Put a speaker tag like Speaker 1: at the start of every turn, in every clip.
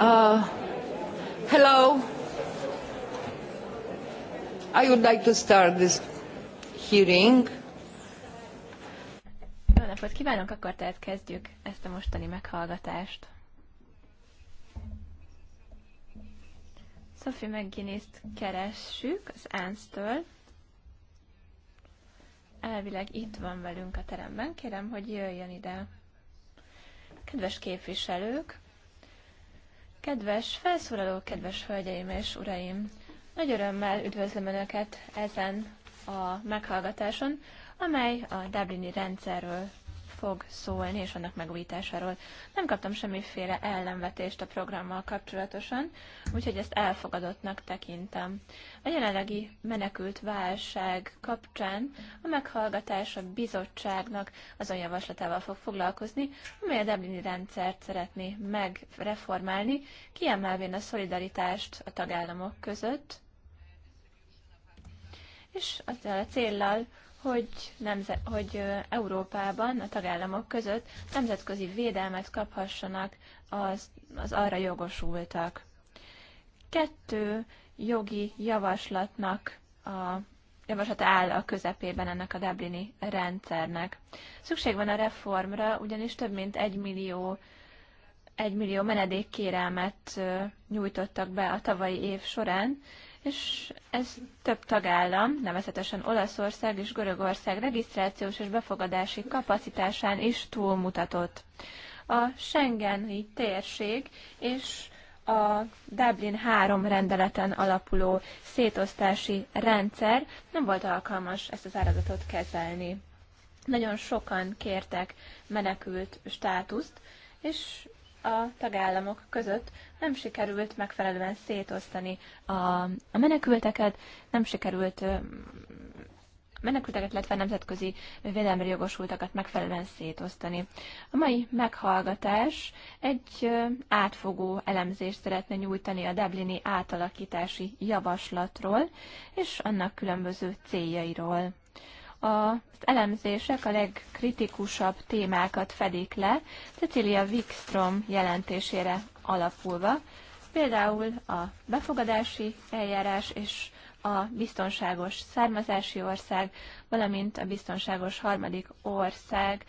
Speaker 1: Uh, hello. I would like to start this hearing.
Speaker 2: Jó napot kívánok, akkor tehát kezdjük ezt a mostani meghallgatást. Sophie mcginnis t keressük az ansz től Elvileg itt van velünk a teremben, kérem, hogy jöjjön ide. Kedves képviselők, Kedves felszólaló, kedves hölgyeim és uraim! Nagy örömmel üdvözlöm Önöket ezen a meghallgatáson, amely a Dublini rendszerről fog szólni, és annak megújításáról. Nem kaptam semmiféle ellenvetést a programmal kapcsolatosan, úgyhogy ezt elfogadottnak tekintem. A jelenlegi menekült válság kapcsán a meghallgatás a bizottságnak azon javaslatával fog foglalkozni, amely a Dublini rendszert szeretné megreformálni, kiemelvén a szolidaritást a tagállamok között, és azzal a céllal, hogy, nemze- hogy Európában a tagállamok között nemzetközi védelmet kaphassanak az, az arra jogosultak. Kettő jogi javaslatnak a javaslat áll a közepében ennek a Dublini rendszernek. Szükség van a reformra, ugyanis több mint egy millió egy millió menedékkérelmet nyújtottak be a tavalyi év során, és ez több tagállam, nevezetesen Olaszország és Görögország regisztrációs és befogadási kapacitásán is túlmutatott. A Schengeni térség és a Dublin 3 rendeleten alapuló szétosztási rendszer nem volt alkalmas ezt az áradatot kezelni. Nagyon sokan kértek menekült státuszt, és a tagállamok között nem sikerült megfelelően szétosztani a, a menekülteket, nem sikerült menekülteket, illetve nemzetközi védelmi jogosultakat megfelelően szétosztani. A mai meghallgatás egy átfogó elemzést szeretne nyújtani a Dublini átalakítási javaslatról és annak különböző céljairól. Az elemzések a legkritikusabb témákat fedik le. Cecilia Wikström jelentésére alapulva, például a befogadási eljárás és a biztonságos származási ország, valamint a biztonságos harmadik ország,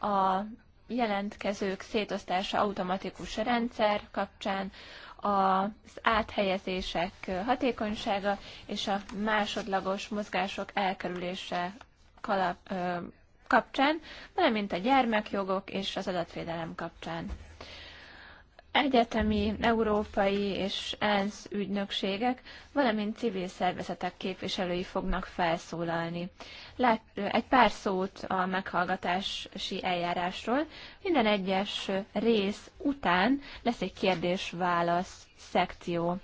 Speaker 2: a jelentkezők szétosztása automatikus rendszer kapcsán, az áthelyezések hatékonysága és a másodlagos mozgások elkerülése kalap, ö, kapcsán, valamint a gyermekjogok és az adatvédelem kapcsán egyetemi, európai és ENSZ ügynökségek, valamint civil szervezetek képviselői fognak felszólalni. Lát, egy pár szót a meghallgatási eljárásról. Minden egyes rész után lesz egy kérdés-válasz szekció.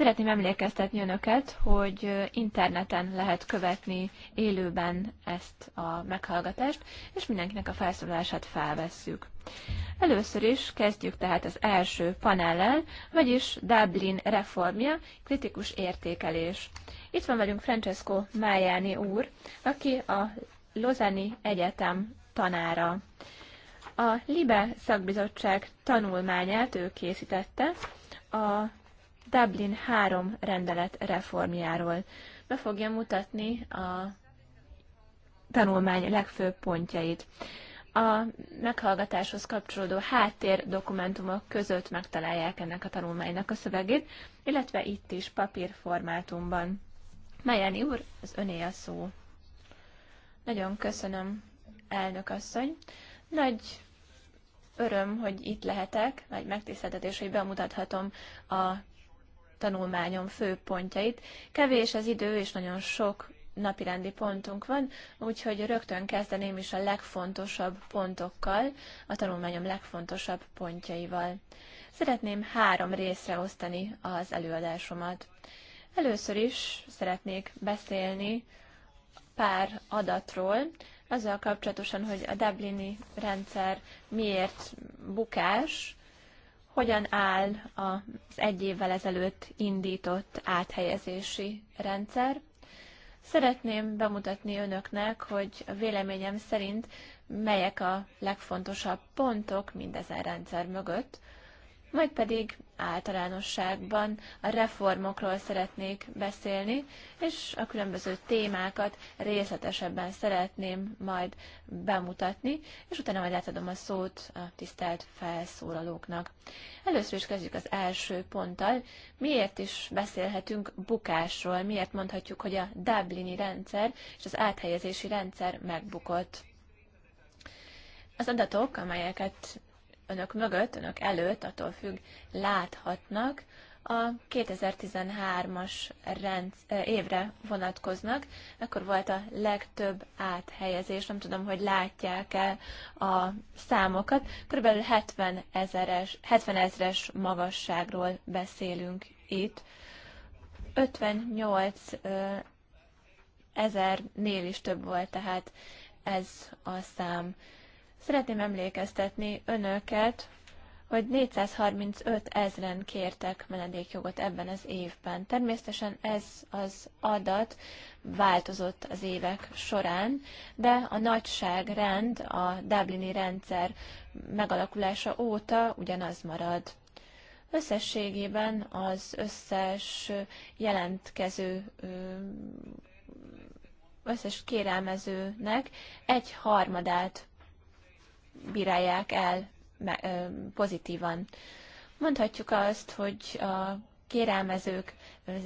Speaker 2: Szeretném emlékeztetni önöket, hogy interneten lehet követni élőben ezt a meghallgatást, és mindenkinek a felszólalását felvesszük. Először is kezdjük tehát az első panellel, vagyis Dublin reformja, kritikus értékelés. Itt van velünk Francesco Májáni úr, aki a Lozani Egyetem tanára. A LIBE szakbizottság tanulmányát ő készítette, a Dublin 3 rendelet reformjáról. Be fogja mutatni a tanulmány legfőbb pontjait. A meghallgatáshoz kapcsolódó háttér dokumentumok között megtalálják ennek a tanulmánynak a szövegét, illetve itt is papírformátumban. Mejeni úr, az öné a szó. Nagyon köszönöm, elnök asszony. Nagy öröm, hogy itt lehetek, nagy megtiszteltetés, hogy bemutathatom a tanulmányom fő pontjait. Kevés az idő, és nagyon sok napirendi pontunk van, úgyhogy rögtön kezdeném is a legfontosabb pontokkal, a tanulmányom legfontosabb pontjaival. Szeretném három részre osztani az előadásomat. Először is szeretnék beszélni pár adatról, azzal kapcsolatosan, hogy a Dublini rendszer miért bukás, hogyan áll az egy évvel ezelőtt indított áthelyezési rendszer. Szeretném bemutatni önöknek, hogy véleményem szerint melyek a legfontosabb pontok mindezen rendszer mögött, majd pedig általánosságban a reformokról szeretnék beszélni, és a különböző témákat részletesebben szeretném majd bemutatni, és utána majd átadom a szót a tisztelt felszólalóknak. Először is kezdjük az első ponttal. Miért is beszélhetünk bukásról? Miért mondhatjuk, hogy a Dublini rendszer és az áthelyezési rendszer megbukott? Az adatok, amelyeket önök mögött, önök előtt, attól függ, láthatnak, a 2013-as évre vonatkoznak, Akkor volt a legtöbb áthelyezés, nem tudom, hogy látják-e a számokat, körülbelül 70 ezeres, 70 ezeres magasságról beszélünk itt. 58 ezernél is több volt tehát ez a szám. Szeretném emlékeztetni önöket, hogy 435 ezren kértek menedékjogot ebben az évben. Természetesen ez az adat változott az évek során, de a nagyságrend, a Dublini rendszer megalakulása óta ugyanaz marad. Összességében az összes jelentkező összes kérelmezőnek egy harmadát bírálják el pozitívan. Mondhatjuk azt, hogy a kérelmezők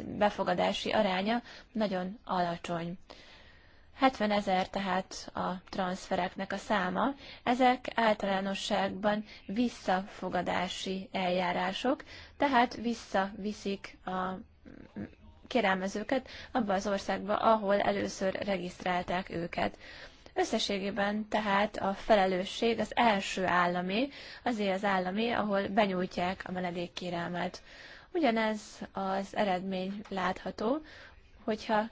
Speaker 2: befogadási aránya nagyon alacsony. 70 ezer tehát a transfereknek a száma. Ezek általánosságban visszafogadási eljárások, tehát visszaviszik a kérelmezőket abba az országba, ahol először regisztrálták őket. Összességében tehát a felelősség az első állami, azért az állami, ahol benyújtják a menedékkérelmet. Ugyanez az eredmény látható, hogyha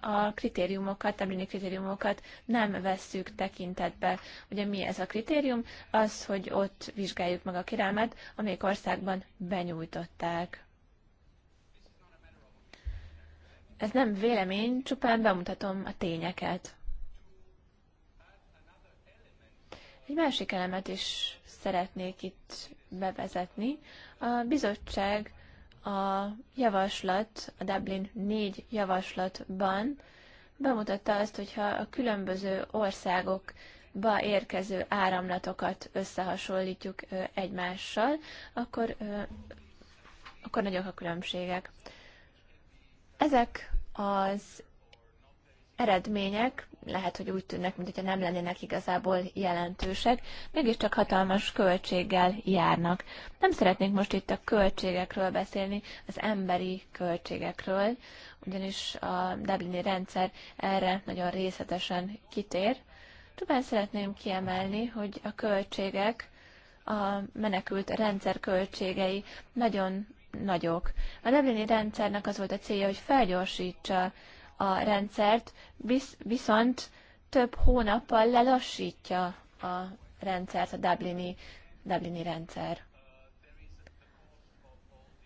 Speaker 2: a kritériumokat, Dublini kritériumokat nem vesszük tekintetbe. Ugye mi ez a kritérium? Az, hogy ott vizsgáljuk meg a kérelmet, amelyik országban benyújtották. Ez nem vélemény, csupán bemutatom a tényeket. Egy másik elemet is szeretnék itt bevezetni. A bizottság a javaslat, a Dublin 4 javaslatban bemutatta azt, hogyha a különböző országokba érkező áramlatokat összehasonlítjuk egymással, akkor, akkor nagyok a különbségek. Ezek az eredmények lehet, hogy úgy tűnnek, mintha nem lennének igazából jelentősek, mégiscsak hatalmas költséggel járnak. Nem szeretnénk most itt a költségekről beszélni, az emberi költségekről, ugyanis a Dublini rendszer erre nagyon részletesen kitér. Csupán szeretném kiemelni, hogy a költségek, a menekült rendszer költségei nagyon nagyok. A Dublini rendszernek az volt a célja, hogy felgyorsítsa a rendszert, viszont több hónappal lelassítja a rendszert, a Dublini, Dublini rendszer.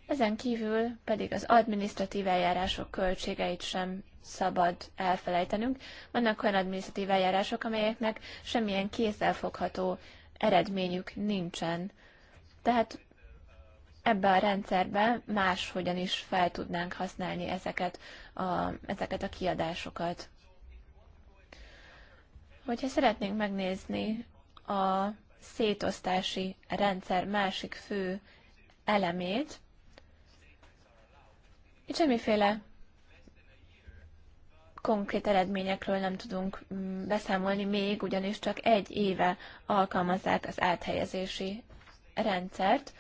Speaker 2: Ezen kívül pedig az adminisztratív eljárások költségeit sem szabad elfelejtenünk. Vannak olyan adminisztratív eljárások, amelyeknek semmilyen kézzelfogható eredményük nincsen. Tehát ebbe a rendszerbe máshogyan is fel tudnánk használni ezeket a, ezeket a kiadásokat. Hogyha szeretnénk megnézni a szétosztási rendszer másik fő elemét, itt semmiféle konkrét eredményekről nem tudunk beszámolni még, ugyanis csak egy éve alkalmazzák az áthelyezési rendszert,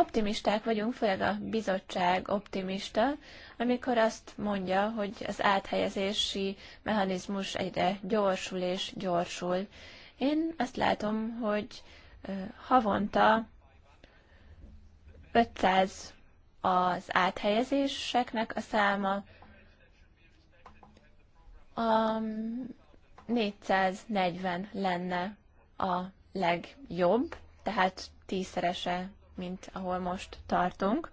Speaker 2: Optimisták vagyunk, főleg a bizottság optimista, amikor azt mondja, hogy az áthelyezési mechanizmus egyre gyorsul és gyorsul. Én azt látom, hogy havonta 500 az áthelyezéseknek a száma, a 440 lenne a legjobb, tehát tízszerese mint ahol most tartunk.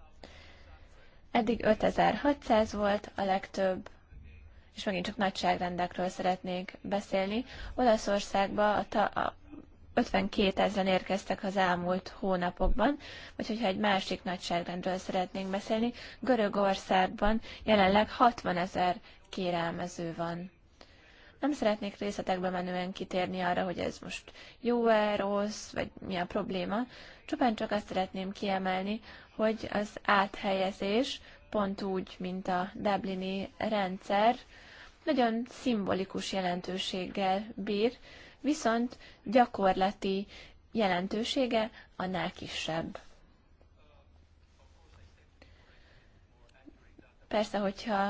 Speaker 2: Eddig 5600 volt a legtöbb, és megint csak nagyságrendekről szeretnék beszélni. Olaszországba a, ta- a 52 ezeren érkeztek az elmúlt hónapokban, vagy hogyha egy másik nagyságrendről szeretnénk beszélni, Görögországban jelenleg 60 ezer kérelmező van. Nem szeretnék részletekbe menően kitérni arra, hogy ez most jó-e, rossz, vagy mi a probléma. Csupán csak azt szeretném kiemelni, hogy az áthelyezés pont úgy, mint a Dublini rendszer, nagyon szimbolikus jelentőséggel bír, viszont gyakorlati jelentősége annál kisebb. Persze, hogyha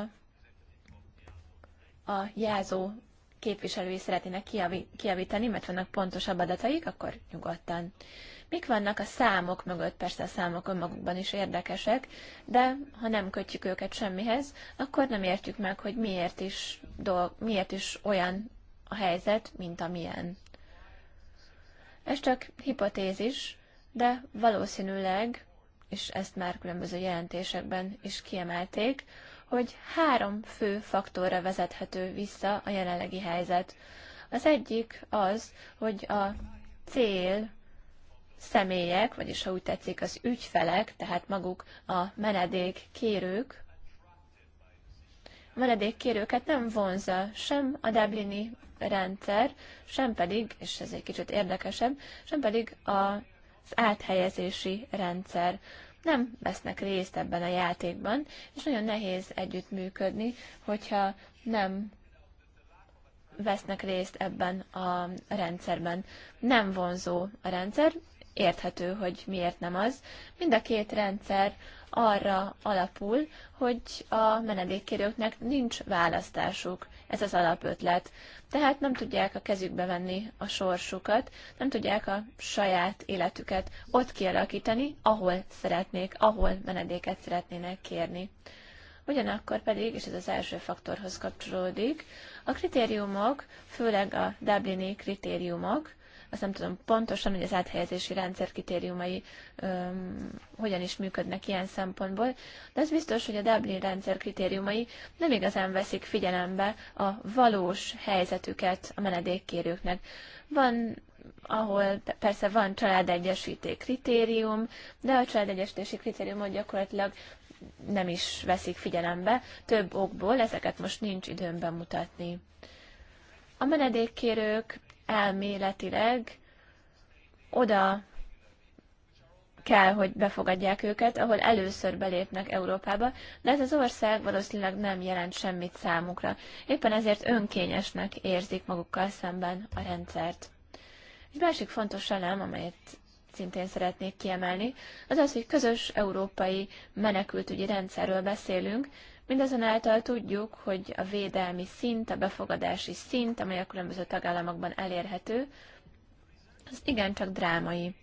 Speaker 2: a jelző képviselői szeretnének kiavítani, mert vannak pontosabb adataik, akkor nyugodtan. Mik vannak a számok mögött? Persze a számok önmagukban is érdekesek, de ha nem kötjük őket semmihez, akkor nem értjük meg, hogy miért is, dolg, miért is olyan a helyzet, mint amilyen. Ez csak hipotézis, de valószínűleg, és ezt már különböző jelentésekben is kiemelték, hogy három fő faktorra vezethető vissza a jelenlegi helyzet. Az egyik az, hogy a cél személyek, vagyis ha úgy tetszik, az ügyfelek, tehát maguk a menedék kérők, a kérőket nem vonza sem a Dublini rendszer, sem pedig, és ez egy kicsit érdekesebb, sem pedig az áthelyezési rendszer nem vesznek részt ebben a játékban, és nagyon nehéz együttműködni, hogyha nem vesznek részt ebben a rendszerben. Nem vonzó a rendszer, érthető, hogy miért nem az. Mind a két rendszer arra alapul, hogy a menedékkérőknek nincs választásuk. Ez az alapötlet. Tehát nem tudják a kezükbe venni a sorsukat, nem tudják a saját életüket ott kialakítani, ahol szeretnék, ahol menedéket szeretnének kérni. Ugyanakkor pedig, és ez az első faktorhoz kapcsolódik, a kritériumok, főleg a Dublini kritériumok, azt nem tudom pontosan, hogy az áthelyezési rendszer kritériumai öm, hogyan is működnek ilyen szempontból, de az biztos, hogy a Dublin rendszer kritériumai nem igazán veszik figyelembe a valós helyzetüket a menedékkérőknek. Van ahol persze van családegyesíté kritérium, de a családegyesítési kritériumot gyakorlatilag nem is veszik figyelembe, több okból ezeket most nincs időm bemutatni. A menedékkérők elméletileg oda kell, hogy befogadják őket, ahol először belépnek Európába, de ez az ország valószínűleg nem jelent semmit számukra. Éppen ezért önkényesnek érzik magukkal szemben a rendszert. Egy másik fontos elem, amelyet szintén szeretnék kiemelni, az az, hogy közös európai menekültügyi rendszerről beszélünk, Mindezenáltal tudjuk, hogy a védelmi szint, a befogadási szint, amely a különböző tagállamokban elérhető, az igencsak drámai.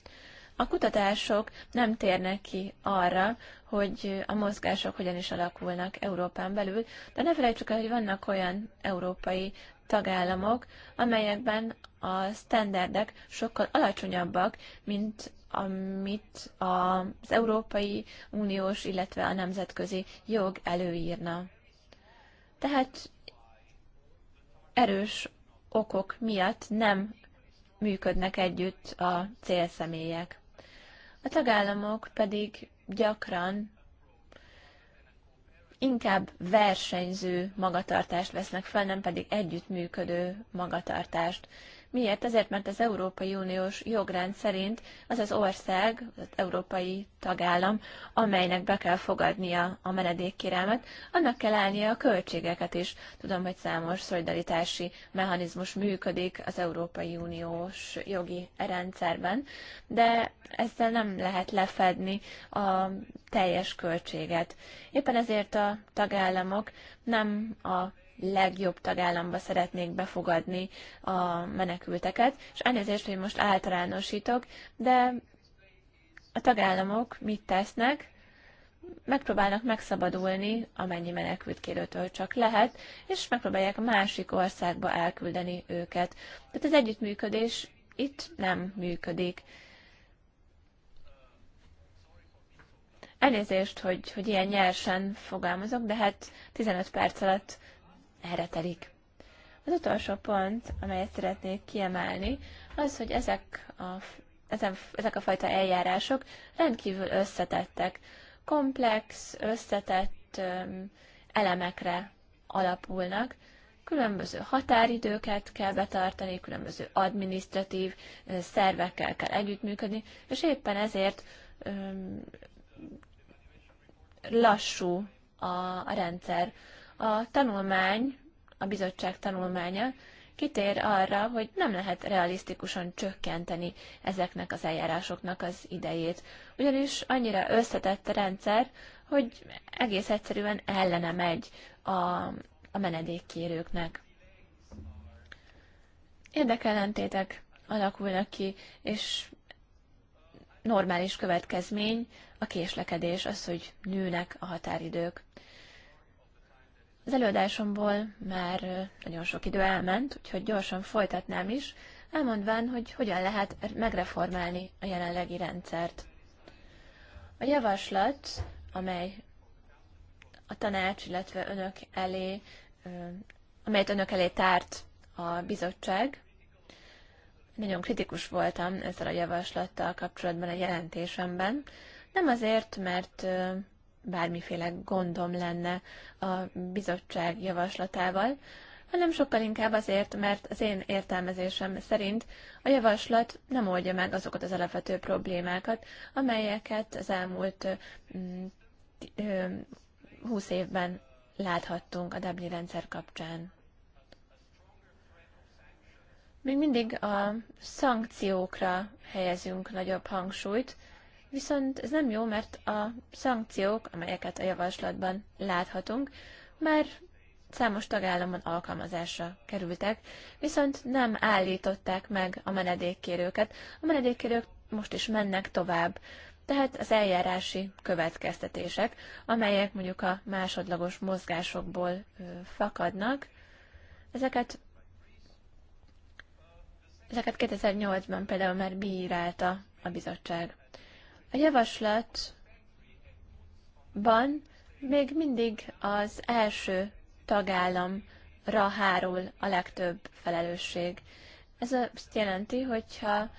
Speaker 2: A kutatások nem térnek ki arra, hogy a mozgások hogyan is alakulnak Európán belül, de ne felejtsük el, hogy vannak olyan európai tagállamok, amelyekben a standardek sokkal alacsonyabbak, mint amit az Európai Uniós, illetve a nemzetközi jog előírna. Tehát erős okok miatt nem működnek együtt a célszemélyek. A tagállamok pedig gyakran inkább versenyző magatartást vesznek fel, nem pedig együttműködő magatartást. Miért? Azért, mert az Európai Uniós jogrend szerint az az ország, az európai tagállam, amelynek be kell fogadnia a menedékkérelmet, annak kell állnia a költségeket is. Tudom, hogy számos szolidaritási mechanizmus működik az Európai Uniós jogi rendszerben, de ezzel nem lehet lefedni a teljes költséget. Éppen ezért a tagállamok nem a legjobb tagállamba szeretnék befogadni a menekülteket, és elnézést, hogy most általánosítok, de a tagállamok mit tesznek? Megpróbálnak megszabadulni, amennyi menekült kérőtől csak lehet, és megpróbálják a másik országba elküldeni őket. Tehát az együttműködés itt nem működik. Elnézést, hogy, hogy ilyen nyersen fogalmazok, de hát 15 perc alatt erre telik. Az utolsó pont, amelyet szeretnék kiemelni, az, hogy ezek a, ezen, ezek a fajta eljárások rendkívül összetettek, komplex, összetett elemekre alapulnak, különböző határidőket kell betartani, különböző administratív szervekkel kell együttműködni, és éppen ezért lassú a, a rendszer. A tanulmány, a bizottság tanulmánya kitér arra, hogy nem lehet realisztikusan csökkenteni ezeknek az eljárásoknak az idejét. Ugyanis annyira összetett a rendszer, hogy egész egyszerűen ellene megy a, a menedékkérőknek. Érdekellentétek alakulnak ki, és normális következmény a késlekedés, az, hogy nőnek a határidők. Az előadásomból már nagyon sok idő elment, úgyhogy gyorsan folytatnám is, elmondván, hogy hogyan lehet megreformálni a jelenlegi rendszert. A javaslat, amely a tanács, illetve önök elé, amelyet önök elé tárt a bizottság, nagyon kritikus voltam ezzel a javaslattal kapcsolatban a jelentésemben. Nem azért, mert bármiféle gondom lenne a bizottság javaslatával, hanem sokkal inkább azért, mert az én értelmezésem szerint a javaslat nem oldja meg azokat az alapvető problémákat, amelyeket az elmúlt mm, húsz évben láthattunk a Dublin rendszer kapcsán. Még mindig a szankciókra helyezünk nagyobb hangsúlyt, viszont ez nem jó, mert a szankciók, amelyeket a javaslatban láthatunk, már számos tagállamon alkalmazásra kerültek, viszont nem állították meg a menedékkérőket. A menedékkérők most is mennek tovább. Tehát az eljárási következtetések, amelyek mondjuk a másodlagos mozgásokból ö, fakadnak, ezeket ezeket 2008-ban például már bírálta a bizottság. A javaslatban még mindig az első tagállamra hárul a legtöbb felelősség. Ez azt jelenti, hogyha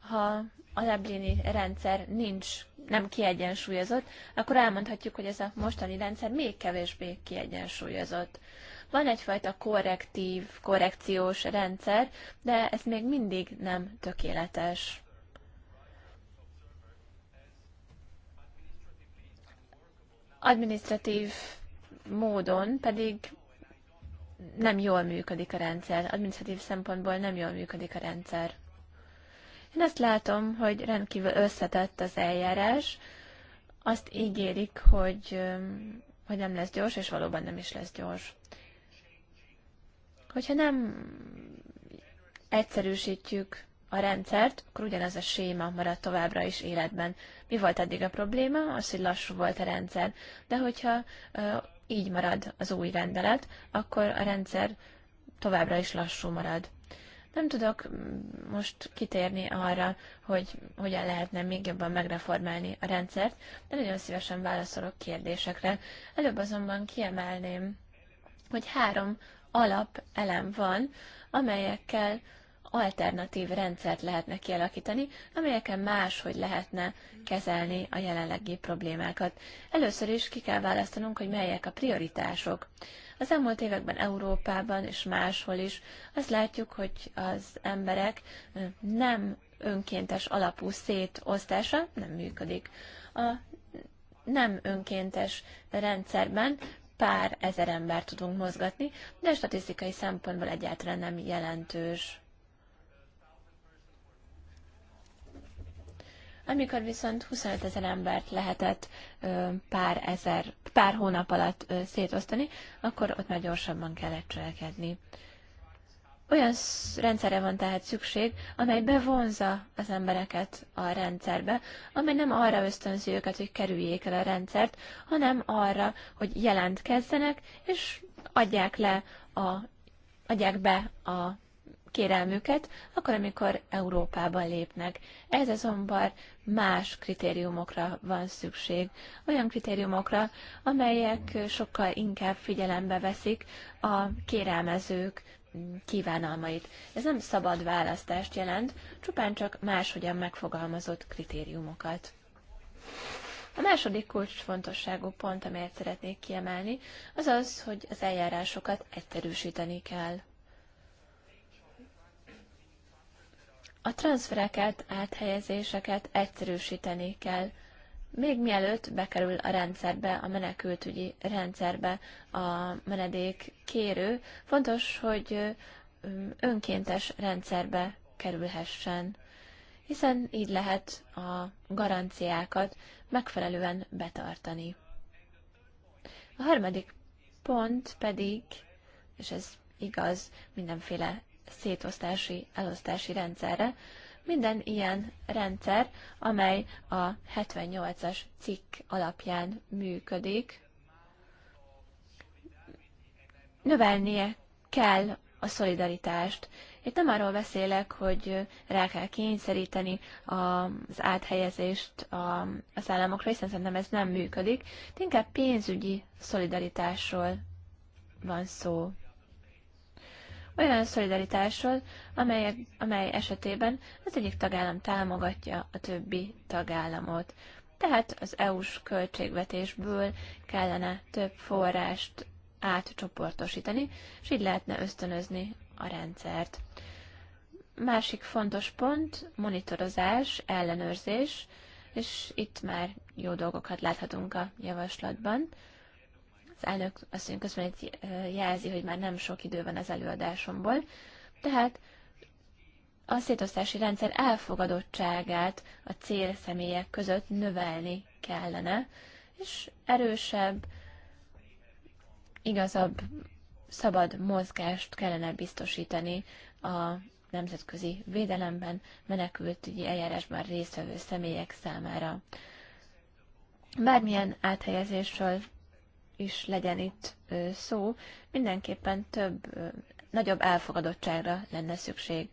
Speaker 2: ha a leblini rendszer nincs, nem kiegyensúlyozott, akkor elmondhatjuk, hogy ez a mostani rendszer még kevésbé kiegyensúlyozott. Van egyfajta korrektív, korrekciós rendszer, de ez még mindig nem tökéletes. Administratív módon pedig nem jól működik a rendszer, administratív szempontból nem jól működik a rendszer. Én azt látom, hogy rendkívül összetett az eljárás, azt ígérik, hogy, hogy nem lesz gyors, és valóban nem is lesz gyors. Hogyha nem egyszerűsítjük a rendszert, akkor ugyanaz a séma marad továbbra is életben. Mi volt eddig a probléma? Az, hogy lassú volt a rendszer. De hogyha ö, így marad az új rendelet, akkor a rendszer továbbra is lassú marad. Nem tudok most kitérni arra, hogy hogyan lehetne még jobban megreformálni a rendszert, de nagyon szívesen válaszolok kérdésekre. Előbb azonban kiemelném, hogy három alapelem van, amelyekkel alternatív rendszert lehetne kialakítani, amelyeken máshogy lehetne kezelni a jelenlegi problémákat. Először is ki kell választanunk, hogy melyek a prioritások. Az elmúlt években Európában és máshol is azt látjuk, hogy az emberek nem önkéntes alapú szétosztása nem működik. A nem önkéntes rendszerben pár ezer embert tudunk mozgatni, de statisztikai szempontból egyáltalán nem jelentős. amikor viszont 25 ezer embert lehetett pár, ezer, pár hónap alatt szétosztani, akkor ott már gyorsabban kellett cselekedni. Olyan rendszerre van tehát szükség, amely bevonza az embereket a rendszerbe, amely nem arra ösztönzi őket, hogy kerüljék el a rendszert, hanem arra, hogy jelentkezzenek, és adják le a, adják be a kérelmüket, akkor, amikor Európában lépnek. Ez azonban más kritériumokra van szükség. Olyan kritériumokra, amelyek sokkal inkább figyelembe veszik a kérelmezők kívánalmait. Ez nem szabad választást jelent, csupán csak máshogyan megfogalmazott kritériumokat. A második kulcsfontosságú pont, amelyet szeretnék kiemelni, az az, hogy az eljárásokat egyszerűsíteni kell. A transfereket, áthelyezéseket egyszerűsíteni kell. Még mielőtt bekerül a rendszerbe, a menekültügyi rendszerbe a menedék kérő, fontos, hogy önkéntes rendszerbe kerülhessen, hiszen így lehet a garanciákat megfelelően betartani. A harmadik pont pedig, és ez igaz mindenféle szétosztási, elosztási rendszerre. Minden ilyen rendszer, amely a 78-as cikk alapján működik, növelnie kell a szolidaritást. Itt nem arról beszélek, hogy rá kell kényszeríteni az áthelyezést az államokra, hiszen szerintem ez nem működik. Inkább pénzügyi szolidaritásról van szó olyan szolidaritásról, amely, amely esetében az egyik tagállam támogatja a többi tagállamot. Tehát az EU-s költségvetésből kellene több forrást átcsoportosítani, és így lehetne ösztönözni a rendszert. Másik fontos pont, monitorozás, ellenőrzés, és itt már jó dolgokat láthatunk a javaslatban. Az elnök asszony közben egy jelzi, hogy már nem sok idő van az előadásomból. Tehát a szétosztási rendszer elfogadottságát a célszemélyek között növelni kellene, és erősebb, igazabb, szabad mozgást kellene biztosítani a nemzetközi védelemben, menekültügyi eljárásban résztvevő személyek számára. Bármilyen áthelyezésről is legyen itt szó, mindenképpen több, nagyobb elfogadottságra lenne szükség.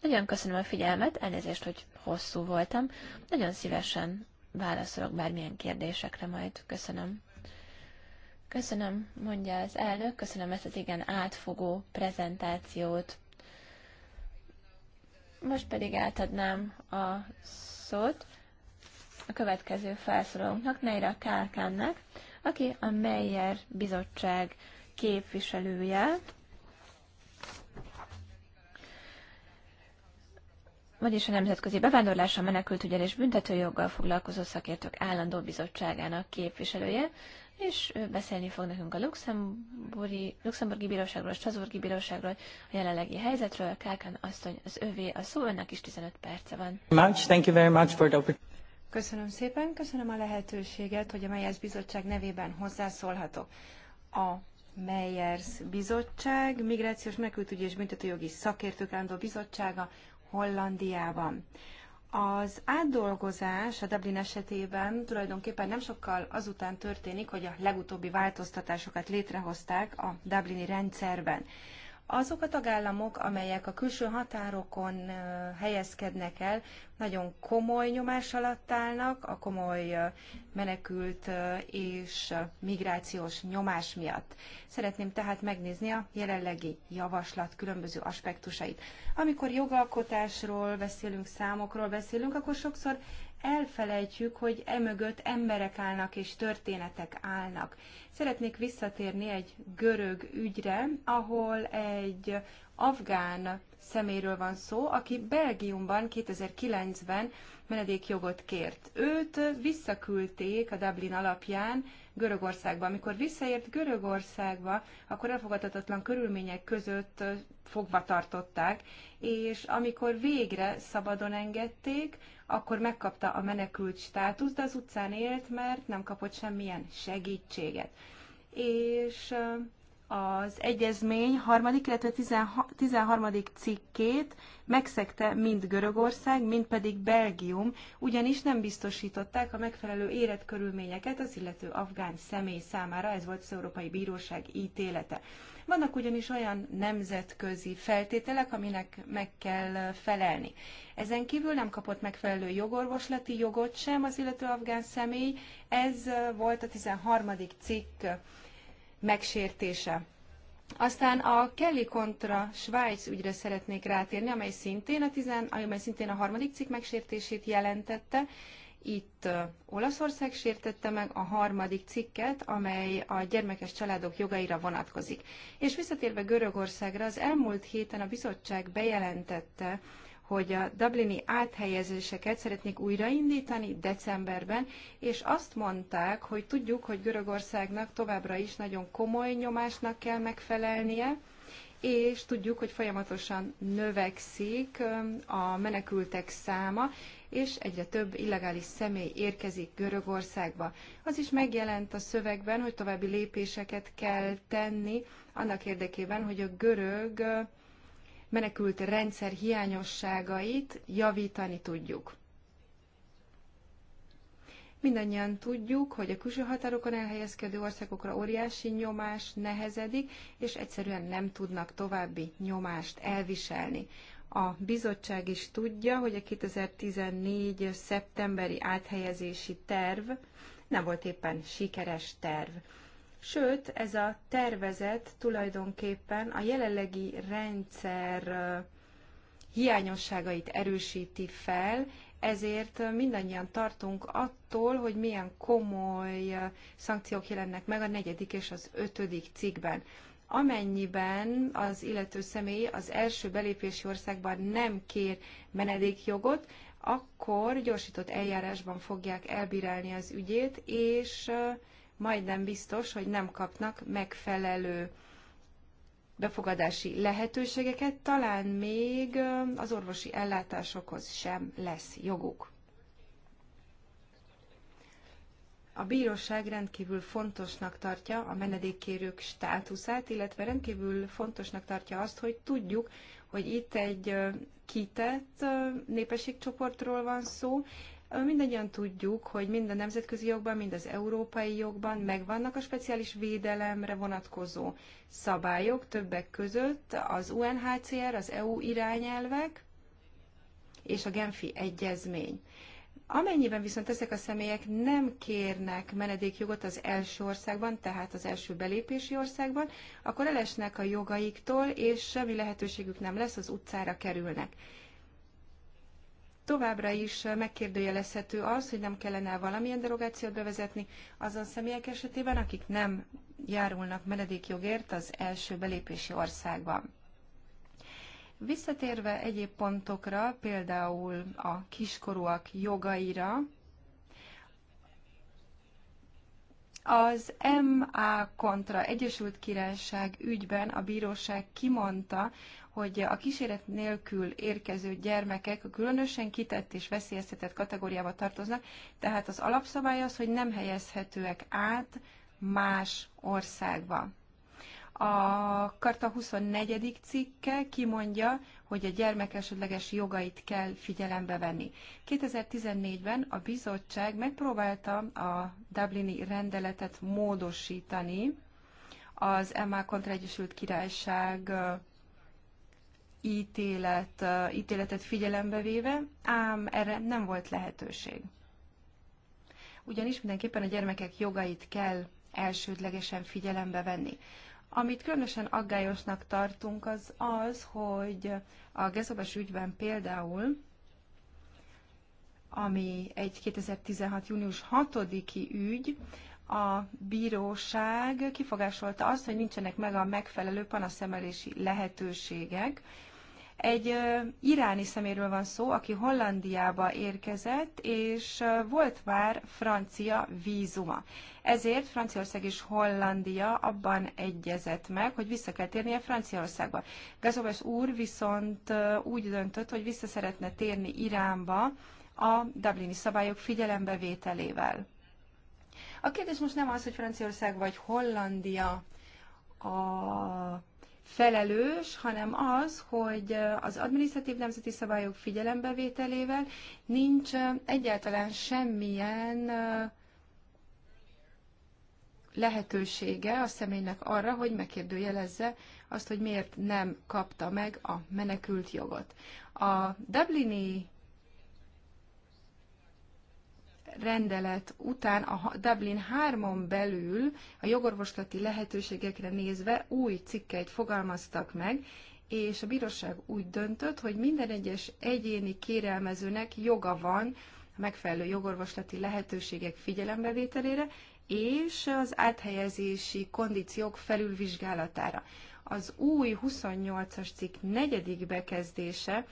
Speaker 2: Nagyon köszönöm a figyelmet, elnézést, hogy hosszú voltam. Nagyon szívesen válaszolok bármilyen kérdésekre majd. Köszönöm. Köszönöm, mondja az elnök, köszönöm ezt az igen átfogó prezentációt. Most pedig átadnám a szót a következő felszólalónknak, Neira Kálkánnak, aki a Meyer bizottság képviselője, vagyis a Nemzetközi Bevándorlással, Menekültügyel és Büntetőjoggal foglalkozó szakértők állandó bizottságának képviselője, és beszélni fog nekünk a Luxemburgi, Luxemburgi Bíróságról, a Strasburgi Bíróságról, a jelenlegi helyzetről. Kákan Asztony, az övé, a szó önnek is 15 perce van.
Speaker 3: Much, thank you very much for the
Speaker 2: Köszönöm szépen,
Speaker 1: köszönöm a lehetőséget, hogy a Meyers Bizottság nevében hozzászólhatok. A Meyers Bizottság Migrációs Menekültügyi és Büntetőjogi Szakértők Rándó Bizottsága Hollandiában. Az átdolgozás a Dublin esetében tulajdonképpen nem sokkal azután történik, hogy a legutóbbi változtatásokat létrehozták a Dublini rendszerben. Azok a tagállamok, amelyek a külső határokon helyezkednek el, nagyon komoly nyomás alatt állnak, a komoly menekült és migrációs nyomás miatt. Szeretném tehát megnézni a jelenlegi javaslat különböző aspektusait. Amikor jogalkotásról beszélünk, számokról beszélünk, akkor sokszor elfelejtjük, hogy emögött emberek állnak és történetek állnak. Szeretnék visszatérni egy görög ügyre, ahol egy afgán személyről van szó, aki Belgiumban 2009-ben menedékjogot kért. Őt visszaküldték a Dublin alapján Görögországba. Amikor visszaért Görögországba, akkor elfogadhatatlan körülmények között fogva tartották, és amikor végre szabadon engedték, akkor megkapta a menekült státuszt, de az utcán élt, mert nem kapott semmilyen segítséget. És az egyezmény harmadik, illetve 13. cikkét megszegte mind Görögország, mind pedig Belgium, ugyanis nem biztosították a megfelelő életkörülményeket az illető afgán személy számára, ez volt az Európai Bíróság ítélete. Vannak ugyanis olyan nemzetközi feltételek, aminek meg kell felelni. Ezen kívül nem kapott megfelelő jogorvoslati jogot sem az illető afgán személy, ez volt a 13. cikk megsértése. Aztán a Kelly kontra Svájc ügyre szeretnék rátérni, amely szintén a, tizen, amely szintén a harmadik cikk megsértését jelentette. Itt Olaszország sértette meg a harmadik cikket, amely a gyermekes családok jogaira vonatkozik. És visszatérve Görögországra, az elmúlt héten a bizottság bejelentette, hogy a dublini áthelyezéseket szeretnék újraindítani decemberben, és azt mondták, hogy tudjuk, hogy Görögországnak továbbra is nagyon komoly nyomásnak kell megfelelnie, és tudjuk, hogy folyamatosan növekszik a menekültek száma, és egyre több illegális személy érkezik Görögországba. Az is megjelent a szövegben, hogy további lépéseket kell tenni annak érdekében, hogy a görög menekült rendszer hiányosságait javítani tudjuk. Mindannyian tudjuk, hogy a külső határokon elhelyezkedő országokra óriási nyomás nehezedik, és egyszerűen nem tudnak további nyomást elviselni. A bizottság is tudja, hogy a 2014. szeptemberi áthelyezési terv nem volt éppen sikeres terv. Sőt, ez a tervezet tulajdonképpen a jelenlegi rendszer hiányosságait erősíti fel, ezért mindannyian tartunk attól, hogy milyen komoly szankciók jelennek meg a negyedik és az ötödik cikkben. Amennyiben az illető személy az első belépési országban nem kér menedékjogot, akkor gyorsított eljárásban fogják elbírálni az ügyét, és majdnem biztos, hogy nem kapnak megfelelő befogadási lehetőségeket, talán még az orvosi ellátásokhoz sem lesz joguk. A bíróság rendkívül fontosnak tartja a menedékkérők státuszát, illetve rendkívül fontosnak tartja azt, hogy tudjuk, hogy itt egy kitett népességcsoportról van szó, Mindannyian tudjuk, hogy mind a nemzetközi jogban, mind az európai jogban megvannak a speciális védelemre vonatkozó szabályok, többek között az UNHCR, az EU irányelvek és a Genfi Egyezmény. Amennyiben viszont ezek a személyek nem kérnek menedékjogot az első országban, tehát az első belépési országban, akkor elesnek a jogaiktól, és semmi lehetőségük nem lesz, az utcára kerülnek. Továbbra is megkérdőjelezhető az, hogy nem kellene valamilyen derogációt bevezetni azon személyek esetében, akik nem járulnak menedékjogért az első belépési országban. Visszatérve egyéb pontokra, például a kiskorúak jogaira, az MA kontra Egyesült Királyság ügyben a bíróság kimondta, hogy a kíséret nélkül érkező gyermekek különösen kitett és veszélyeztetett kategóriába tartoznak, tehát az alapszabály az, hogy nem helyezhetőek át más országba. A Karta 24. cikke kimondja, hogy a gyermek esetleges jogait kell figyelembe venni. 2014-ben a bizottság megpróbálta a Dublini rendeletet módosítani az EMA kontra Egyesült Királyság ítélet, ítéletet figyelembe véve, ám erre nem volt lehetőség. Ugyanis mindenképpen a gyermekek jogait kell elsődlegesen figyelembe venni. Amit különösen aggályosnak tartunk, az az, hogy a gezobas ügyben például, ami egy 2016. június 6-i ügy, a bíróság kifogásolta azt, hogy nincsenek meg a megfelelő panaszemelési lehetőségek egy iráni szeméről van szó, aki Hollandiába érkezett, és volt már francia vízuma. Ezért Franciaország és Hollandia abban egyezett meg, hogy vissza kell térnie Franciaországba. Gazobes úr viszont úgy döntött, hogy vissza szeretne térni Iránba a Dublini szabályok figyelembevételével. A kérdés most nem az, hogy Franciaország vagy Hollandia a felelős, hanem az, hogy az adminisztratív nemzeti szabályok figyelembevételével nincs egyáltalán semmilyen lehetősége a személynek arra, hogy megkérdőjelezze azt, hogy miért nem kapta meg a menekült jogot. A Dublini rendelet után a Dublin 3-on belül a jogorvoslati lehetőségekre nézve új cikkeit fogalmaztak meg, és a bíróság úgy döntött, hogy minden egyes egyéni kérelmezőnek joga van a megfelelő jogorvoslati lehetőségek figyelembevételére és az áthelyezési kondíciók felülvizsgálatára. Az új 28-as cikk negyedik bekezdése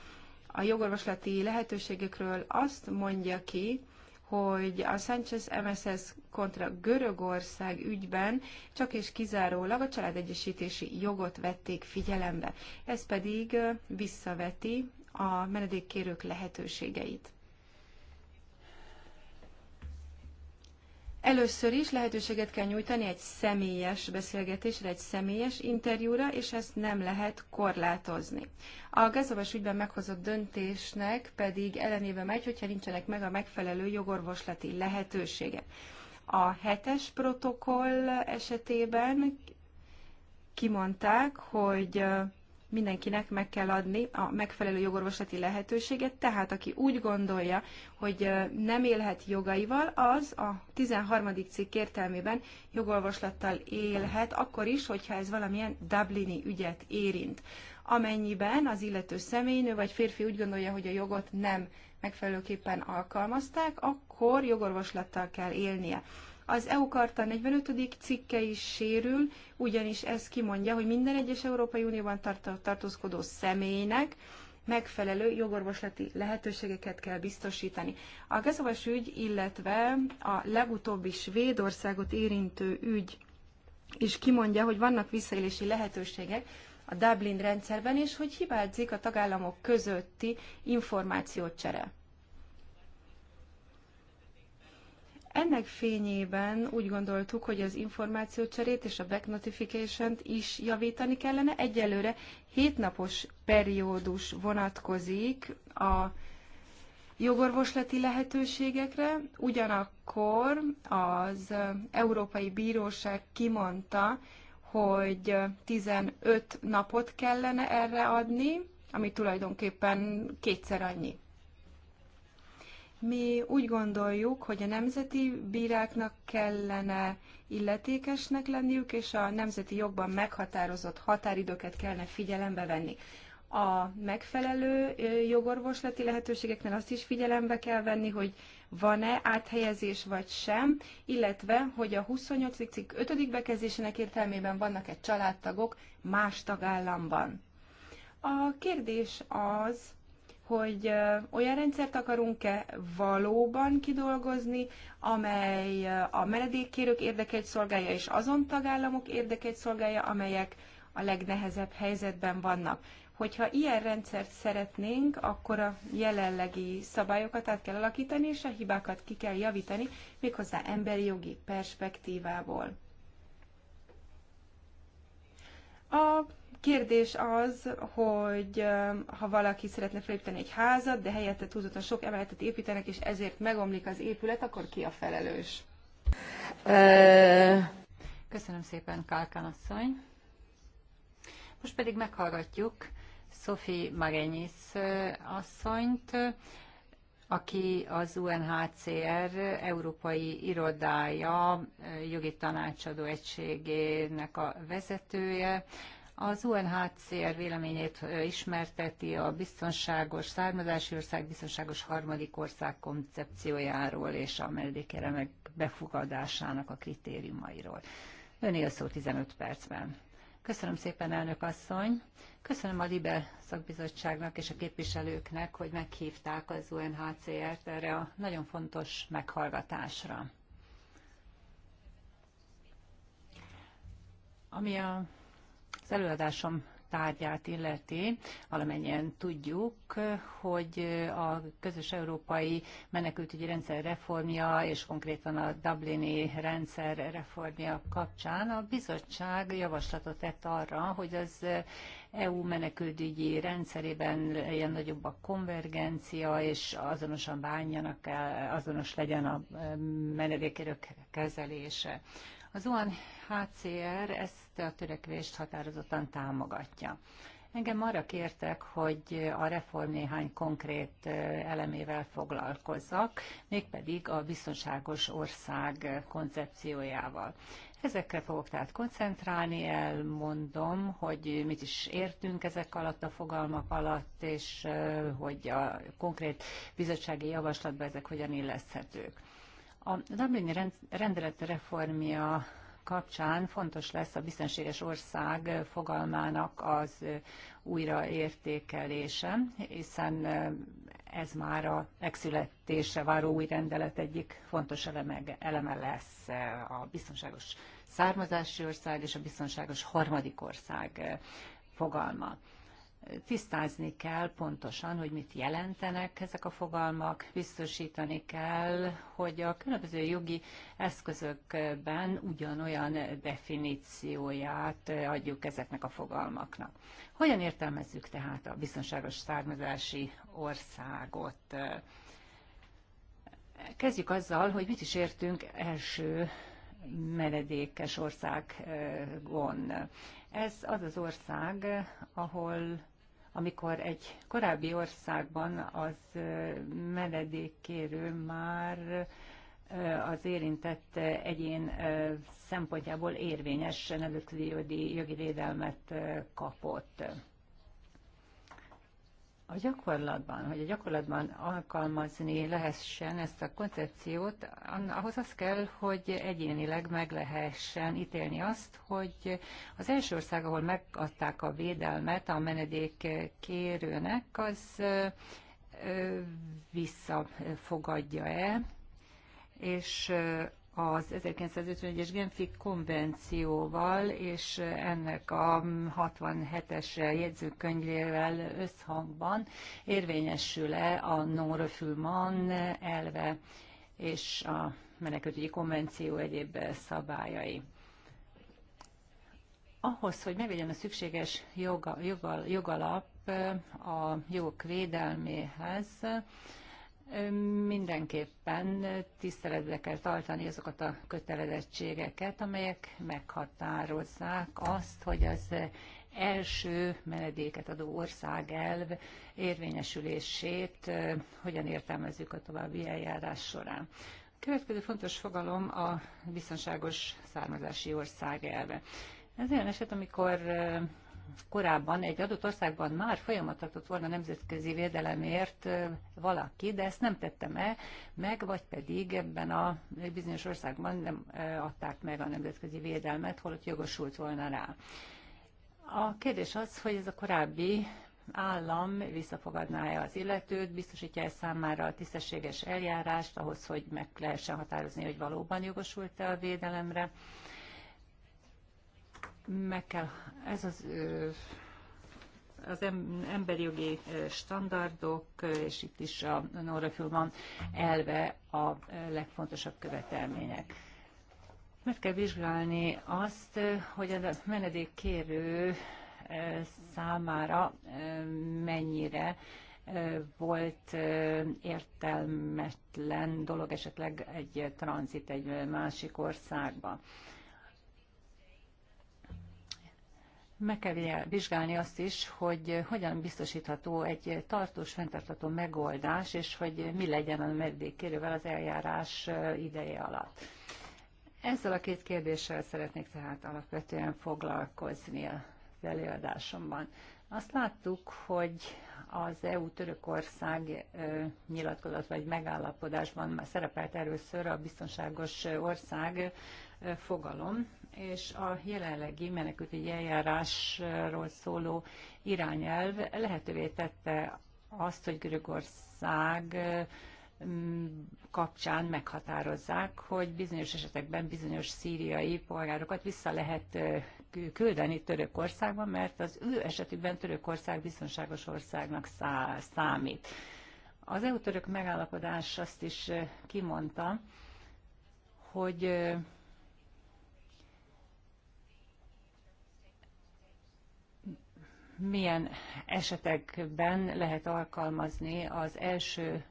Speaker 1: a jogorvoslati lehetőségekről azt mondja ki, hogy a Sanchez MSS kontra Görögország ügyben csak és kizárólag a családegyesítési jogot vették figyelembe. Ez pedig visszaveti a menedékkérők lehetőségeit. Először is lehetőséget kell nyújtani egy személyes beszélgetésre, egy személyes interjúra, és ezt nem lehet korlátozni. A gazdavas ügyben meghozott döntésnek pedig ellenébe megy, hogyha nincsenek meg a megfelelő jogorvoslati lehetőségek. A hetes protokoll esetében kimondták, hogy mindenkinek meg kell adni a megfelelő jogorvoslati lehetőséget, tehát aki úgy gondolja, hogy nem élhet jogaival, az a 13. cikk értelmében jogorvoslattal élhet, akkor is, hogyha ez valamilyen Dublini ügyet érint. Amennyiben az illető személynő vagy férfi úgy gondolja, hogy a jogot nem megfelelőképpen alkalmazták, akkor jogorvoslattal kell élnie. Az EU Karta 45. cikke is sérül, ugyanis ez kimondja, hogy minden egyes Európai Unióban tartózkodó személynek megfelelő jogorvoslati lehetőségeket kell biztosítani. A gazavas ügy, illetve a legutóbbi Svédországot érintő ügy is kimondja, hogy vannak visszaélési lehetőségek a Dublin rendszerben, és hogy hibázik a tagállamok közötti információcsere. Ennek fényében úgy gondoltuk, hogy az információcserét és a back notification is javítani kellene. Egyelőre hétnapos periódus vonatkozik a jogorvoslati lehetőségekre, ugyanakkor az Európai Bíróság kimondta, hogy 15 napot kellene erre adni, ami tulajdonképpen kétszer annyi. Mi úgy gondoljuk, hogy a nemzeti bíráknak kellene illetékesnek lenniük, és a nemzeti jogban meghatározott határidőket kellene figyelembe venni. A megfelelő jogorvoslati lehetőségeknél azt is figyelembe kell venni, hogy van-e áthelyezés vagy sem, illetve hogy a 28. cikk 5. bekezdésének értelmében vannak-e családtagok más tagállamban. A kérdés az, hogy olyan rendszert akarunk-e valóban kidolgozni, amely a menedékkérők érdekeit szolgálja, és azon tagállamok érdekeit szolgálja, amelyek a legnehezebb helyzetben vannak. Hogyha ilyen rendszert szeretnénk, akkor a jelenlegi szabályokat át kell alakítani, és a hibákat ki kell javítani, méghozzá emberi jogi perspektívából. A Kérdés az, hogy ha valaki szeretne felépíteni egy házat, de helyette túlzottan sok emeletet építenek, és ezért megomlik az épület, akkor ki a felelős?
Speaker 3: Köszönöm szépen, Kálkán asszony. Most pedig meghallgatjuk Sofi Marenyis asszonyt, aki az UNHCR európai irodája jogi tanácsadó egységének a vezetője. Az UNHCR véleményét ismerteti a biztonságos származási ország, biztonságos harmadik ország koncepciójáról és a menedékérelmek befogadásának a kritériumairól. Ön a szó 15 percben. Köszönöm szépen, elnök asszony. Köszönöm a LIBE szakbizottságnak és a képviselőknek, hogy meghívták az UNHCR-t erre a nagyon fontos meghallgatásra. Ami a az előadásom tárgyát illeti, valamennyien tudjuk, hogy a közös európai menekültügyi rendszer reformja, és konkrétan a Dublini rendszer reformja kapcsán a bizottság javaslatot tett arra, hogy az EU menekültügyi rendszerében legyen nagyobb a konvergencia, és azonosan bánjanak el, azonos legyen a eh, menedékérők kezelése. Az UNHCR ezt ezt a törekvést határozottan támogatja. Engem arra kértek, hogy a reform néhány konkrét elemével foglalkozzak, mégpedig a biztonságos ország koncepciójával. Ezekre fogok tehát koncentrálni, elmondom, hogy mit is értünk ezek alatt a fogalmak alatt, és hogy a konkrét bizottsági javaslatban ezek hogyan illeszthetők. A Dublini rendelet reformja kapcsán fontos lesz a biztonséges ország fogalmának az újraértékelése, hiszen ez már a megszületésre váró új rendelet egyik fontos eleme, eleme lesz a biztonságos származási ország és a biztonságos harmadik ország fogalma tisztázni kell pontosan, hogy mit jelentenek ezek a fogalmak, biztosítani kell, hogy a különböző jogi eszközökben ugyanolyan definícióját adjuk ezeknek a fogalmaknak. Hogyan értelmezzük tehát a biztonságos származási országot? Kezdjük azzal, hogy mit is értünk első menedékes országon. Ez az az ország, ahol amikor egy korábbi országban az menedékkérő már az érintett egyén szempontjából érvényes nemzetközi jogi védelmet kapott a gyakorlatban, hogy a gyakorlatban alkalmazni lehessen ezt a koncepciót, ahhoz az kell, hogy egyénileg meg lehessen ítélni azt, hogy az első ország, ahol megadták a védelmet a menedék kérőnek, az visszafogadja-e, és az 1951-es Genfi konvencióval és ennek a 67-es jegyzőkönyvével összhangban érvényesül-e a Norfülman elve és a menekültügyi konvenció egyéb szabályai. Ahhoz, hogy megvegyen a szükséges joga, jogal, jogalap a jogok védelméhez, mindenképpen tiszteletbe kell tartani azokat a kötelezettségeket, amelyek meghatározzák azt, hogy az első menedéket adó ország elv érvényesülését hogyan értelmezzük a további eljárás során. A következő fontos fogalom a biztonságos származási ország elve. Ez olyan eset, amikor korábban egy adott országban már folyamatatott volna nemzetközi védelemért valaki, de ezt nem tette meg, meg, vagy pedig ebben a bizonyos országban nem adták meg a nemzetközi védelmet, holott jogosult volna rá. A kérdés az, hogy ez a korábbi állam visszafogadná-e az illetőt, biztosítja -e számára a tisztességes eljárást ahhoz, hogy meg lehessen határozni, hogy valóban jogosult-e a védelemre meg kell, ez az az emberi jogi standardok, és itt is a Norafilman elve a legfontosabb követelmények. Meg kell vizsgálni azt, hogy a menedékkérő számára mennyire volt értelmetlen dolog esetleg egy tranzit egy másik országba. meg kell vizsgálni azt is, hogy hogyan biztosítható egy tartós, fenntartható megoldás, és hogy mi legyen a meddékkérővel az eljárás ideje alatt. Ezzel a két kérdéssel szeretnék tehát alapvetően foglalkozni az előadásomban. Azt láttuk, hogy az EU-Törökország nyilatkozat vagy megállapodásban szerepelt először a biztonságos ország fogalom, és a jelenlegi menekültügyi eljárásról szóló irányelv lehetővé tette azt, hogy Görögország mm, kapcsán meghatározzák, hogy bizonyos esetekben bizonyos szíriai polgárokat vissza lehet küldeni Törökországba, mert az ő esetükben Törökország biztonságos országnak számít. Az EU-török megállapodás azt is kimondta, hogy milyen esetekben lehet alkalmazni az első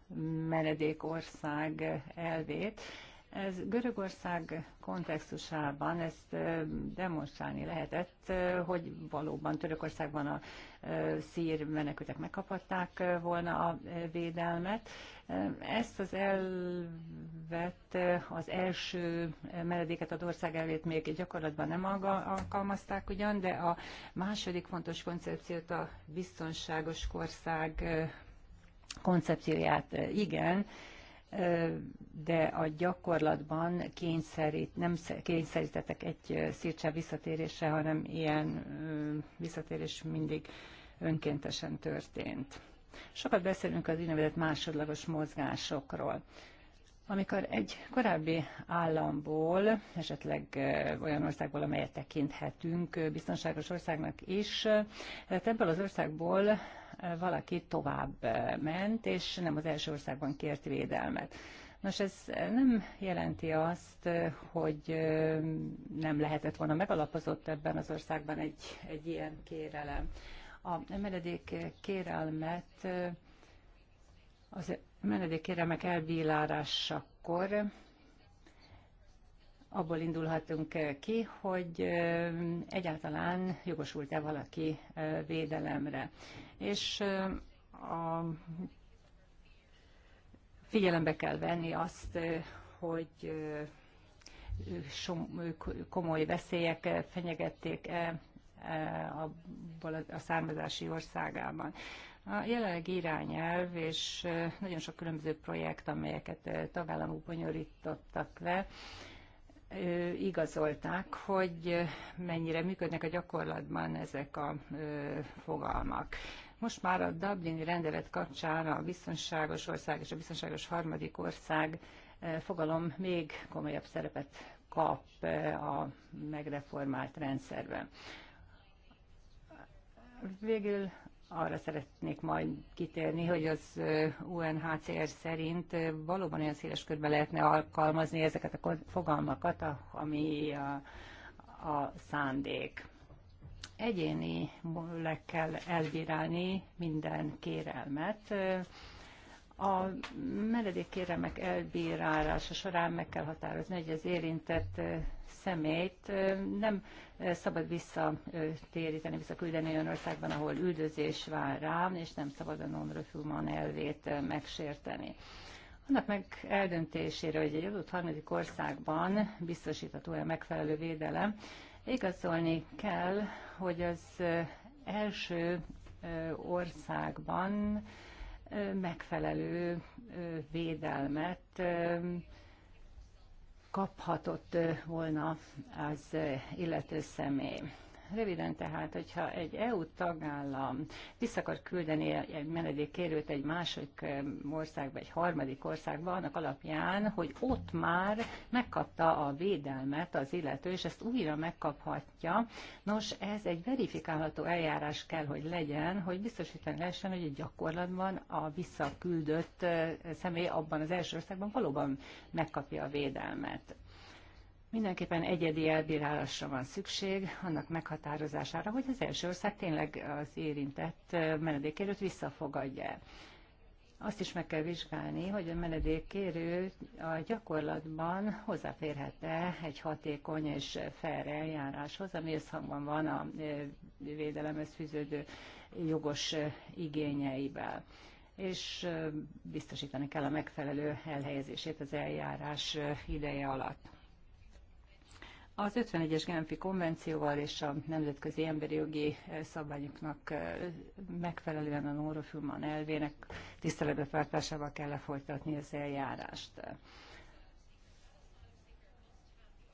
Speaker 3: menedékország elvét, ez Görögország kontextusában ezt demonstrálni lehetett, hogy valóban Törökországban a szír menekültek megkaphatták volna a védelmet. Ezt az elvet, az első menedéket az ország elvét még gyakorlatban nem alkalmazták ugyan, de a második fontos koncepciót a biztonságos ország koncepcióját igen, de a gyakorlatban kényszerít, nem kényszerítettek egy szírcsáv visszatérésre, hanem ilyen visszatérés mindig önkéntesen történt. Sokat beszélünk az úgynevezett másodlagos mozgásokról. Amikor egy korábbi államból, esetleg olyan országból, amelyet tekinthetünk biztonságos országnak is, tehát ebből az országból valaki tovább eh, ment, és nem az első országban kért védelmet. Nos, ez eh, nem jelenti azt, eh, hogy nem lehetett volna megalapozott ebben az országban egy, egy ilyen kérelem. A menedék kérelmet, az menedék kérelmek elbírálásakor abból indulhatunk eh, ki, hogy eh, egyáltalán jogosult-e valaki eh, védelemre. És a figyelembe kell venni azt, hogy komoly veszélyek fenyegették -e a származási országában. A jelenleg irányelv és nagyon sok különböző projekt, amelyeket tagállamok bonyolítottak le, igazolták, hogy mennyire működnek a gyakorlatban ezek a fogalmak. Most már a Dublini rendelet kapcsán a biztonságos ország és a biztonságos harmadik ország fogalom még komolyabb szerepet kap a megreformált rendszerben. Végül arra szeretnék majd kitérni, hogy az UNHCR szerint valóban olyan széles körben lehetne alkalmazni ezeket a fogalmakat, ami a, a szándék. Egyéni le kell elbírálni minden kérelmet, a kéremek elbírálása során meg kell határozni, hogy az érintett személyt nem szabad visszatéríteni, visszaküldeni olyan országban, ahol üldözés vár rám, és nem szabad a non refuman elvét megsérteni. Annak meg eldöntésére, hogy egy adott harmadik országban biztosítható-e megfelelő védelem, igazolni kell, hogy az első országban megfelelő védelmet kaphatott volna az illető személy. Röviden tehát, hogyha egy EU tagállam vissza akar küldeni egy menedékkérőt egy másik országba, egy harmadik országba, annak alapján, hogy ott már megkapta a védelmet az illető, és ezt újra megkaphatja. Nos, ez egy verifikálható eljárás kell, hogy legyen, hogy biztosítani lehessen, hogy egy gyakorlatban a visszaküldött eh, személy abban az első országban valóban megkapja a védelmet. Mindenképpen egyedi elbírálásra van szükség, annak meghatározására, hogy az első ország tényleg az érintett menedékérőt visszafogadja. Azt is meg kell vizsgálni, hogy a menedékkérő a gyakorlatban hozzáférhet-e egy hatékony és fair eljáráshoz, ami összhangban van a védelemhez fűződő jogos igényeivel és biztosítani kell a megfelelő elhelyezését az eljárás ideje alatt. Az 51-es Genfi konvencióval és a nemzetközi emberi jogi eh, szabályoknak eh, megfelelően a Nórofilman elvének tiszteletbe tartásával kell lefolytatni az eljárást.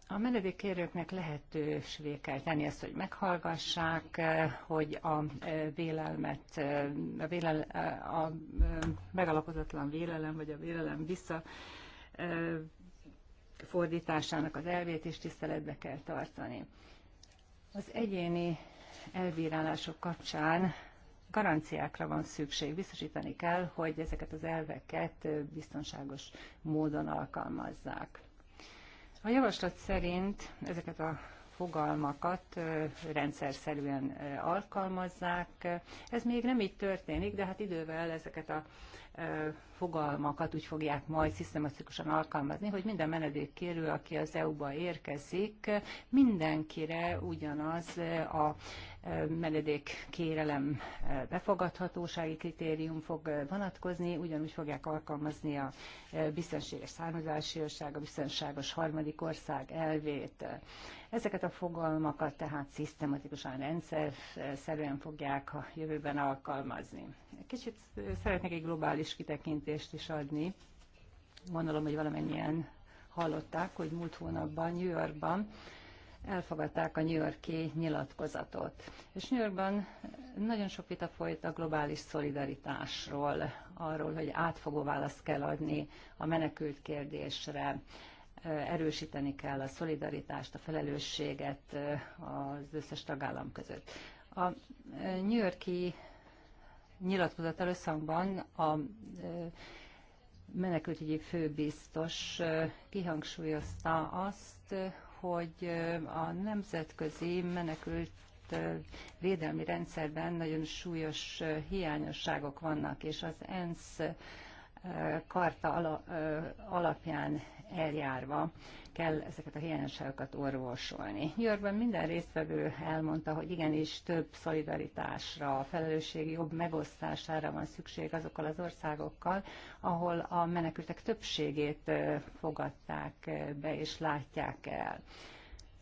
Speaker 3: A menedékkérőknek lehetősvé kell tenni ezt, hogy meghallgassák, eh, hogy a vélelmet, a, vélel, a megalapozatlan vélelem, vagy a vélelem vissza fordításának az elvét is tiszteletbe kell tartani. Az egyéni elbírálások kapcsán garanciákra van szükség. Biztosítani kell, hogy ezeket az elveket biztonságos módon alkalmazzák. A javaslat szerint ezeket a fogalmakat rendszer szerűen alkalmazzák. Ez még nem így történik, de hát idővel ezeket a fogalmakat úgy fogják majd szisztematikusan alkalmazni, hogy minden kérő, aki az EU-ba érkezik, mindenkire ugyanaz a menedék kérelem befogadhatósági kritérium fog vonatkozni, ugyanúgy fogják alkalmazni a biztonséges származási ország, a biztonságos harmadik ország elvét. Ezeket a fogalmakat tehát szisztematikusan, szerűen fogják a jövőben alkalmazni. Kicsit szeretnék egy globális kitekintést is adni. Gondolom, hogy valamennyien hallották, hogy múlt hónapban New Yorkban elfogadták a New Yorki nyilatkozatot. És New Yorkban nagyon sok vita folyt a globális szolidaritásról, arról, hogy átfogó választ kell adni a menekült kérdésre erősíteni kell a szolidaritást, a felelősséget az összes tagállam között. A New Yorki nyilatkozat összhangban a menekültügyi főbiztos kihangsúlyozta azt, hogy a nemzetközi menekült védelmi rendszerben nagyon súlyos hiányosságok vannak, és az ENSZ karta alapján eljárva kell ezeket a hiányosságokat orvosolni. New Yorkban minden résztvevő elmondta, hogy igenis több szolidaritásra, a felelősség jobb megosztására van szükség azokkal az országokkal, ahol a menekültek többségét fogadták be és látják el.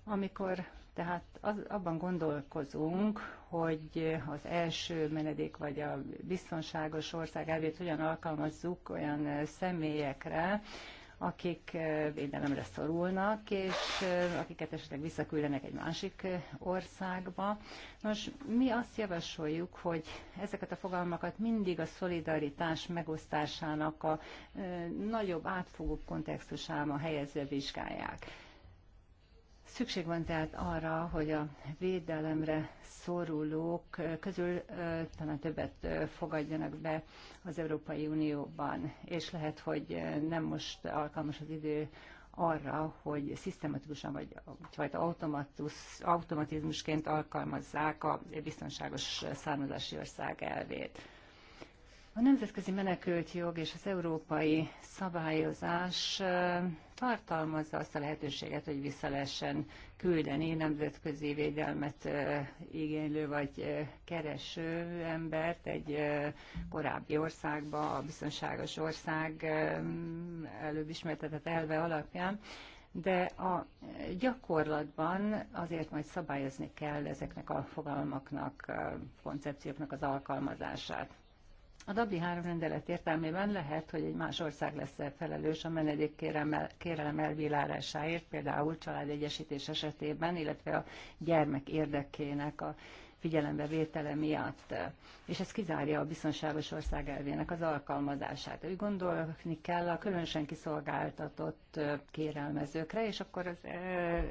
Speaker 3: Amikor tehát az, abban gondolkozunk, hogy az első menedék vagy a biztonságos ország elvét hogyan alkalmazzuk olyan személyekre, akik védelemre szorulnak, és akiket esetleg visszaküldenek egy másik országba. Nos, mi azt javasoljuk, hogy ezeket a fogalmakat mindig a szolidaritás megosztásának a nagyobb átfogó kontextusában helyezve vizsgálják. Szükség van tehát arra, hogy a védelemre szorulók közül talán többet fogadjanak be az Európai Unióban, és lehet, hogy nem most alkalmas az idő arra, hogy szisztematikusan vagy vagy automatizmusként alkalmazzák a biztonságos származási ország elvét. A nemzetközi menekültjog és az európai szabályozás tartalmazza azt a lehetőséget, hogy vissza lehessen küldeni nemzetközi védelmet igénylő vagy kereső embert egy korábbi országba, a biztonságos ország előbb ismertetett elve alapján, de a gyakorlatban azért majd szabályozni kell ezeknek a fogalmaknak, koncepcióknak az alkalmazását. A Dabli három rendelet értelmében lehet, hogy egy más ország lesz -e felelős a menedék kérelem, kérelem elbírálásáért, például családegyesítés esetében, illetve a gyermek érdekének a vétele miatt, és ez kizárja a biztonságos ország elvének az alkalmazását. Úgy gondolni kell a különösen kiszolgáltatott kérelmezőkre, és akkor az,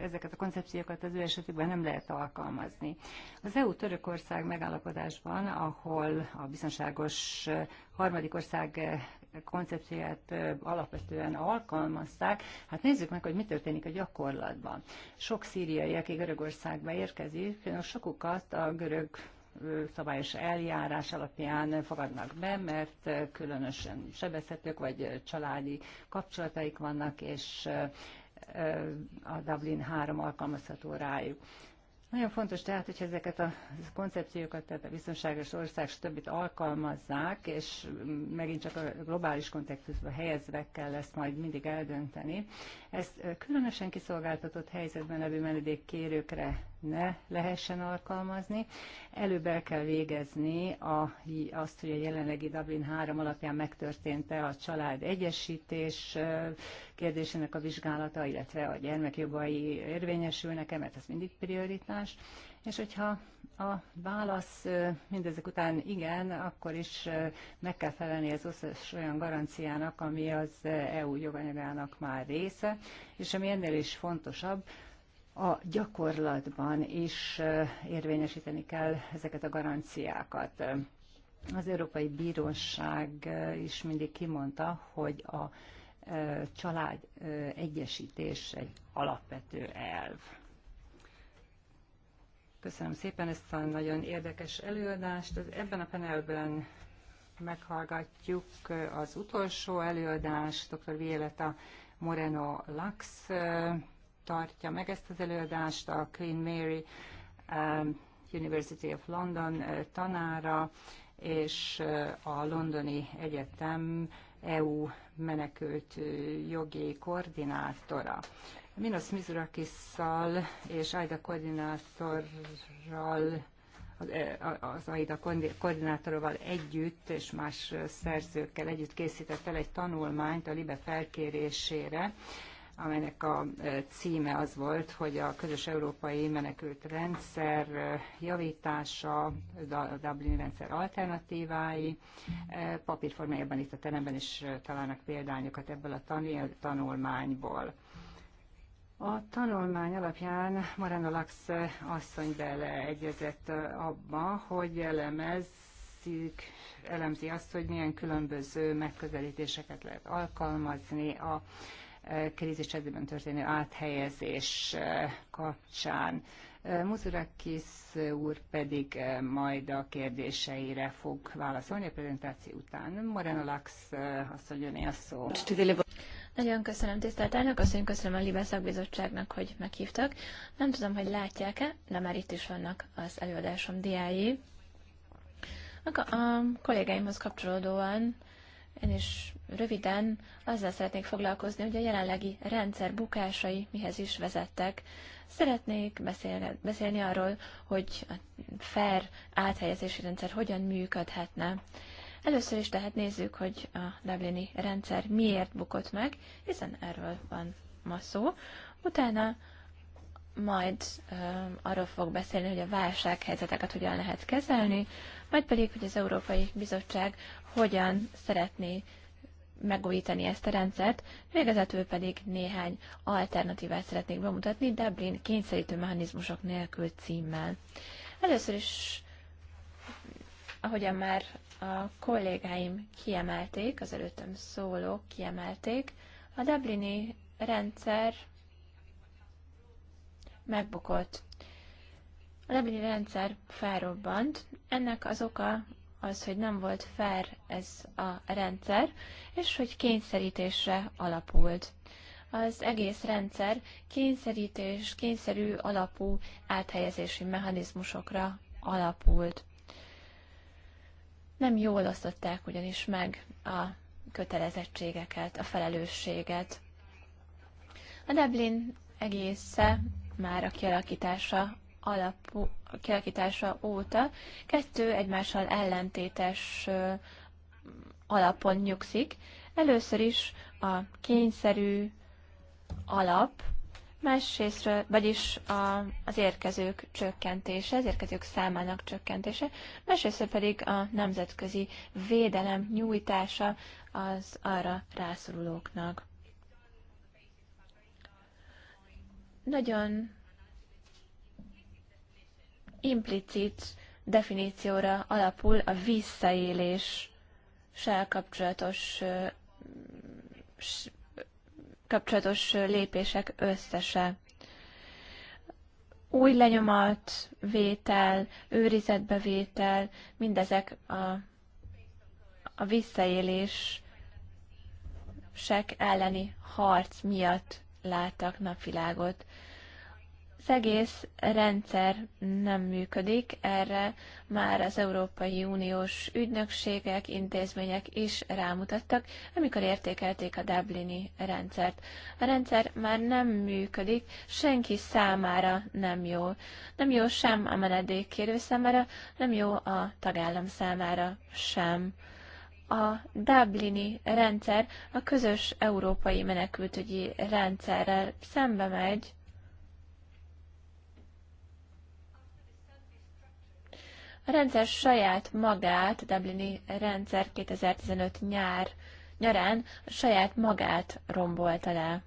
Speaker 3: ezeket a koncepciókat az ő esetükben nem lehet alkalmazni. Az EU-Törökország megállapodásban, ahol a biztonságos harmadik ország koncepcióját alapvetően alkalmazták. Hát nézzük meg, hogy mi történik a gyakorlatban. Sok szíriai, aki Görögországba érkezik, sokukat a görög szabályos eljárás alapján fogadnak be, mert különösen sebezhetők vagy családi kapcsolataik vannak, és a Dublin 3 alkalmazható rájuk. Nagyon fontos tehát, hogy ezeket a koncepciókat, tehát a biztonságos ország, többit alkalmazzák, és megint csak a globális kontextusba helyezve kell ezt majd mindig eldönteni. Ez különösen kiszolgáltatott helyzetben levő menedékkérőkre ne lehessen alkalmazni. Előbb el kell végezni a, azt, hogy a jelenlegi Dublin 3 alapján megtörtént-e a család egyesítés kérdésének a vizsgálata, illetve a gyermekjogai érvényesülnek-e, mert ez mindig prioritás. És hogyha a válasz mindezek után igen, akkor is meg kell felelni az összes olyan garanciának, ami az EU joganyagának már része, és ami ennél is fontosabb, a gyakorlatban is érvényesíteni kell ezeket a garanciákat. Az Európai Bíróság is mindig kimondta, hogy a család egyesítés egy alapvető elv. Köszönöm szépen ezt a nagyon érdekes előadást. Ebben a panelben meghallgatjuk az utolsó előadást, dr. Violeta Moreno Lax tartja meg ezt az előadást, a Queen Mary um, University of London uh, tanára, és uh, a Londoni Egyetem EU menekült uh, jogi koordinátora. Minos Mizurakisszal és Aida koordinátorral az AIDA koordinátoroval együtt és más szerzőkkel együtt készített el egy tanulmányt a LIBE felkérésére, amelynek a e, címe az volt, hogy a közös európai menekült rendszer e, javítása, a Dublin rendszer alternatívái. E, papírformájában itt a teremben is találnak példányokat ebből a tanulmányból. A tanulmány alapján Marana Lax asszony beleegyezett abba, hogy elemezzük, elemzi azt, hogy milyen különböző megközelítéseket lehet alkalmazni a esetben történő áthelyezés kapcsán. Muzurakis úr pedig majd a kérdéseire fog válaszolni a prezentáció után. Moreno Lax asszony, a szó.
Speaker 2: Nagyon köszönöm, tisztelt elnök, köszönöm, köszönöm a Libe szakbizottságnak, hogy meghívtak. Nem tudom, hogy látják-e, de már itt is vannak az előadásom diái. A kollégáimhoz kapcsolódóan én is röviden azzal szeretnék foglalkozni, hogy a jelenlegi rendszer bukásai mihez is vezettek. Szeretnék beszélni, beszélni arról, hogy a fair áthelyezési rendszer hogyan működhetne. Először is tehát nézzük, hogy a Dublini rendszer miért bukott meg, hiszen erről van ma szó. Utána majd ö, arról fog beszélni, hogy a válsághelyzeteket hogyan lehet kezelni, majd pedig, hogy az Európai Bizottság hogyan szeretné megújítani ezt a rendszert, végezetül pedig néhány alternatívát szeretnék bemutatni Dublin kényszerítő mechanizmusok nélkül címmel. Először is, ahogyan már a kollégáim kiemelték, az előttem szólók kiemelték, a Dublini rendszer megbukott. A Dublini rendszer felrobbant, ennek az oka az, hogy nem volt fair ez a rendszer, és hogy kényszerítésre alapult. Az egész rendszer kényszerítés, kényszerű alapú áthelyezési mechanizmusokra alapult. Nem jól osztották ugyanis meg a kötelezettségeket, a felelősséget. A Dublin egésze már a kialakítása alapú kialakítása óta kettő egymással ellentétes alapon nyugszik. Először is a kényszerű alap, másrészt, vagyis a, az érkezők csökkentése, az érkezők számának csökkentése, másrészt pedig a nemzetközi védelem nyújtása az arra rászorulóknak. Nagyon implicit definícióra alapul a visszaélés, kapcsolatos kapcsolatos lépések összese. Új lenyomat, vétel, őrizetbevétel, mindezek a, a visszaélések elleni harc miatt láttak napvilágot. Az egész rendszer nem működik, erre már az Európai Uniós ügynökségek, intézmények is rámutattak, amikor értékelték a Dublini rendszert. A rendszer már nem működik, senki számára nem jó. Nem jó sem a menedékkérő számára, nem jó a tagállam számára sem a Dublini rendszer a közös európai menekültügyi rendszerrel szembe megy, A rendszer saját magát, a Dublini rendszer 2015 nyár, nyarán a saját magát rombolta le.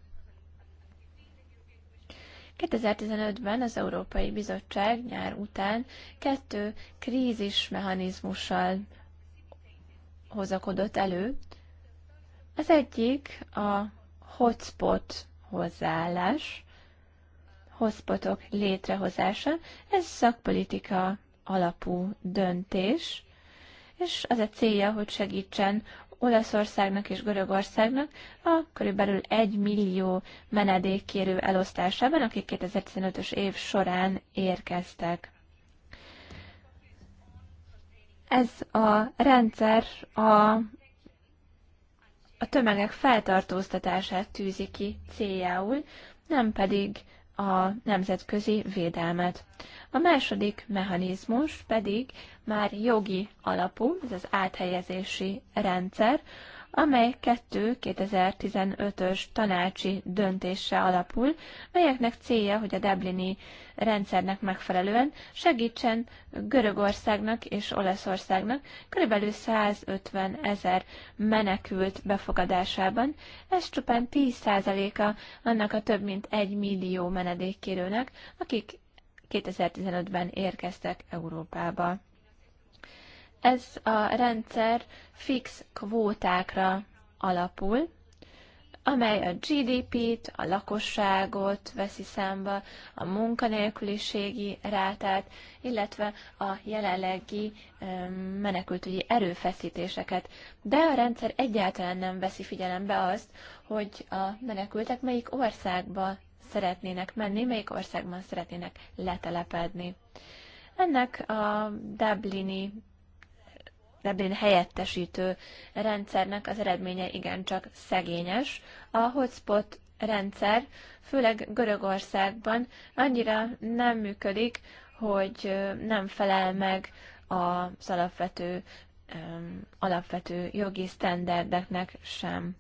Speaker 2: 2015-ben az Európai Bizottság nyár után kettő krízis mechanizmussal hozakodott elő. Az egyik a hotspot hozzáállás, hotspotok létrehozása, ez szakpolitika alapú döntés, és az a célja, hogy segítsen Olaszországnak és Görögországnak a körülbelül 1 millió menedékkérő elosztásában, akik 2015-ös év során érkeztek. Ez a rendszer a a tömegek feltartóztatását tűzi ki céljául, nem pedig a nemzetközi védelmet. A második mechanizmus pedig már jogi alapú, ez az áthelyezési rendszer, amely kettő 2015-ös tanácsi döntése alapul, melyeknek célja, hogy a Dublini rendszernek megfelelően segítsen Görögországnak és Olaszországnak kb. 150 ezer menekült befogadásában. Ez csupán 10%-a annak a több mint 1 millió menedékkérőnek, akik 2015-ben érkeztek Európába. Ez a rendszer fix kvótákra alapul, amely a GDP-t, a lakosságot veszi számba, a munkanélküliségi rátát, illetve a jelenlegi menekültügyi erőfeszítéseket. De a rendszer egyáltalán nem veszi figyelembe azt, hogy a menekültek melyik országba szeretnének menni, melyik országban szeretnének letelepedni. Ennek a Dublini Dublin helyettesítő rendszernek az eredménye igencsak szegényes. A hotspot rendszer, főleg Görögországban annyira nem működik, hogy nem felel meg az alapvető, alapvető jogi sztenderdeknek sem.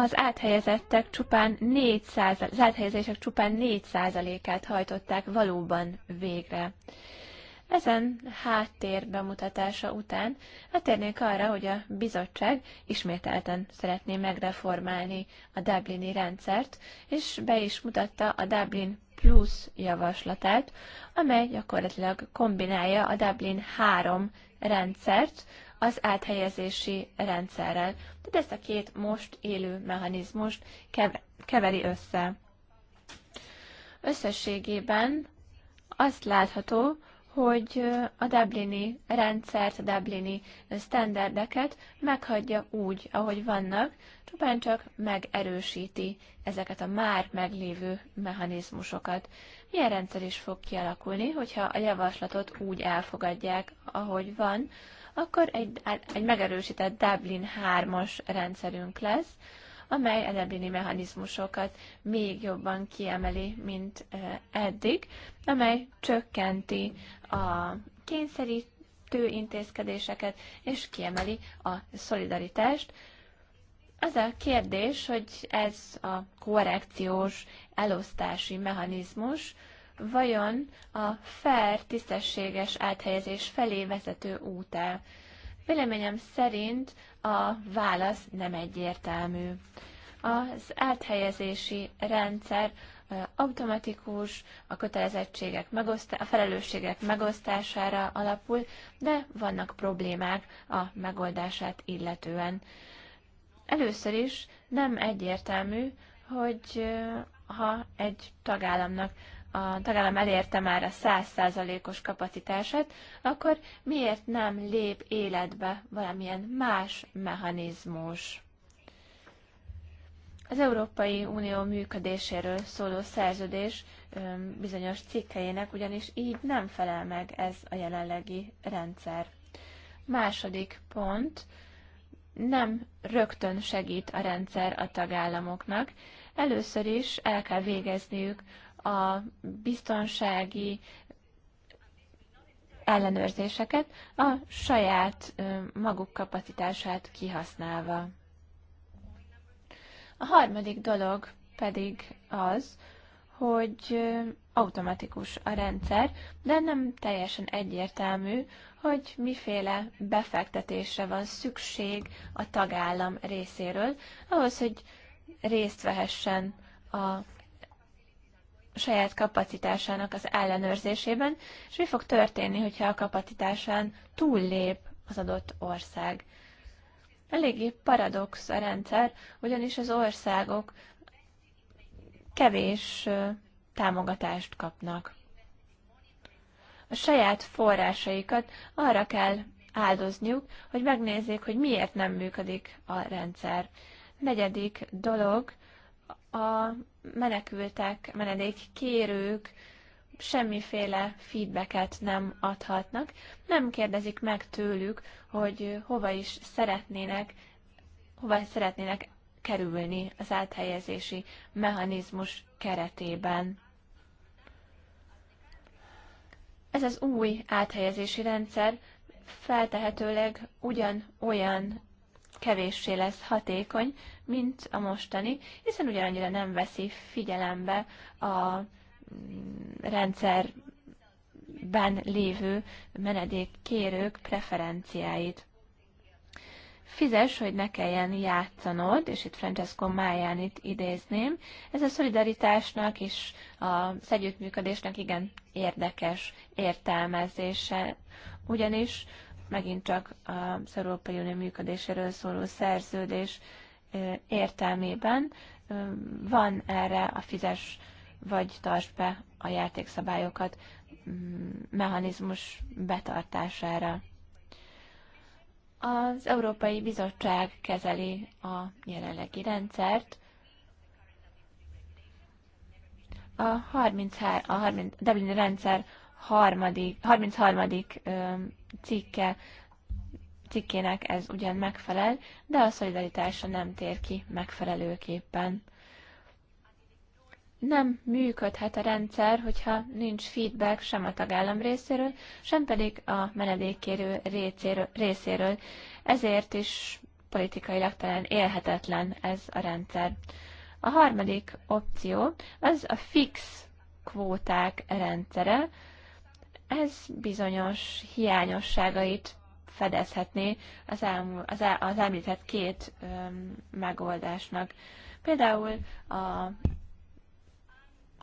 Speaker 2: az áthelyezettek csupán 4 az áthelyezések csupán 4%-át hajtották valóban végre. Ezen háttér bemutatása után átérnék arra, hogy a bizottság ismételten szeretné megreformálni a Dublini rendszert, és be is mutatta a Dublin Plus javaslatát, amely gyakorlatilag kombinálja a Dublin 3 rendszert az áthelyezési rendszerrel. Tehát ezt a két most élő mechanizmust keveri össze. Összességében azt látható, hogy a Dublini rendszert, a Dublini standardeket meghagyja úgy, ahogy vannak, csupán csak megerősíti ezeket a már meglévő mechanizmusokat. Milyen rendszer is fog kialakulni, hogyha a javaslatot úgy elfogadják, ahogy van, akkor egy, egy megerősített Dublin 3-as rendszerünk lesz, amely a Dublini mechanizmusokat még jobban kiemeli, mint eddig, amely csökkenti a kényszerítő intézkedéseket, és kiemeli a szolidaritást, az a kérdés, hogy ez a korrekciós elosztási mechanizmus vajon a fair, tisztességes áthelyezés felé vezető út -e? Véleményem szerint a válasz nem egyértelmű. Az áthelyezési rendszer automatikus, a kötelezettségek, megosztá- a felelősségek megosztására alapul, de vannak problémák a megoldását illetően. Először is nem egyértelmű, hogy ha egy tagállamnak a tagállam elérte már a 100%-os kapacitását, akkor miért nem lép életbe valamilyen más mechanizmus? Az Európai Unió működéséről szóló szerződés bizonyos cikkeinek ugyanis így nem felel meg ez a jelenlegi rendszer. Második pont, nem rögtön segít a rendszer a tagállamoknak. Először is el kell végezniük a biztonsági ellenőrzéseket a saját maguk kapacitását kihasználva. A harmadik dolog pedig az, hogy automatikus a rendszer, de nem teljesen egyértelmű, hogy miféle befektetésre van szükség a tagállam részéről, ahhoz, hogy részt vehessen a saját kapacitásának az ellenőrzésében, és mi fog történni, hogyha a kapacitásán túllép az adott ország. Eléggé paradox a rendszer, ugyanis az országok kevés támogatást kapnak. A saját forrásaikat arra kell áldozniuk, hogy megnézzék, hogy miért nem működik a rendszer. Negyedik dolog, a menekültek, menedék kérők semmiféle feedbacket nem adhatnak, nem kérdezik meg tőlük, hogy hova is szeretnének, hova szeretnének kerülni az áthelyezési mechanizmus keretében. Ez az új áthelyezési rendszer feltehetőleg ugyan olyan kevéssé lesz hatékony, mint a mostani, hiszen ugyanannyira nem veszi figyelembe a mm, rendszerben lévő menedékkérők preferenciáit. Fizes, hogy ne kelljen játszanod, és itt Francesco Májánit idézném. Ez a szolidaritásnak és a együttműködésnek igen érdekes értelmezése, ugyanis megint csak az Európai Unió működéséről szóló szerződés értelmében van erre a fizes vagy tartsd be a játékszabályokat mm, mechanizmus betartására. Az Európai Bizottság kezeli a jelenlegi rendszert. A, 33, a 30, Dublin rendszer harmadik, 33. cikke cikkének ez ugyan megfelel, de a szolidaritása nem tér ki megfelelőképpen. Nem működhet a rendszer, hogyha nincs feedback sem a tagállam részéről, sem pedig a menedékkérő részéről. Ezért is politikailag talán élhetetlen ez a rendszer. A harmadik opció az a fix kvóták rendszere, ez bizonyos hiányosságait fedezhetné az, elm, az, el, az említett két öm, megoldásnak. Például a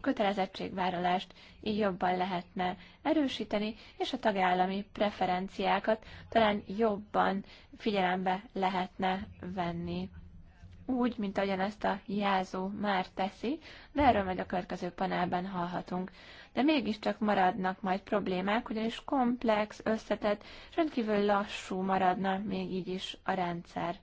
Speaker 2: kötelezettségvállalást így jobban lehetne erősíteni, és a tagállami preferenciákat talán jobban figyelembe lehetne venni. Úgy, mint ahogyan ezt a jelzó már teszi, de erről majd a következő panelben hallhatunk de mégiscsak maradnak majd problémák, ugyanis komplex, összetett, és rendkívül lassú maradna még így is a rendszer.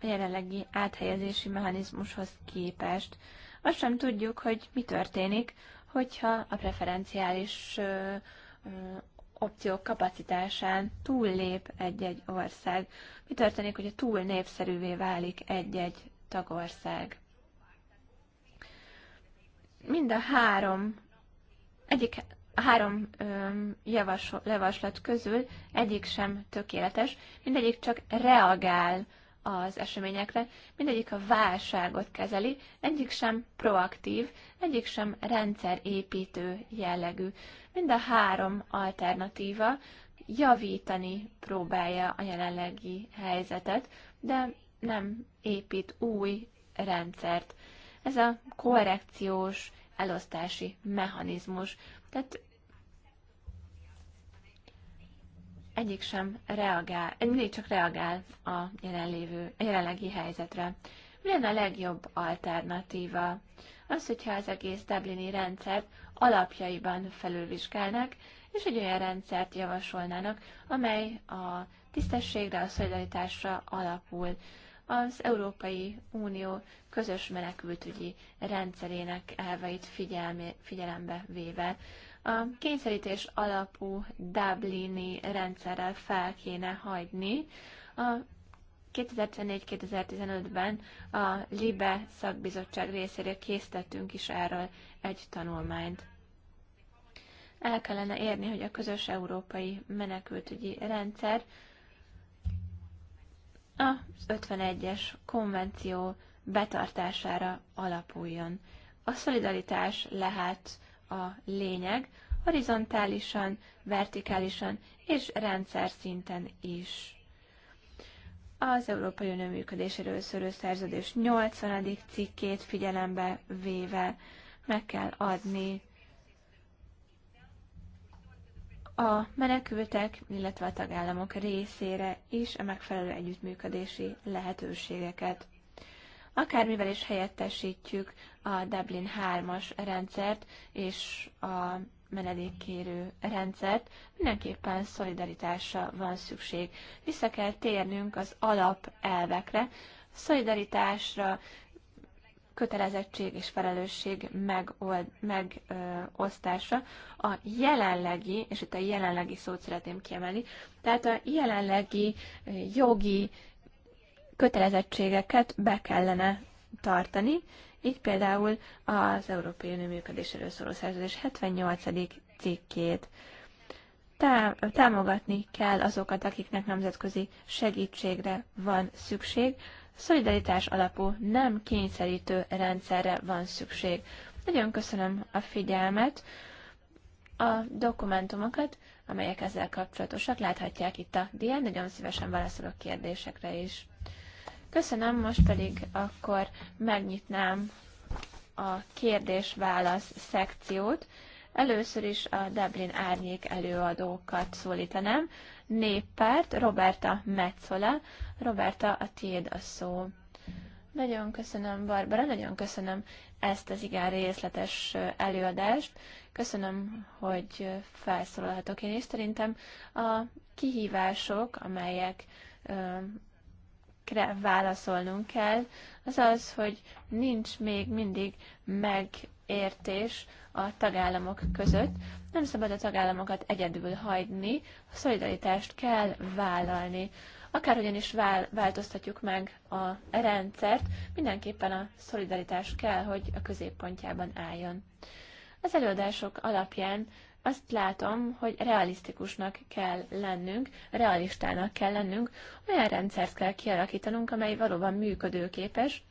Speaker 2: a jelenlegi áthelyezési mechanizmushoz képest. Azt sem tudjuk, hogy mi történik, hogyha a preferenciális ö, ö, opciók kapacitásán túllép egy-egy ország. Mi történik, hogyha túl népszerűvé válik egy-egy tagország? mind a három, egyik a három javasol, javaslat közül egyik sem tökéletes, mindegyik csak reagál az eseményekre, mindegyik a válságot kezeli, egyik sem proaktív, egyik sem rendszerépítő jellegű. Mind a három alternatíva javítani próbálja a jelenlegi helyzetet, de nem épít új rendszert ez a korrekciós elosztási mechanizmus. Tehát egyik sem reagál, mindig csak reagál a jelenlévő, a jelenlegi helyzetre. Mi lenne a legjobb alternatíva? Az, hogyha az egész Dublini rendszert alapjaiban felülvizsgálnak, és egy olyan rendszert javasolnának, amely a tisztességre, a szolidaritásra alapul az Európai Unió közös menekültügyi rendszerének elveit figyelme, figyelembe véve. A kényszerítés alapú Dublini rendszerrel fel kéne hagyni. A 2014-2015-ben a LIBE szakbizottság részére készítettünk is erről egy tanulmányt. El kellene érni, hogy a közös európai menekültügyi rendszer a 51-es konvenció betartására alapuljon. A szolidaritás lehet a lényeg, horizontálisan, vertikálisan és rendszer szinten is. Az Európai Unió működéséről szóló szerződés 80. cikkét figyelembe véve meg kell adni a menekültek, illetve a tagállamok részére is a megfelelő együttműködési lehetőségeket. Akármivel is helyettesítjük a Dublin 3-as rendszert és a menedékkérő rendszert, mindenképpen szolidaritásra van szükség. Vissza kell térnünk az alapelvekre, szolidaritásra, kötelezettség és felelősség megold, megosztása a jelenlegi, és itt a jelenlegi szót szeretném kiemelni, tehát a jelenlegi eh, jogi kötelezettségeket be kellene tartani, így például az Európai Unió működéséről szóló szerződés 78. cikkét támogatni kell azokat, akiknek nemzetközi segítségre van szükség Szolidaritás alapú, nem kényszerítő rendszerre van szükség. Nagyon köszönöm a figyelmet, a dokumentumokat, amelyek ezzel kapcsolatosak, láthatják itt a dián, nagyon szívesen válaszolok kérdésekre is. Köszönöm, most pedig akkor megnyitnám a kérdés-válasz szekciót. Először is a Dublin árnyék előadókat szólítanám néppárt, Roberta Metzola. Roberta, a tiéd a szó. Nagyon köszönöm, Barbara, nagyon köszönöm ezt az igen részletes előadást. Köszönöm, hogy felszólalhatok én is. Szerintem a kihívások, amelyek válaszolnunk kell, az az, hogy nincs még mindig megértés a tagállamok között, nem szabad a tagállamokat egyedül hagyni, a szolidaritást kell vállalni. Akárhogyan is vál, változtatjuk meg a rendszert, mindenképpen a szolidaritás kell, hogy a középpontjában álljon. Az előadások alapján azt látom, hogy realisztikusnak kell lennünk, realistának kell lennünk, olyan rendszert kell kialakítanunk, amely valóban működőképes,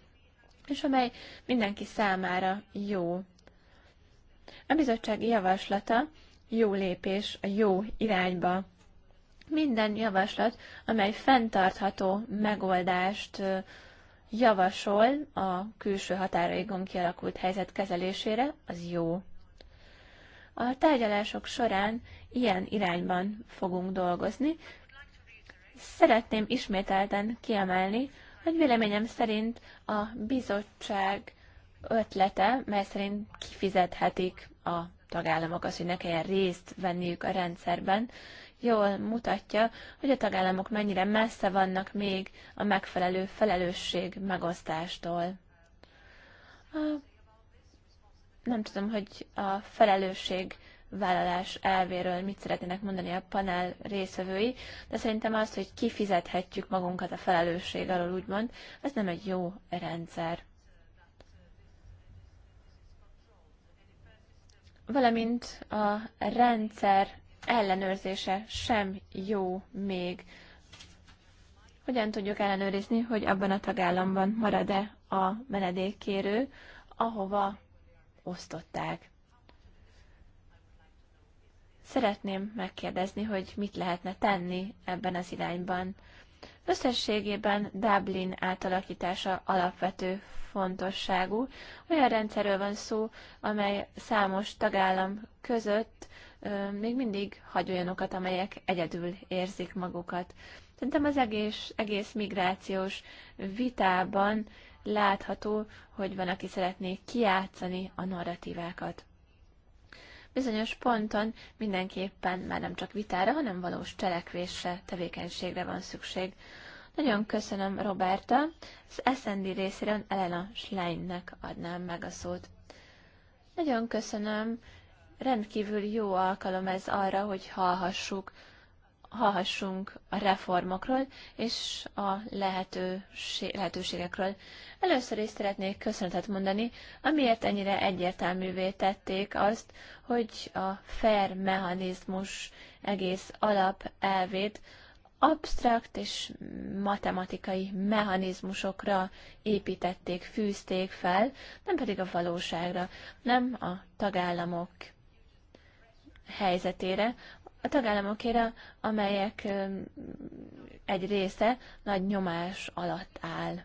Speaker 2: és amely mindenki számára jó. A bizottság javaslata jó lépés a jó irányba. Minden javaslat, amely fenntartható megoldást javasol a külső határaigon kialakult helyzet kezelésére, az jó. A tárgyalások során ilyen irányban fogunk dolgozni. Szeretném ismételten kiemelni, hogy véleményem szerint a bizottság ötlete, mely szerint kifizethetik a tagállamok, az, hogy ne kelljen részt venniük a rendszerben, jól mutatja, hogy a tagállamok mennyire messze vannak még a megfelelő felelősség megosztástól. A, nem tudom, hogy a felelősség vállalás elvéről mit szeretnének mondani a panel részvevői, de szerintem az, hogy kifizethetjük magunkat a felelősség alól, úgymond, ez nem egy jó rendszer. valamint a rendszer ellenőrzése sem jó még. Hogyan tudjuk ellenőrizni, hogy abban a tagállamban marad-e a menedékkérő, ahova osztották? Szeretném megkérdezni, hogy mit lehetne tenni ebben az irányban. Összességében Dublin átalakítása alapvető fontosságú. Olyan rendszerről van szó, amely számos tagállam között még mindig hagy olyanokat, amelyek egyedül érzik magukat. Szerintem az egész, egész migrációs vitában látható, hogy van, aki szeretné kiátszani a narratívákat. Bizonyos ponton mindenképpen már nem csak vitára, hanem valós cselekvésre, tevékenységre van szükség. Nagyon köszönöm, Roberta. Az SND részéről Elena Schleinnek adnám meg a szót. Nagyon köszönöm. Rendkívül jó alkalom ez arra, hogy hallhassuk, hallhassunk a reformokról és a lehetőség, lehetőségekről. Először is szeretnék köszönetet mondani, amiért ennyire egyértelművé tették azt, hogy a fair mechanizmus egész alapelvét absztrakt és matematikai mechanizmusokra építették, fűzték fel, nem pedig a valóságra, nem a tagállamok helyzetére, a tagállamokére, amelyek egy része nagy nyomás alatt áll.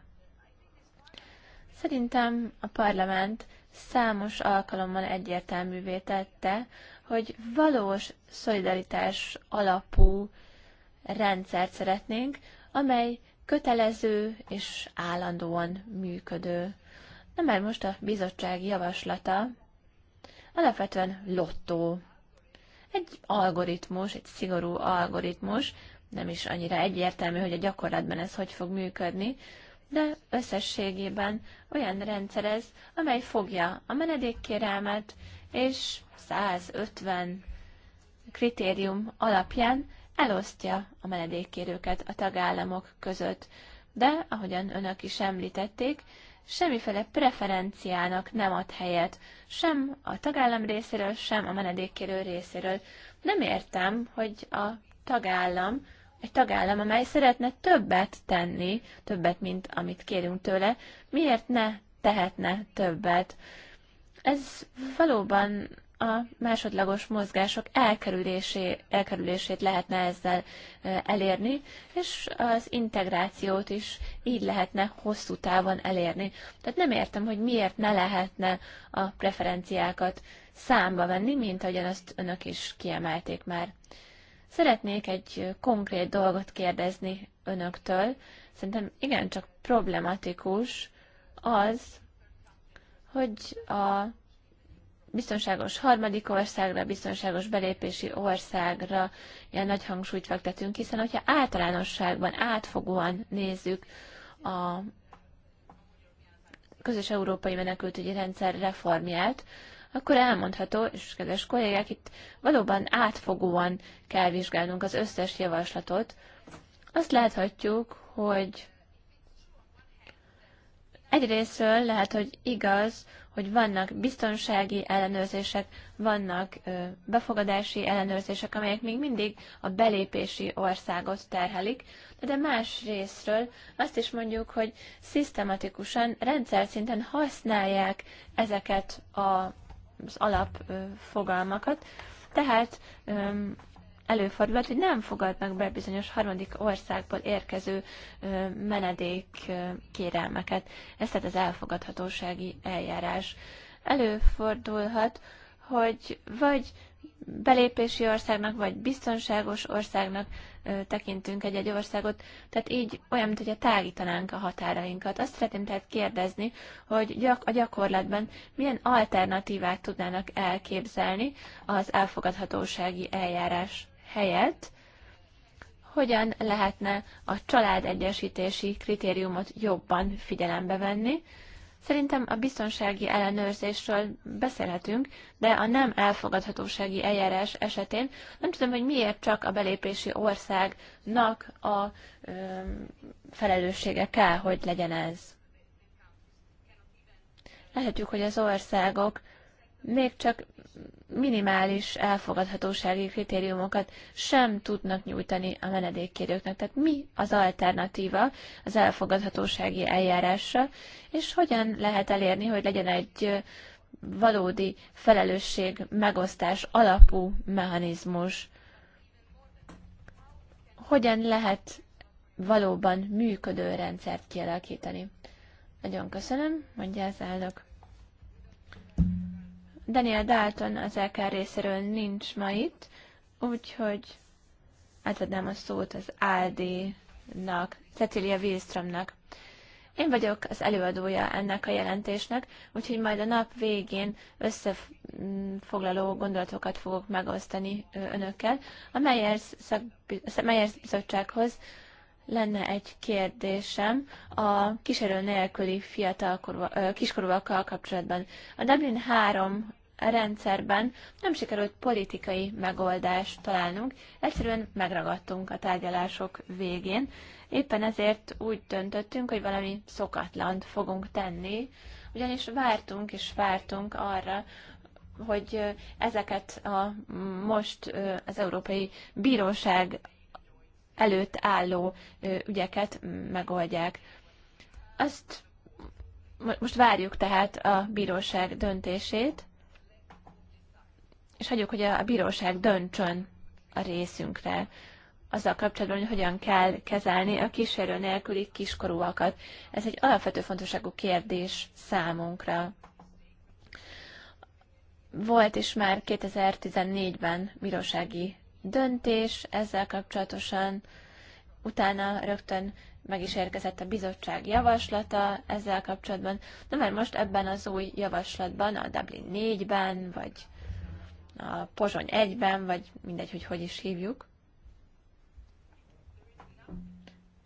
Speaker 2: Szerintem a parlament számos alkalommal egyértelművé tette, hogy valós szolidaritás alapú rendszert szeretnénk, amely kötelező és állandóan működő. Na már most a bizottság javaslata alapvetően lottó. Egy algoritmus, egy szigorú algoritmus, nem is annyira egyértelmű, hogy a gyakorlatban ez hogy fog működni, de összességében olyan rendszer ez, amely fogja a menedékkérelmet, és 150 kritérium alapján elosztja a menedékkérőket a tagállamok között, de, ahogyan önök is említették, semmiféle preferenciának nem ad helyet, sem a tagállam részéről, sem a menedékkérő részéről. Nem értem, hogy a tagállam, egy tagállam, amely szeretne többet tenni, többet, mint amit kérünk tőle, miért ne tehetne többet? Ez valóban a másodlagos mozgások elkerülésé, elkerülését lehetne ezzel elérni, és az integrációt is így lehetne hosszú távon elérni. Tehát nem értem, hogy miért ne lehetne a preferenciákat számba venni, mint ahogyan azt önök is kiemelték már. Szeretnék egy konkrét dolgot kérdezni önöktől. Szerintem igencsak problematikus az, hogy a biztonságos harmadik országra, biztonságos belépési országra ilyen nagy hangsúlyt fektetünk, hiszen hogyha általánosságban, átfogóan nézzük a közös európai menekültügyi rendszer reformját, akkor elmondható, és kedves kollégák, itt valóban átfogóan kell vizsgálnunk az összes javaslatot. Azt láthatjuk, hogy egyrésztről lehet, hogy igaz, hogy vannak biztonsági ellenőrzések, vannak befogadási ellenőrzések, amelyek még mindig a belépési országot terhelik, de más részről azt is mondjuk, hogy szisztematikusan, rendszer szinten használják ezeket a, az alapfogalmakat, tehát előfordulhat, hogy nem fogadnak be bizonyos harmadik országból érkező menedék kérelmeket. Ez tehát az elfogadhatósági eljárás. Előfordulhat, hogy vagy belépési országnak, vagy biztonságos országnak tekintünk egy-egy országot, tehát így olyan, mint hogyha tágítanánk a határainkat. Azt szeretném tehát kérdezni, hogy gyak, a gyakorlatban milyen alternatívát tudnának elképzelni az elfogadhatósági eljárás helyett hogyan lehetne a család egyesítési kritériumot jobban figyelembe venni. Szerintem a biztonsági ellenőrzésről beszélhetünk, de a nem elfogadhatósági eljárás esetén nem tudom, hogy miért csak a belépési országnak a ö, felelőssége kell, hogy legyen ez. Lehetjük, hogy az országok még csak minimális elfogadhatósági kritériumokat sem tudnak nyújtani a menedékkérőknek. Tehát mi az alternatíva az elfogadhatósági eljárásra, és hogyan lehet elérni, hogy legyen egy valódi felelősség megosztás alapú mechanizmus. Hogyan lehet valóban működő rendszert kialakítani? Nagyon köszönöm, mondja az elnök. Daniel Dalton az LK részéről nincs ma itt, úgyhogy átadnám a szót az Áldi-nak, Cecilia Wilströmnek. Én vagyok az előadója ennek a jelentésnek, úgyhogy majd a nap végén összefoglaló gondolatokat fogok megosztani önökkel. A Meyers, szak, Meyers bizottsághoz lenne egy kérdésem a kísérő nélküli fiatalkorú, kiskorúakkal kapcsolatban. A Dublin 3 rendszerben nem sikerült politikai megoldást találnunk, egyszerűen megragadtunk a tárgyalások végén. Éppen ezért úgy döntöttünk, hogy valami szokatlant fogunk tenni, ugyanis vártunk és vártunk arra, hogy ezeket a most az Európai Bíróság előtt álló ügyeket megoldják. Azt most várjuk tehát a bíróság döntését, és hagyjuk, hogy a bíróság döntsön a részünkre azzal kapcsolatban, hogy hogyan kell kezelni a kísérő nélküli kiskorúakat. Ez egy alapvető fontosságú kérdés számunkra. Volt is már 2014-ben bírósági döntés ezzel kapcsolatosan, utána rögtön meg is érkezett a bizottság javaslata ezzel kapcsolatban. Na mert most ebben az új javaslatban, a Dublin 4-ben, vagy a Pozsony 1-ben, vagy mindegy, hogy hogy is hívjuk,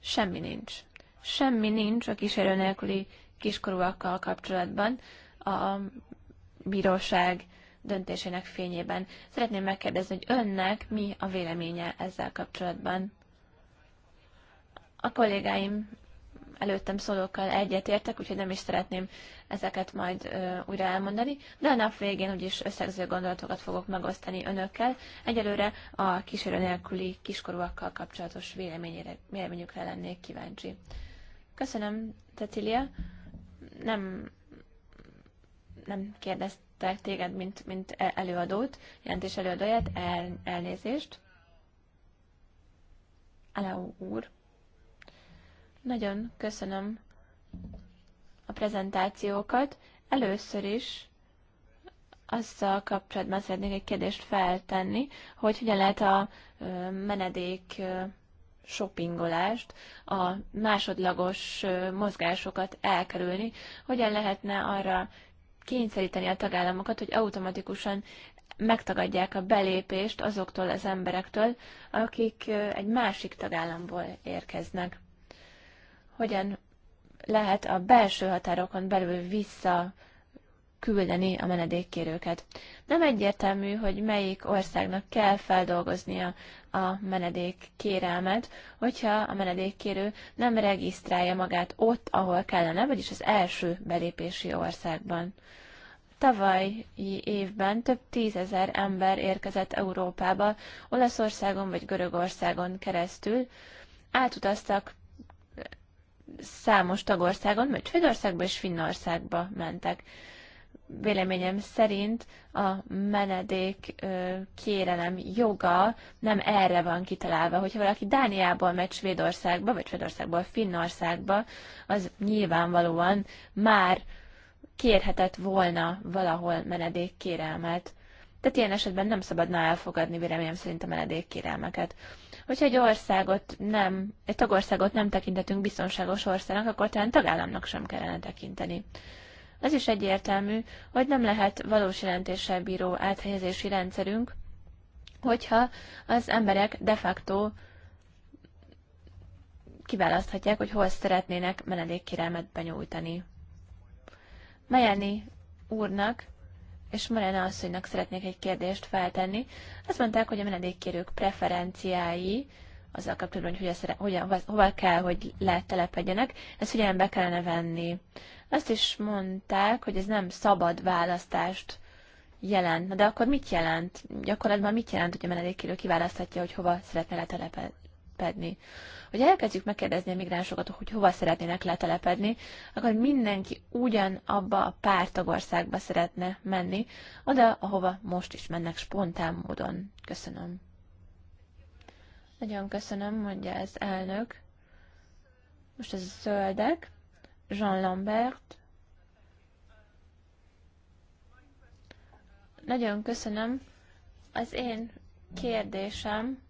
Speaker 2: semmi nincs. Semmi nincs a kísérő nélküli kiskorúakkal kapcsolatban. A bíróság döntésének fényében. Szeretném megkérdezni, hogy önnek mi a véleménye ezzel kapcsolatban? A kollégáim előttem szólókkal egyetértek, úgyhogy nem is szeretném ezeket majd ö, újra elmondani, de a nap végén úgyis összegző gondolatokat fogok megosztani önökkel. Egyelőre a kísérő nélküli kiskorúakkal kapcsolatos véleményére, véleményükre lennék kíváncsi. Köszönöm, Cecilia. Nem, nem kérdeztem meghallgatták téged, mint, mint e- előadót, jelentés előadóját, el, elnézést. Alau úr. Nagyon köszönöm a prezentációkat. Először is azzal kapcsolatban szeretnék egy kérdést feltenni, hogy hogyan lehet a menedék shoppingolást, a másodlagos mozgásokat elkerülni, hogyan lehetne arra kényszeríteni a tagállamokat, hogy automatikusan megtagadják a belépést azoktól az emberektől, akik egy másik tagállamból érkeznek. Hogyan lehet a belső határokon belül vissza küldeni a menedékkérőket. Nem egyértelmű, hogy melyik országnak kell feldolgoznia a menedékkérelmet, hogyha a menedékkérő nem regisztrálja magát ott, ahol kellene, vagyis az első belépési országban. Tavalyi évben több tízezer ember érkezett Európába, Olaszországon vagy Görögországon keresztül, átutaztak számos tagországon, vagy Svédországba és Finnországba mentek véleményem szerint a menedék kérelem joga nem erre van kitalálva. Hogyha valaki Dániából megy Svédországba, vagy Svédországból Finnországba, az nyilvánvalóan már kérhetett volna valahol kérelmet. Tehát ilyen esetben nem szabadna elfogadni véleményem szerint a kérelmeket. Hogyha egy országot nem, egy tagországot nem tekintetünk biztonságos országnak, akkor talán tagállamnak sem kellene tekinteni. Az is egyértelmű, hogy nem lehet valós jelentéssel bíró áthelyezési rendszerünk, hogyha az emberek de facto kiválaszthatják, hogy hol szeretnének menedékkérelmet benyújtani. Mejeni úrnak és Marena asszonynak szeretnék egy kérdést feltenni. Azt mondták, hogy a menedékkérők preferenciái azzal kapcsolatban, hogy hogyan, hova kell, hogy letelepedjenek, ezt figyelembe kellene venni. Azt is mondták, hogy ez nem szabad választást jelent. Na de akkor mit jelent? Gyakorlatban mit jelent, hogy a menedékkérő kiválaszthatja, hogy hova szeretne letelepedni? Hogy elkezdjük megkérdezni a migránsokat, hogy hova szeretnének letelepedni, akkor mindenki ugyanabba a pártagországba szeretne menni, oda, ahova most is mennek spontán módon. Köszönöm. Nagyon köszönöm, mondja ez elnök. Most ez a zöldek. Jean Lambert. Nagyon köszönöm. Az én kérdésem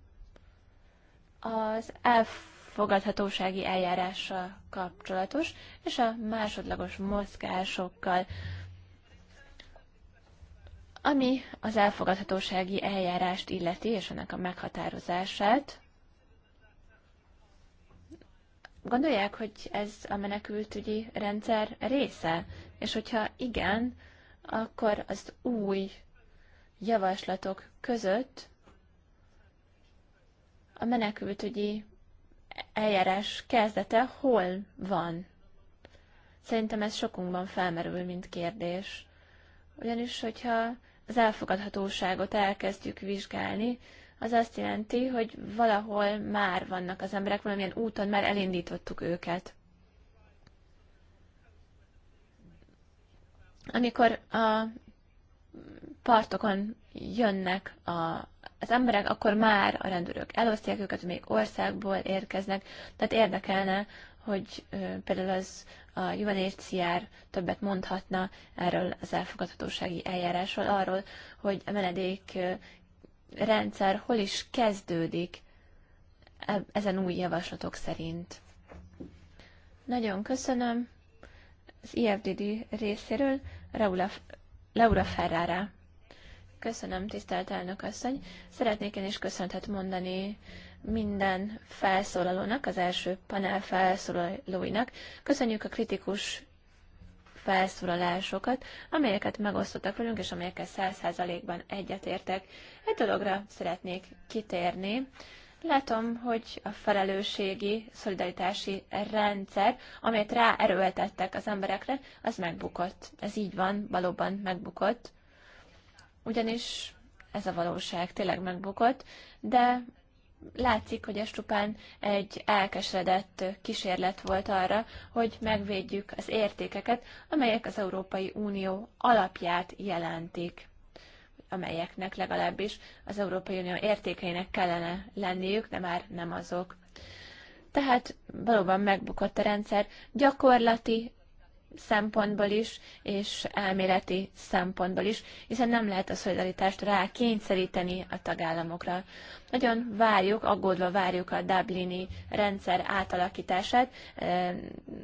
Speaker 2: az elfogadhatósági eljárással kapcsolatos, és a másodlagos mozgásokkal. Ami az elfogadhatósági eljárást illeti, és annak a meghatározását, Gondolják, hogy ez a menekültügyi rendszer része? És hogyha igen, akkor az új javaslatok között a menekültügyi eljárás kezdete hol van? Szerintem ez sokunkban felmerül, mint kérdés. Ugyanis, hogyha az elfogadhatóságot elkezdjük vizsgálni, az azt jelenti, hogy valahol már vannak az emberek, valamilyen úton már elindítottuk őket. Amikor a partokon jönnek a, az emberek, akkor már a rendőrök elosztják őket, még országból érkeznek, tehát érdekelne, hogy ö, például az a UNHCR többet mondhatna erről az elfogadhatósági eljárásról, arról, hogy a menedék rendszer hol is kezdődik e- ezen új javaslatok szerint. Nagyon köszönöm az IFDD részéről Raula, Laura Ferrara. Köszönöm, tisztelt elnök asszony. Szeretnék én is köszöntet mondani minden felszólalónak, az első panel felszólalóinak. Köszönjük a kritikus felszólalásokat, amelyeket megosztottak velünk, és amelyekkel 100%-ban egyetértek. Egy dologra szeretnék kitérni. Látom, hogy a felelősségi, szolidaritási rendszer, amelyet ráerőltettek az emberekre, az megbukott. Ez így van, valóban megbukott. Ugyanis ez a valóság tényleg megbukott, de látszik, hogy ez csupán egy elkeseredett kísérlet volt arra, hogy megvédjük az értékeket, amelyek az Európai Unió alapját jelentik amelyeknek legalábbis az Európai Unió értékeinek kellene lenniük, de már nem azok. Tehát valóban megbukott a rendszer. Gyakorlati szempontból is, és elméleti szempontból is, hiszen nem lehet a szolidaritást rá kényszeríteni a tagállamokra. Nagyon várjuk, aggódva várjuk a Dublini rendszer átalakítását, eh,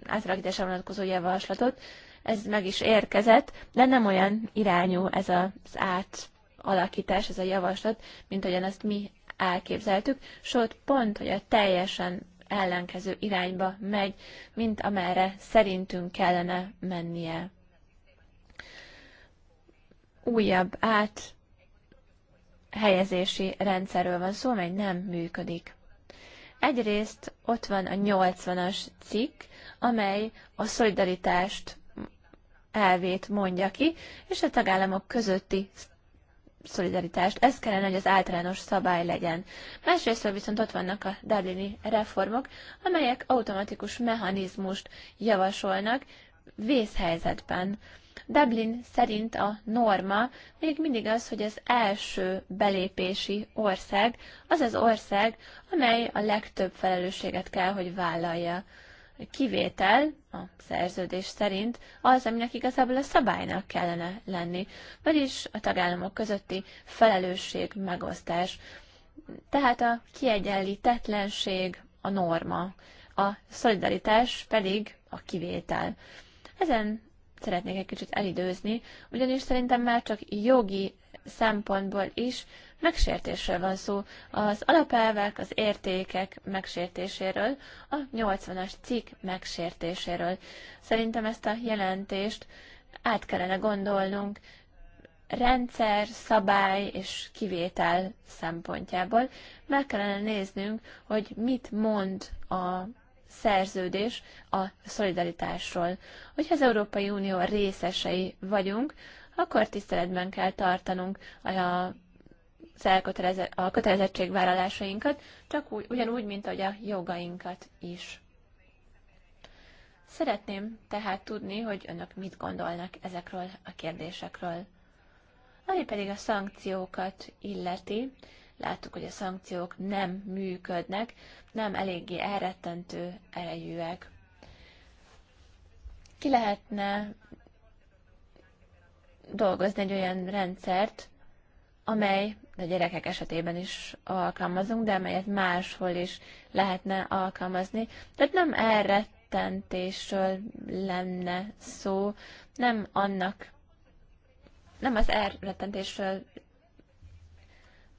Speaker 2: átalakításra vonatkozó javaslatot. Ez meg is érkezett, de nem olyan irányú ez az átalakítás, ez a javaslat, mint ahogyan azt mi elképzeltük, sőt pont, hogy a teljesen ellenkező irányba megy, mint amerre szerintünk kellene mennie. Újabb át helyezési rendszerről van szó, mely nem működik. Egyrészt ott van a 80-as cikk, amely a szolidaritást elvét mondja ki, és a tagállamok közötti szolidaritást. Ez kellene, hogy az általános szabály legyen. Másrészt viszont ott vannak a Dublini reformok, amelyek automatikus mechanizmust javasolnak vészhelyzetben. Dublin szerint a norma még mindig az, hogy az első belépési ország az az ország, amely a legtöbb felelősséget kell, hogy vállalja kivétel a szerződés szerint az, aminek igazából a szabálynak kellene lenni, vagyis a tagállamok közötti felelősség megosztás. Tehát a kiegyenlítetlenség a norma, a szolidaritás pedig a kivétel. Ezen szeretnék egy kicsit elidőzni, ugyanis szerintem már csak jogi szempontból is megsértésről van szó. Az alapelvek, az értékek megsértéséről, a 80-as cikk megsértéséről. Szerintem ezt a jelentést át kellene gondolnunk rendszer, szabály és kivétel szempontjából. Meg kellene néznünk, hogy mit mond a szerződés a szolidaritásról. Hogyha az Európai Unió részesei vagyunk, akkor tiszteletben kell tartanunk a a kötelezettségvállalásainkat, csak úgy, ugyanúgy, mint ahogy a jogainkat is. Szeretném tehát tudni, hogy önök mit gondolnak ezekről a kérdésekről. Ami pedig a szankciókat illeti, láttuk, hogy a szankciók nem működnek, nem eléggé elrettentő erejűek. Ki lehetne dolgozni egy olyan rendszert, amely a gyerekek esetében is alkalmazunk, de amelyet máshol is lehetne alkalmazni. Tehát nem elrettentésről lenne szó, nem annak, nem az elrettentésről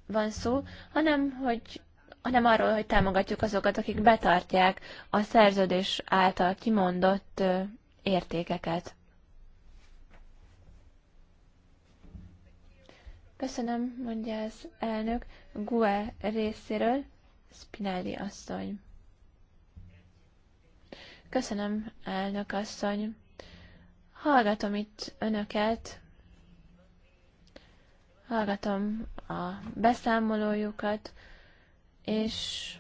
Speaker 2: van szó, hanem hogy hanem arról, hogy támogatjuk azokat, akik betartják a szerződés által kimondott értékeket. Köszönöm, mondja az elnök, GUE részéről, Spinelli asszony. Köszönöm, elnök asszony. Hallgatom itt önöket, hallgatom a beszámolójukat, és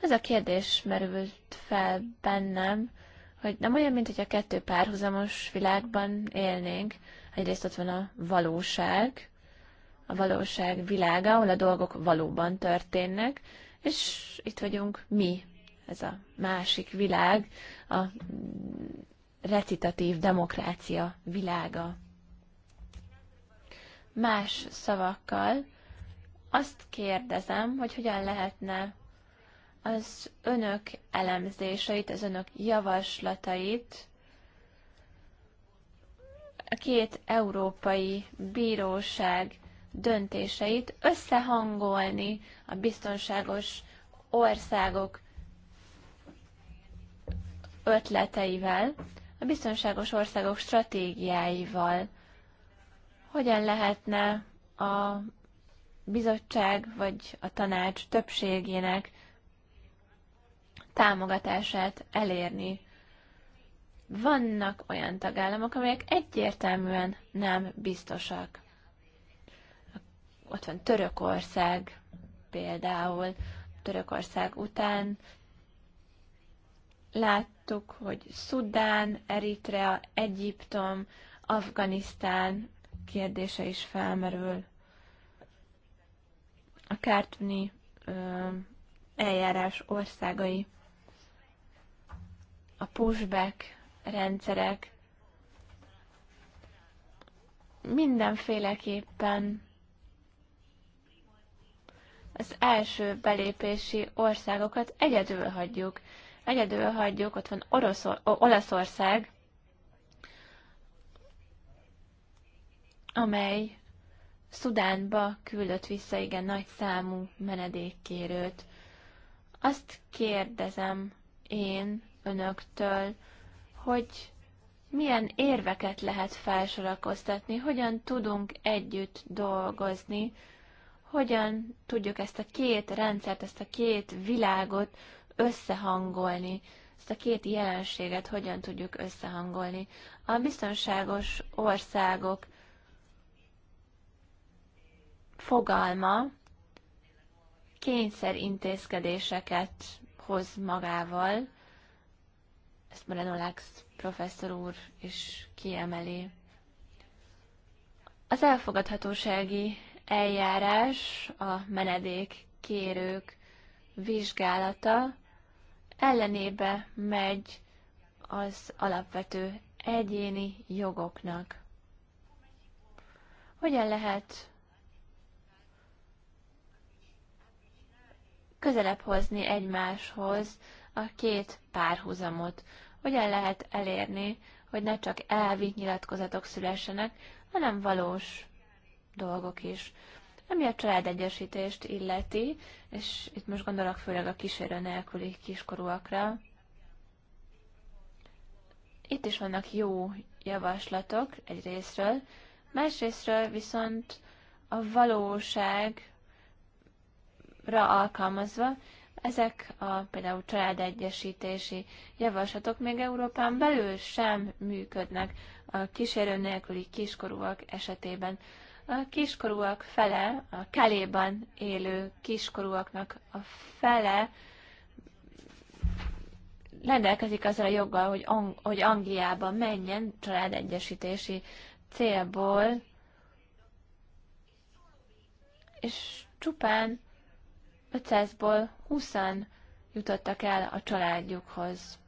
Speaker 2: ez a kérdés merült fel bennem, hogy nem olyan, mint hogy a kettő párhuzamos világban élnénk. Egyrészt ott van a valóság, a valóság világa, ahol a dolgok valóban történnek, és itt vagyunk mi, ez a másik világ, a recitatív demokrácia világa. Más szavakkal azt kérdezem, hogy hogyan lehetne az önök elemzéseit, az önök javaslatait a két európai bíróság döntéseit összehangolni a biztonságos országok ötleteivel, a biztonságos országok stratégiáival. Hogyan lehetne a bizottság vagy a tanács többségének támogatását elérni. Vannak olyan tagállamok, amelyek egyértelműen nem biztosak. Ott van Törökország például. Törökország után láttuk, hogy Szudán, Eritrea, Egyiptom, Afganisztán kérdése is felmerül. A kártuni eljárás országai a pushback rendszerek mindenféleképpen az első belépési országokat egyedül hagyjuk. Egyedül hagyjuk, ott van orosz Olaszország, amely Szudánba küldött vissza igen nagy számú menedékkérőt. Azt kérdezem én, önöktől, hogy milyen érveket lehet felsorakoztatni, hogyan tudunk együtt dolgozni, hogyan tudjuk ezt a két rendszert, ezt a két világot összehangolni, ezt a két jelenséget hogyan tudjuk összehangolni. A biztonságos országok fogalma kényszerintézkedéseket hoz magával, ezt Brenolax professzor úr is kiemeli. Az elfogadhatósági eljárás, a menedék kérők vizsgálata ellenébe megy az alapvető egyéni jogoknak. Hogyan lehet közelebb hozni egymáshoz a két párhuzamot, hogyan lehet elérni, hogy ne csak elvi nyilatkozatok szülessenek, hanem valós dolgok is. Ami a családegyesítést illeti, és itt most gondolok főleg a kísérő nélküli kiskorúakra, itt is vannak jó javaslatok egy részről, másrésztről viszont a valóságra alkalmazva ezek a például családegyesítési javaslatok még Európán belül sem működnek a kísérő nélküli kiskorúak esetében. A kiskorúak fele, a Keléban élő kiskorúaknak a fele rendelkezik azzal a joggal, hogy, Ang- hogy Angliába menjen családegyesítési célból, és csupán 500-ból 20 jutottak el a családjukhoz.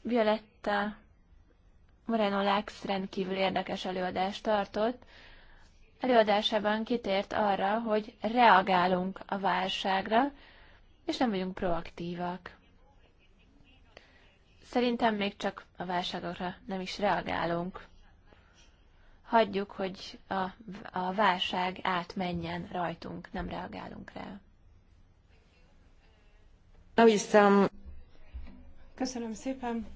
Speaker 2: Violetta Moreno Lax rendkívül érdekes előadást tartott. Előadásában kitért arra, hogy reagálunk a válságra, és nem vagyunk proaktívak. Szerintem még csak a válságokra nem is reagálunk hagyjuk, hogy a, a válság átmenjen rajtunk, nem reagálunk rá.
Speaker 1: Now is, Köszönöm szépen.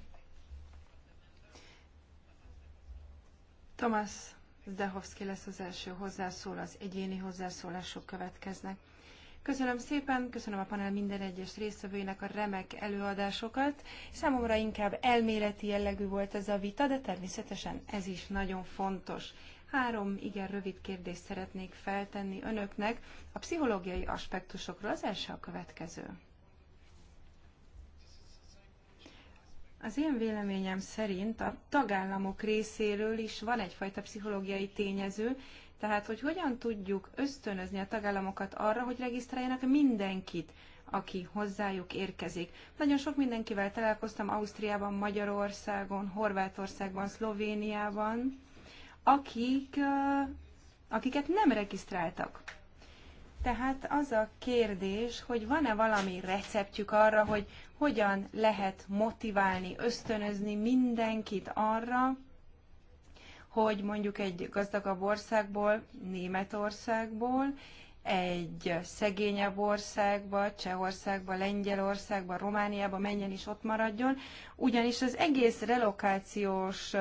Speaker 1: Tomasz Zdehovszki lesz az első hozzászól, az egyéni hozzászólások következnek. Köszönöm szépen, köszönöm a panel minden egyes résztvevőinek a remek előadásokat. Számomra inkább elméleti jellegű volt ez a vita, de természetesen ez is nagyon fontos. Három igen rövid kérdést szeretnék feltenni önöknek a pszichológiai aspektusokról. Az első a következő. Az én véleményem szerint a tagállamok részéről is van egyfajta pszichológiai tényező, tehát, hogy hogyan tudjuk ösztönözni a tagállamokat arra, hogy regisztráljanak mindenkit, aki hozzájuk érkezik. Nagyon sok mindenkivel találkoztam Ausztriában, Magyarországon, Horvátországban, Szlovéniában, akik, akiket nem regisztráltak. Tehát az a kérdés, hogy van-e valami receptjük arra, hogy hogyan lehet motiválni, ösztönözni mindenkit arra, hogy mondjuk egy gazdagabb országból, Németországból, egy szegényebb országba, Csehországba, Lengyelországba, Romániába menjen is ott maradjon, ugyanis az egész relokációs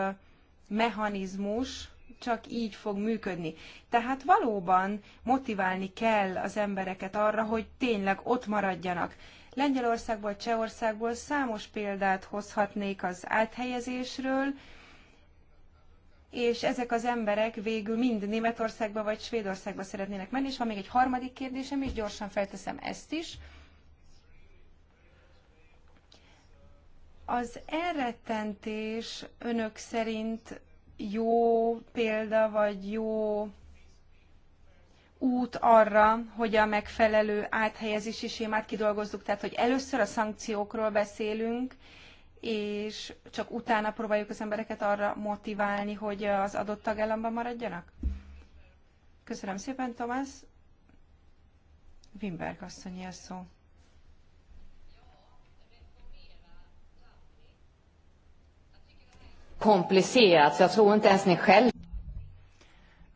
Speaker 1: mechanizmus csak így fog működni. Tehát valóban motiválni kell az embereket arra, hogy tényleg ott maradjanak. Lengyelországból, Csehországból számos példát hozhatnék az áthelyezésről, és ezek az emberek végül mind Németországba vagy Svédországba szeretnének menni, és van még egy harmadik kérdésem, is, gyorsan felteszem ezt is. Az elrettentés önök szerint jó példa, vagy jó út arra, hogy a megfelelő áthelyezési sémát kidolgozzuk, tehát hogy először a szankciókról beszélünk, és csak utána próbáljuk az embereket arra motiválni, hogy az adott tagállamban maradjanak? Köszönöm szépen, Tomás. Wimberg asszonyi a szó.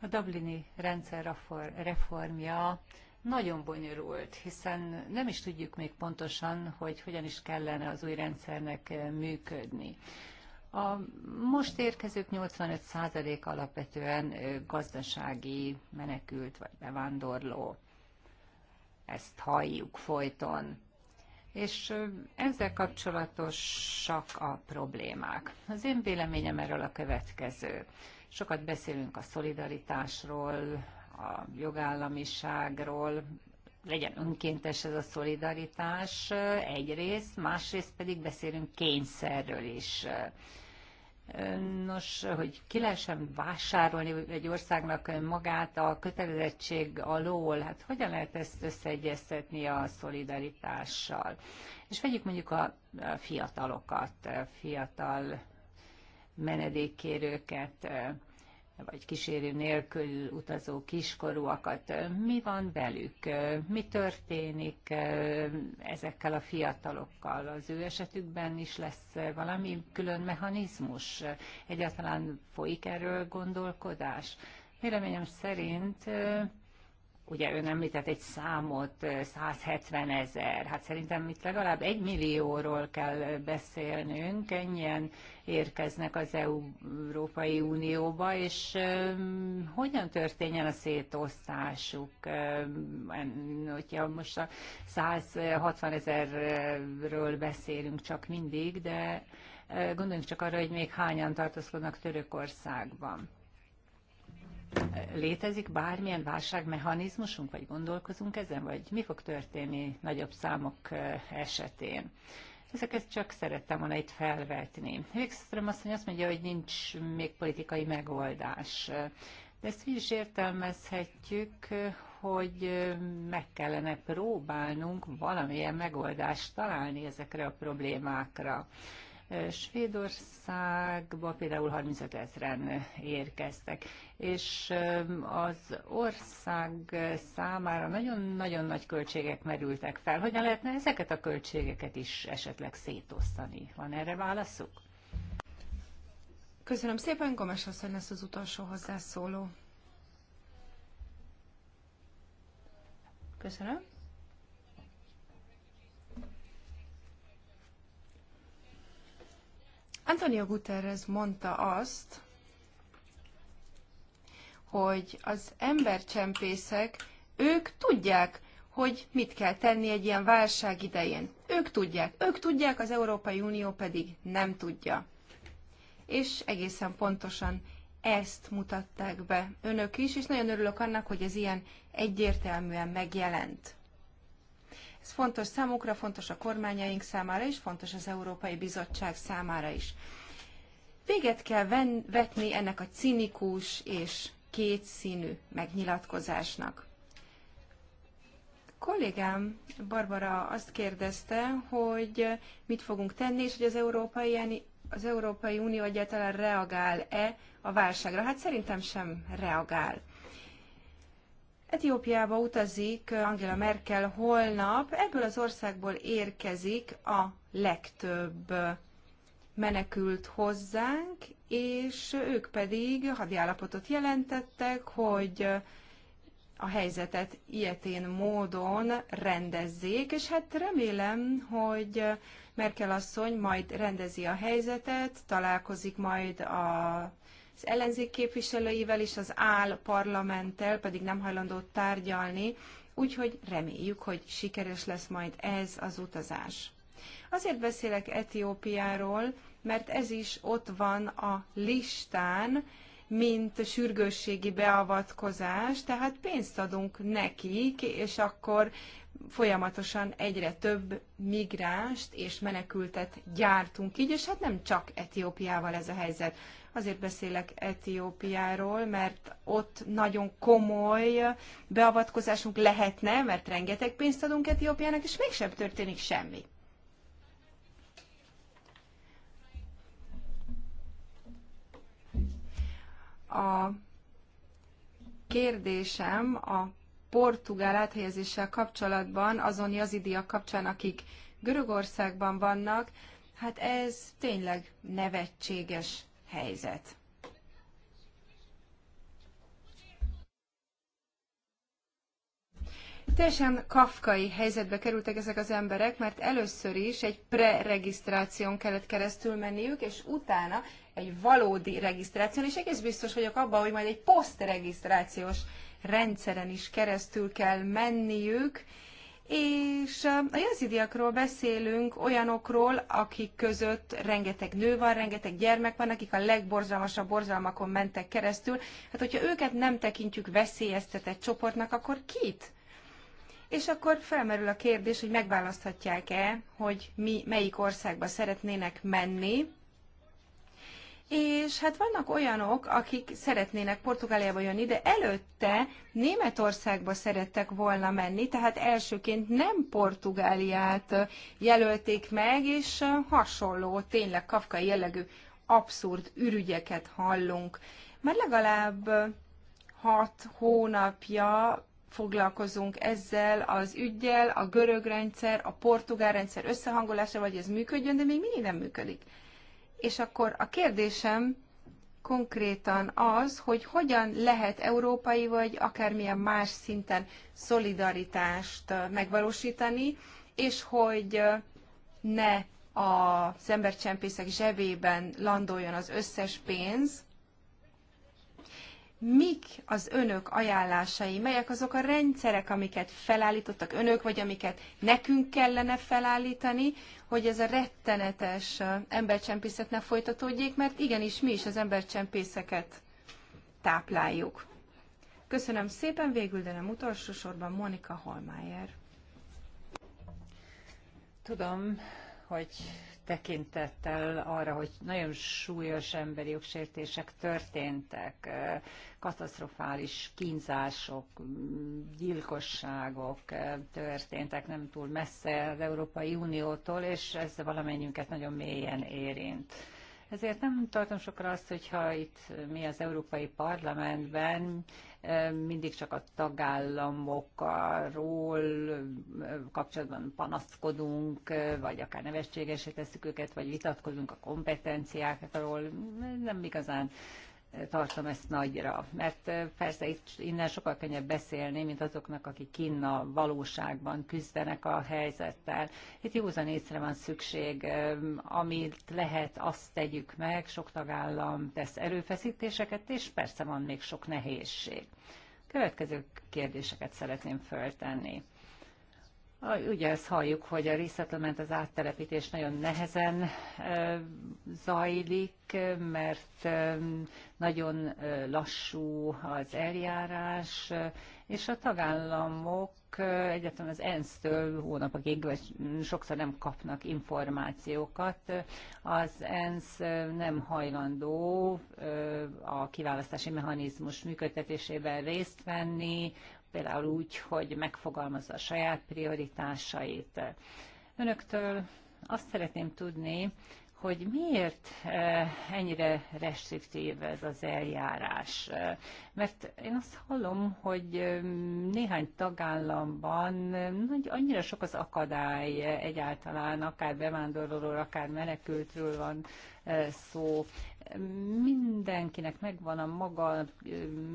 Speaker 3: A Dublini rendszer reformja nagyon bonyolult, hiszen nem is tudjuk még pontosan, hogy hogyan is kellene az új rendszernek eh, működni. A most érkezők 85% alapvetően eh, gazdasági menekült vagy bevándorló. Ezt halljuk folyton. És eh, ezzel kapcsolatosak a problémák. Az én véleményem erről a következő. Sokat beszélünk a szolidaritásról, a jogállamiságról, legyen önkéntes ez a szolidaritás eh, egyrészt, másrészt pedig beszélünk kényszerről is. Eh, nos, hogy ki lehessen vásárolni egy országnak magát a kötelezettség alól, hát hogyan lehet ezt összeegyeztetni a szolidaritással? És vegyük mondjuk a fiatalokat, eh, fiatal menedékkérőket vagy kísérő nélkül utazó kiskorúakat. Mi van velük? Mi történik eh, ezekkel a fiatalokkal? Az ő esetükben is lesz valami külön mechanizmus? Egyáltalán folyik erről gondolkodás? Véleményem szerint eh, Ugye ön említett egy számot, 170 eh, ezer. Hát szerintem itt legalább egy millióról kell eh, beszélnünk. Ennyien érkeznek az e Európai Unióba, és hogyan történjen a szétosztásuk? Hogyha most a 160 ezerről beszélünk csak mindig, de eh, gondoljunk csak arra, hogy még hányan tartózkodnak Törökországban. Létezik bármilyen válságmechanizmusunk, vagy gondolkozunk ezen, vagy mi fog történni nagyobb számok esetén? Ezeket csak szerettem volna itt felvetni. azt mondja, azt mondja, hogy nincs még politikai megoldás. De ezt így is értelmezhetjük, hogy meg kellene próbálnunk valamilyen megoldást találni ezekre a problémákra. Svédországba például 35 ezeren érkeztek, és az ország számára nagyon-nagyon nagy költségek merültek fel. Hogyan lehetne ezeket a költségeket is esetleg szétosztani? Van erre válaszuk?
Speaker 1: Köszönöm szépen, Gomes asszony lesz az utolsó hozzászóló. Köszönöm. Antonio Guterres mondta azt, hogy az embercsempészek, ők tudják, hogy mit kell tenni egy ilyen válság idején. Ők tudják, ők tudják, az Európai Unió pedig nem tudja. És egészen pontosan ezt mutatták be önök is, és nagyon örülök annak, hogy ez ilyen egyértelműen megjelent. Ez fontos számukra, fontos a kormányaink számára is, fontos az Európai Bizottság számára is. Véget kell ven- vetni ennek a cinikus és kétszínű megnyilatkozásnak. A kollégám Barbara azt kérdezte, hogy mit fogunk tenni, és hogy az Európai, az Európai Unió egyáltalán reagál-e a válságra. Hát szerintem sem reagál. Etiópiába utazik Angela Merkel holnap, ebből az országból érkezik a legtöbb menekült hozzánk, és ők pedig hadiállapotot jelentettek, hogy a helyzetet ilyetén módon rendezzék, és hát remélem, hogy Merkel asszony majd rendezi a helyzetet, találkozik majd a az ellenzék képviselőivel és az áll parlamenttel pedig nem hajlandó tárgyalni, úgyhogy reméljük, hogy sikeres lesz majd ez az utazás. Azért beszélek Etiópiáról, mert ez is ott van a listán, mint sürgősségi beavatkozás, tehát pénzt adunk nekik, és akkor folyamatosan egyre több migránst és menekültet gyártunk így, és hát nem csak Etiópiával ez a helyzet. Azért beszélek Etiópiáról, mert ott nagyon komoly beavatkozásunk lehetne, mert rengeteg pénzt adunk Etiópiának, és mégsem történik semmi. A kérdésem a portugál áthelyezéssel kapcsolatban azon jazidiak kapcsán, akik Görögországban vannak, hát ez tényleg nevetséges helyzet. Teljesen kafkai helyzetbe kerültek ezek az emberek, mert először is egy preregisztráción kellett keresztül menniük, és utána egy valódi regisztráción, és egész biztos vagyok abban, hogy majd egy posztregisztrációs rendszeren is keresztül kell menniük, és eh, a jazidiakról beszélünk, olyanokról, akik között rengeteg nő van, rengeteg gyermek van, akik a legborzalmasabb borzalmakon mentek keresztül. Hát, hogyha őket nem tekintjük veszélyeztetett csoportnak, akkor kit? És akkor felmerül a kérdés, hogy megválaszthatják-e, hogy mi melyik országba szeretnének menni, és hát vannak olyanok, akik szeretnének Portugáliába jönni, de előtte Németországba szerettek volna menni, tehát elsőként nem Portugáliát jelölték meg, és hasonló, tényleg kafkai jellegű abszurd ürügyeket hallunk. Már legalább hat hónapja foglalkozunk ezzel az ügyel, a görög rendszer, a portugál rendszer összehangolása, vagy ez működjön, de még mindig nem működik. És akkor a kérdésem konkrétan az, hogy hogyan lehet európai vagy akármilyen más szinten szolidaritást megvalósítani, és hogy ne az embercsempészek zsebében landoljon az összes pénz, mik az önök ajánlásai, melyek azok a rendszerek, amiket felállítottak önök, vagy amiket nekünk kellene felállítani, hogy ez a rettenetes embercsempészet ne folytatódjék, mert igenis mi is az embercsempészeket tápláljuk. Köszönöm szépen, végül, de nem utolsó sorban Monika
Speaker 3: Holmájer. Tudom, hogy tekintettel arra, hogy nagyon súlyos emberi jogsértések történtek, katasztrofális kínzások, gyilkosságok történtek nem túl messze az Európai Uniótól, és ez valamennyünket nagyon mélyen érint. Ezért nem tartom sokra azt, hogyha itt mi az Európai Parlamentben mindig csak a tagállamokról kapcsolatban panaszkodunk, vagy akár nevességesé tesszük őket, vagy vitatkozunk a kompetenciákról. Nem igazán tartom ezt nagyra, mert persze itt innen sokkal könnyebb beszélni, mint azoknak, akik kinn a valóságban küzdenek a helyzettel. Itt józan észre van szükség, amit lehet, azt tegyük meg, sok tagállam tesz erőfeszítéseket, és persze van még sok nehézség. Következő kérdéseket szeretném föltenni. Ugye ezt halljuk, hogy a részletlement az áttelepítés nagyon nehezen zajlik, mert nagyon lassú az eljárás, és a tagállamok egyetem az ENSZ-től hónapokig sokszor nem kapnak információkat. Az ENSZ nem hajlandó a kiválasztási mechanizmus működtetésében részt venni, például úgy, hogy megfogalmazza a saját prioritásait. Önöktől azt szeretném tudni, hogy miért eh, ennyire restriktív ez az eljárás. Eh, mert én azt hallom, hogy eh, néhány tagállamban nagy, annyira sok az akadály egyáltalán, akár bevándorlóról, akár menekültről van szó mindenkinek megvan a maga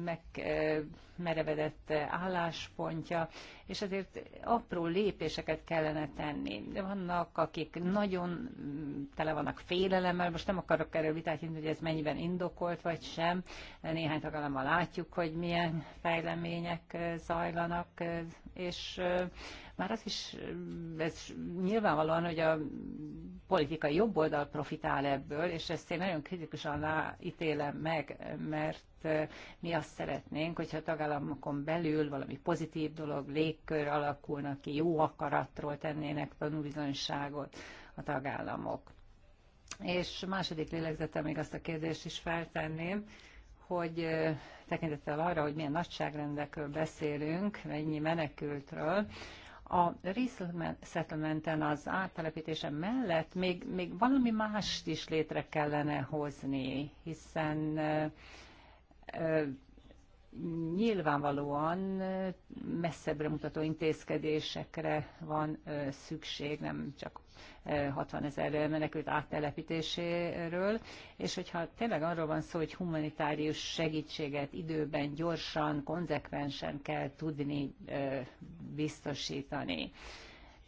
Speaker 3: megmerevedett álláspontja, és ezért apró lépéseket kellene tenni. Vannak, akik nagyon mm, tele vannak félelemmel, most nem akarok erről vitát hinni, hogy ez mennyiben indokolt vagy sem. Néhány tagállammal látjuk, hogy milyen fejlemények zajlanak és már az is, ez nyilvánvalóan, hogy a politikai jobboldal profitál ebből, és ezt én nagyon kritikusan lá, ítélem meg, mert mi azt szeretnénk, hogyha a tagállamokon belül valami pozitív dolog, légkör alakulna ki, jó akaratról tennének tanúbizonyságot a tagállamok. És második lélegzetem még azt a kérdést is feltenném, hogy tekintettel arra, hogy milyen nagyságrendekről beszélünk, mennyi menekültről, a resettlementen az áttelepítése mellett még, még valami mást is létre kellene hozni, hiszen nyilvánvalóan messzebbre mutató intézkedésekre van szükség, nem csak 60 ezer menekült áttelepítéséről, és hogyha tényleg arról van szó, hogy humanitárius segítséget időben, gyorsan, konzekvensen kell tudni biztosítani.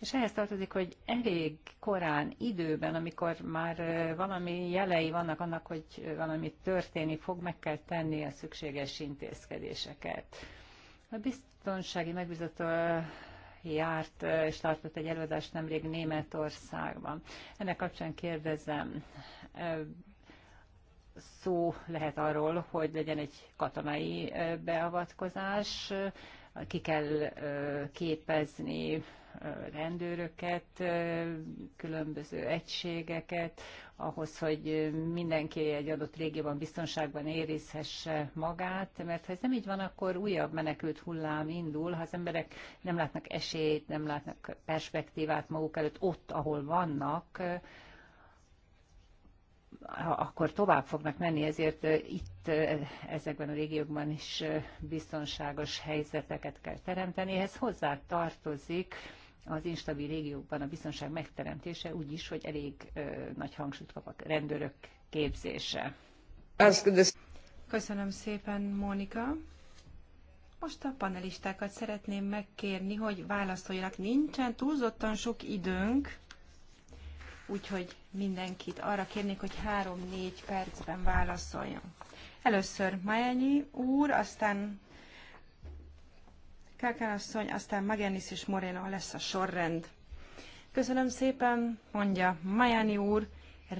Speaker 3: És ehhez tartozik, hogy elég korán, időben, amikor már valami jelei vannak annak, hogy valami történni fog, meg kell tenni a szükséges intézkedéseket. A biztonsági megbízató járt és tartott egy előadást nemrég Németországban. Ennek kapcsán kérdezem, szó lehet arról, hogy legyen egy katonai beavatkozás, ki kell képezni rendőröket, különböző egységeket, ahhoz, hogy mindenki egy adott régióban biztonságban érizhesse magát, mert ha ez nem így van, akkor újabb menekült hullám indul, ha az emberek nem látnak esélyt, nem látnak perspektívát maguk előtt ott, ahol vannak, akkor tovább fognak menni, ezért itt ezekben a régiókban is biztonságos helyzeteket kell teremteni. Ehhez hozzá tartozik az instabil régiókban a biztonság megteremtése úgy is, hogy elég ö, nagy hangsúlyt kap a rendőrök képzése. Köszönöm
Speaker 1: szépen, Mónika. Most a panelistákat szeretném megkérni, hogy válaszoljanak. Nincsen túlzottan sok időnk, úgyhogy mindenkit arra kérnék, hogy három-négy percben válaszoljon. Először Majenyi úr, aztán Kákán asszony, aztán Magenis és Moreno lesz a sorrend. Köszönöm szépen, mondja Majani úr.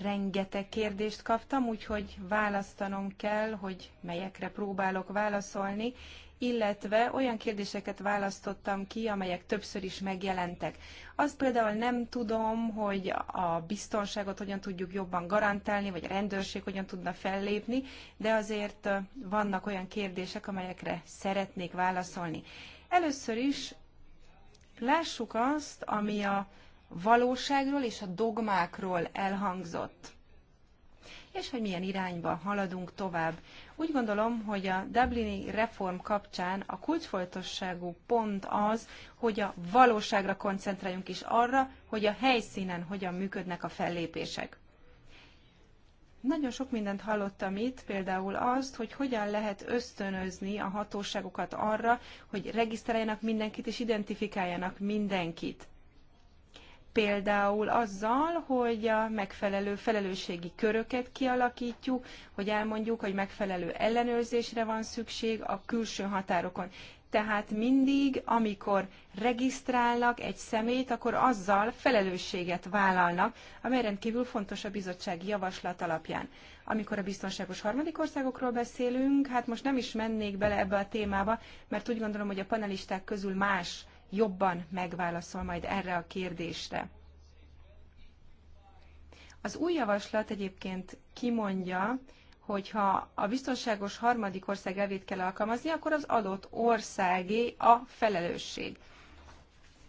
Speaker 1: Rengeteg kérdést kaptam, úgyhogy választanom kell, hogy melyekre próbálok válaszolni, illetve olyan kérdéseket választottam ki, amelyek többször is megjelentek. Azt például nem tudom, hogy a biztonságot hogyan tudjuk jobban garantálni, vagy a rendőrség hogyan tudna fellépni, de azért vannak olyan kérdések, amelyekre szeretnék válaszolni. Először is lássuk azt, ami a valóságról és a dogmákról elhangzott, és hogy milyen irányba haladunk tovább. Úgy gondolom, hogy a Dublini reform kapcsán a kulcsfontosságú pont az, hogy a valóságra koncentráljunk is arra, hogy a helyszínen hogyan működnek a fellépések. Nagyon sok mindent hallottam itt, például azt, hogy hogyan lehet ösztönözni a hatóságokat arra, hogy regisztráljanak mindenkit és identifikáljanak mindenkit. Például azzal, hogy a megfelelő felelősségi köröket kialakítjuk, hogy elmondjuk, hogy megfelelő ellenőrzésre van szükség a külső határokon tehát mindig, amikor regisztrálnak egy szemét, akkor azzal felelősséget vállalnak, amely rendkívül fontos a bizottsági javaslat alapján. Amikor a biztonságos harmadik országokról beszélünk, hát most nem is mennék bele ebbe a témába, mert úgy gondolom, hogy a panelisták közül más jobban megválaszol majd erre a kérdésre. Az új javaslat egyébként kimondja, hogyha a biztonságos harmadik ország elvét kell alkalmazni, akkor az adott országé a felelősség.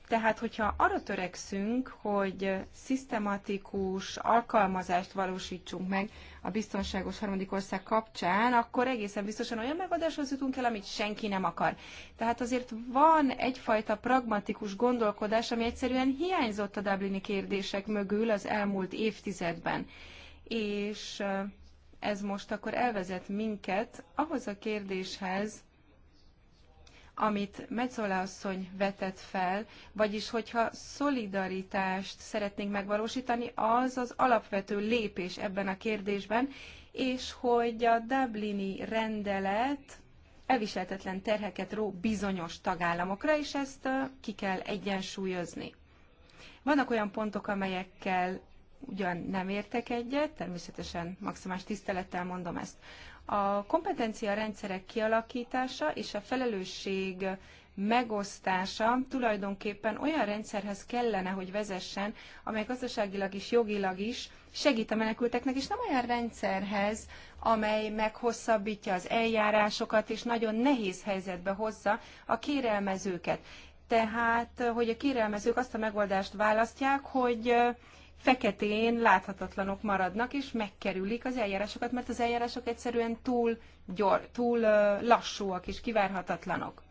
Speaker 1: Tehát, hogyha arra törekszünk, hogy szisztematikus alkalmazást valósítsunk meg a biztonságos harmadik ország kapcsán, akkor egészen biztosan olyan megoldáshoz jutunk el, amit senki nem akar. Tehát azért van egyfajta pragmatikus gondolkodás, ami egyszerűen hiányzott a Dublini kérdések mögül az elmúlt évtizedben. És ez most akkor elvezet minket ahhoz a kérdéshez, amit Metzola asszony vetett fel, vagyis hogyha szolidaritást szeretnénk megvalósítani, az az alapvető lépés ebben a kérdésben, és hogy a Dublini rendelet elviseltetlen terheket ró bizonyos tagállamokra, és ezt ki kell egyensúlyozni. Vannak olyan pontok, amelyekkel ugyan nem értek egyet, természetesen maximális tisztelettel mondom ezt. A kompetencia rendszerek kialakítása és a felelősség megosztása tulajdonképpen olyan rendszerhez kellene, hogy vezessen, amely gazdaságilag is, jogilag is segít a menekülteknek, és nem olyan rendszerhez, amely meghosszabbítja az eljárásokat, és nagyon nehéz helyzetbe hozza a kérelmezőket. Tehát, hogy a kérelmezők azt a megoldást választják, hogy feketén láthatatlanok maradnak, és megkerülik az eljárásokat, mert az eljárások egyszerűen túl, gyor, túl lassúak és kivárhatatlanok.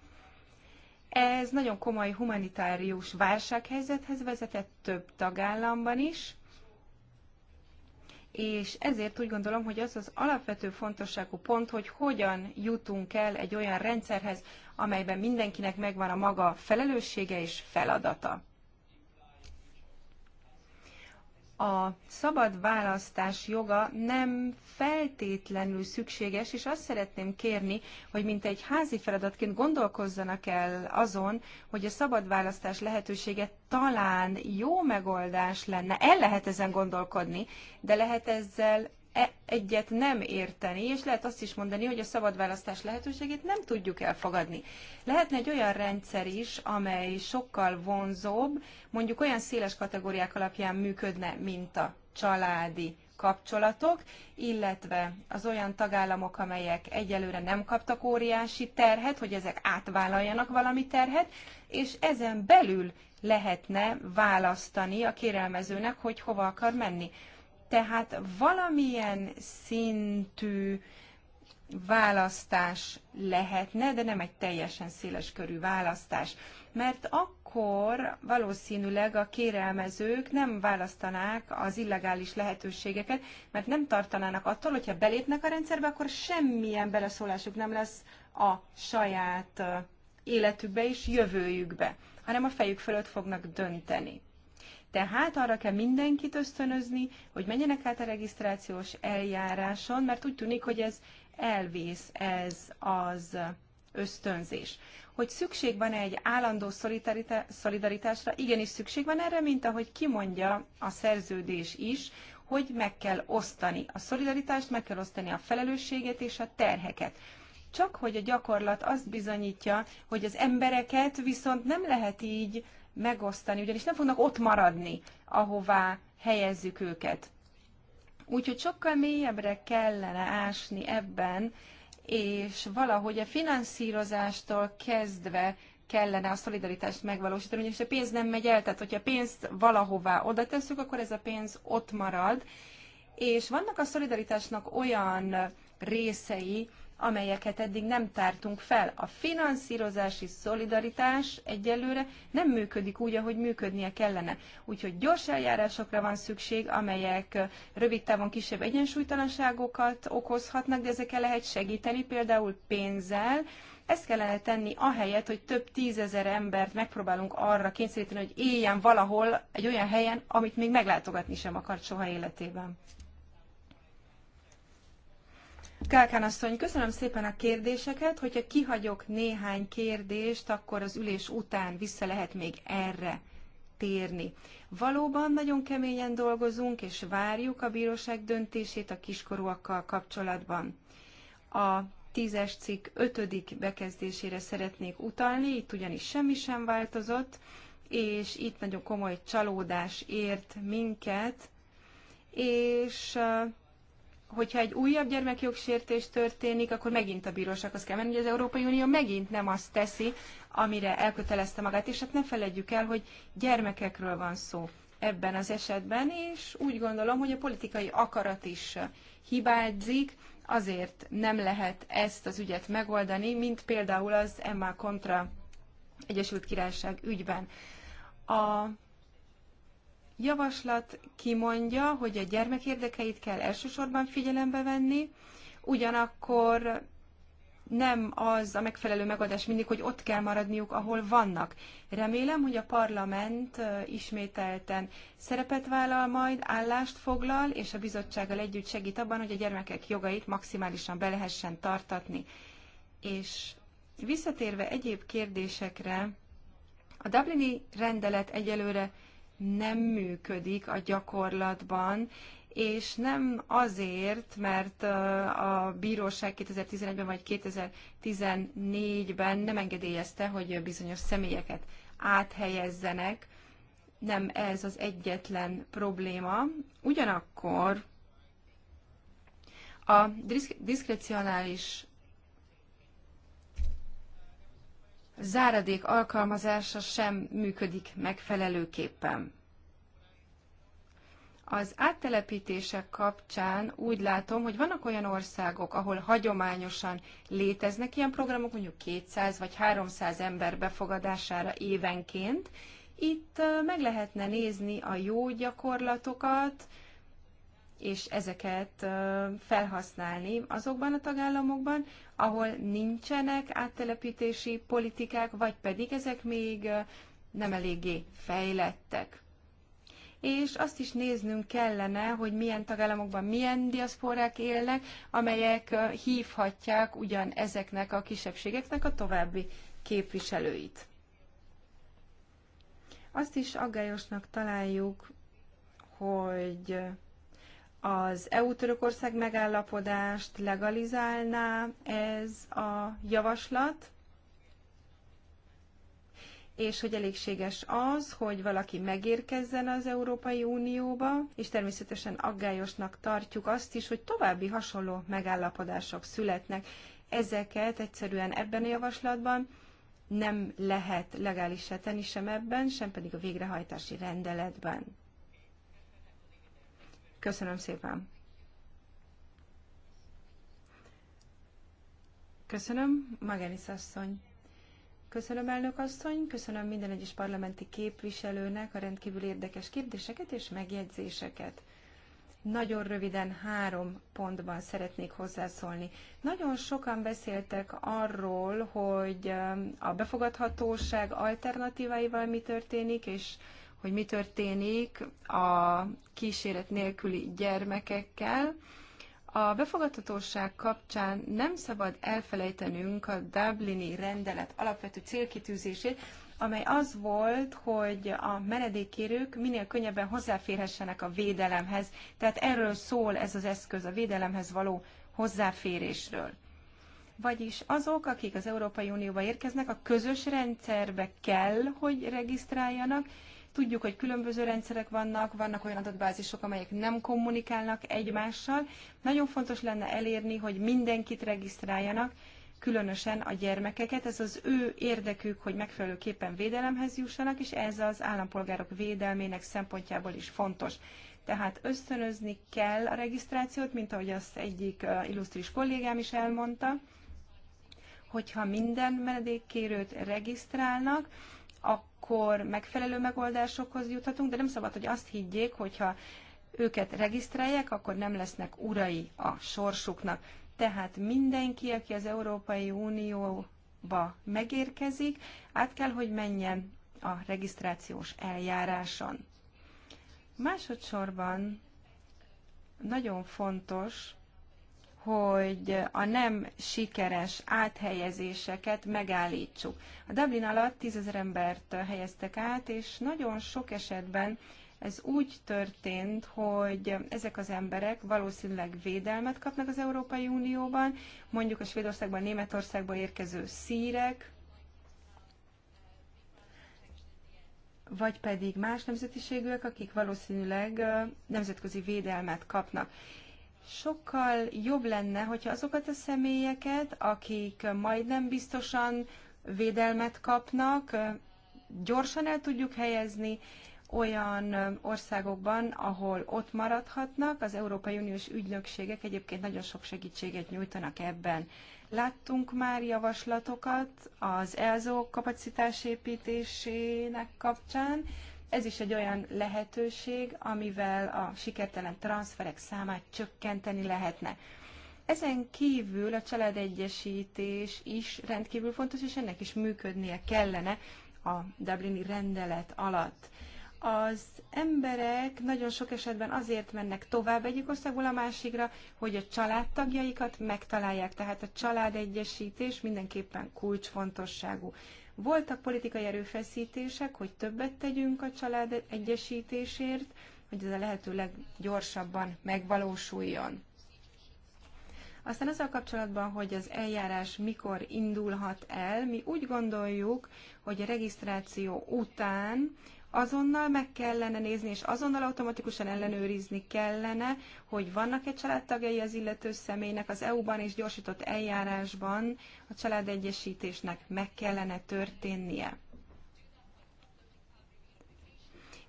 Speaker 1: Ez nagyon komoly humanitárius válsághelyzethez vezetett több tagállamban is, és ezért úgy gondolom, hogy az az alapvető fontosságú pont, hogy hogyan jutunk el egy olyan rendszerhez, amelyben mindenkinek megvan a maga felelőssége és feladata a szabad választás joga nem feltétlenül szükséges, és azt szeretném kérni, hogy mint egy házi feladatként gondolkozzanak el azon, hogy a szabad választás lehetősége talán jó megoldás lenne. El lehet ezen gondolkodni, de lehet ezzel E egyet nem érteni, és lehet azt is mondani, hogy a szabad választás lehetőségét nem tudjuk elfogadni. Lehetne egy olyan rendszer is, amely sokkal vonzóbb, mondjuk olyan széles kategóriák alapján működne, mint a családi kapcsolatok, illetve az olyan tagállamok, amelyek egyelőre nem kaptak óriási terhet, hogy ezek átvállaljanak valami terhet, és ezen belül lehetne választani a kérelmezőnek, hogy hova akar menni. Tehát valamilyen szintű választás lehetne, de nem egy teljesen széles körű választás. Mert akkor valószínűleg a kérelmezők nem választanák az illegális lehetőségeket, mert nem tartanának attól, hogyha belépnek a rendszerbe, akkor semmilyen beleszólásuk nem lesz a saját életükbe és jövőjükbe, hanem a fejük fölött fognak dönteni. Tehát arra kell mindenkit ösztönözni, hogy menjenek át a regisztrációs eljáráson, mert úgy tűnik, hogy ez elvész, ez az ösztönzés. Hogy szükség van -e egy állandó szolidaritásra, igenis szükség van erre, mint ahogy kimondja a szerződés is, hogy meg kell osztani a szolidaritást, meg kell osztani a felelősséget és a terheket. Csak hogy a gyakorlat azt bizonyítja, hogy az embereket viszont nem lehet így megosztani, ugyanis nem fognak ott maradni, ahová helyezzük őket. Úgyhogy sokkal mélyebbre kellene ásni ebben, és valahogy a finanszírozástól kezdve kellene a szolidaritást megvalósítani, ugyanis a pénz nem megy el, tehát hogyha a pénzt valahová oda tesszük, akkor ez a pénz ott marad, és vannak a szolidaritásnak olyan részei, amelyeket eddig nem tártunk fel. A finanszírozási szolidaritás egyelőre nem működik úgy, ahogy működnie kellene. Úgyhogy gyors eljárásokra van szükség, amelyek rövid távon kisebb egyensúlytalanságokat okozhatnak, de ezekkel lehet segíteni, például pénzzel, ezt kellene tenni ahelyett, hogy több tízezer embert megpróbálunk arra kényszeríteni, hogy éljen valahol egy olyan helyen, amit még meglátogatni sem akart soha életében. Kálkán asszony, köszönöm szépen a kérdéseket. Hogyha kihagyok néhány kérdést, akkor az ülés után vissza lehet még erre térni. Valóban nagyon keményen dolgozunk, és várjuk a bíróság döntését a kiskorúakkal kapcsolatban. A tízes cikk ötödik bekezdésére szeretnék utalni, itt ugyanis semmi sem változott, és itt nagyon komoly csalódás ért minket, és hogyha egy újabb gyermekjogsértés történik, akkor megint a bírósághoz kell menni, hogy az Európai Unió megint nem azt teszi, amire elkötelezte magát, és hát ne felejtjük el, hogy gyermekekről van szó ebben az esetben, és úgy gondolom, hogy a politikai akarat is hibázik, azért nem lehet ezt az ügyet megoldani, mint például az Emma kontra Egyesült Királyság ügyben. A javaslat kimondja, hogy a gyermek érdekeit kell elsősorban figyelembe venni, ugyanakkor nem az a megfelelő megoldás mindig, hogy ott kell maradniuk, ahol vannak. Remélem, hogy a parlament ismételten szerepet vállal majd, állást foglal, és a bizottsággal együtt segít abban, hogy a gyermekek jogait maximálisan be lehessen tartatni. És visszatérve egyéb kérdésekre, a Dublini rendelet egyelőre nem működik a gyakorlatban, és nem azért, mert a bíróság 2011-ben vagy 2014-ben nem engedélyezte, hogy bizonyos személyeket áthelyezzenek. Nem ez az egyetlen probléma. Ugyanakkor a diszkrecionális záradék alkalmazása sem működik megfelelőképpen. Az áttelepítések kapcsán úgy látom, hogy vannak olyan országok, ahol hagyományosan léteznek ilyen programok, mondjuk 200 vagy 300 ember befogadására évenként. Itt meg lehetne nézni a jó gyakorlatokat, és ezeket felhasználni azokban a tagállamokban, ahol nincsenek áttelepítési politikák, vagy pedig ezek még nem eléggé fejlettek. És azt is néznünk kellene, hogy milyen tagállamokban milyen diaszporák élnek, amelyek hívhatják ugyan ezeknek a kisebbségeknek a további képviselőit. Azt is aggályosnak találjuk, hogy az EU-Törökország megállapodást legalizálná ez a javaslat, és hogy elégséges az, hogy valaki megérkezzen az Európai Unióba, és természetesen aggályosnak tartjuk azt is, hogy további hasonló megállapodások születnek. Ezeket egyszerűen ebben a javaslatban nem lehet legálisá tenni sem ebben, sem pedig a végrehajtási rendeletben. Köszönöm szépen. Köszönöm, Magenis asszony. Köszönöm, elnök asszony, köszönöm minden egyes parlamenti képviselőnek a rendkívül érdekes kérdéseket és megjegyzéseket. Nagyon röviden három pontban szeretnék hozzászólni. Nagyon sokan beszéltek arról, hogy a befogadhatóság alternatíváival mi történik, és hogy mi történik a kíséret nélküli gyermekekkel. A befogadhatóság kapcsán nem szabad elfelejtenünk a Dublini rendelet alapvető célkitűzését, amely az volt, hogy a menedékkérők minél könnyebben hozzáférhessenek a védelemhez. Tehát erről szól ez az eszköz, a védelemhez való hozzáférésről. Vagyis azok, akik az Európai Unióba érkeznek, a közös rendszerbe kell, hogy regisztráljanak, Tudjuk, hogy különböző rendszerek vannak, vannak olyan adatbázisok, amelyek nem kommunikálnak egymással. Nagyon fontos lenne elérni, hogy mindenkit regisztráljanak, különösen a gyermekeket. Ez az ő érdekük, hogy megfelelőképpen védelemhez jussanak, és ez az állampolgárok védelmének szempontjából is fontos. Tehát ösztönözni kell a regisztrációt, mint ahogy azt egyik illusztris kollégám is elmondta, hogyha minden menedékkérőt regisztrálnak, akkor megfelelő megoldásokhoz juthatunk, de nem szabad, hogy azt higgyék, hogyha őket regisztrálják, akkor nem lesznek urai a sorsuknak. Tehát mindenki, aki az Európai Unióba megérkezik, át kell, hogy menjen a regisztrációs eljáráson. Másodszorban nagyon fontos, hogy a nem sikeres áthelyezéseket megállítsuk. A Dublin alatt tízezer embert helyeztek át, és nagyon sok esetben ez úgy történt, hogy ezek az emberek valószínűleg védelmet kapnak az Európai Unióban, mondjuk a Svédországban, németországban érkező szírek, vagy pedig más nemzetiségűek, akik valószínűleg nemzetközi védelmet kapnak sokkal jobb lenne, hogyha azokat a személyeket, akik majdnem biztosan védelmet kapnak, gyorsan el tudjuk helyezni olyan országokban, ahol ott maradhatnak. Az Európai Uniós ügynökségek egyébként nagyon sok segítséget nyújtanak ebben. Láttunk már javaslatokat az ELZO kapacitásépítésének kapcsán, ez is egy olyan lehetőség, amivel a sikertelen transferek számát csökkenteni lehetne. Ezen kívül a családegyesítés is rendkívül fontos, és ennek is működnie kellene a Dublini rendelet alatt. Az emberek nagyon sok esetben azért mennek tovább egyik országból a másikra, hogy a családtagjaikat megtalálják, tehát a családegyesítés mindenképpen kulcsfontosságú. Voltak politikai erőfeszítések, hogy többet tegyünk a család egyesítésért, hogy ez a lehető leggyorsabban megvalósuljon. Aztán azzal kapcsolatban, hogy az eljárás mikor indulhat el, mi úgy gondoljuk, hogy a regisztráció után azonnal meg kellene nézni, és azonnal automatikusan ellenőrizni kellene, hogy vannak-e családtagjai az illető személynek az EU-ban és gyorsított eljárásban a családegyesítésnek meg kellene történnie.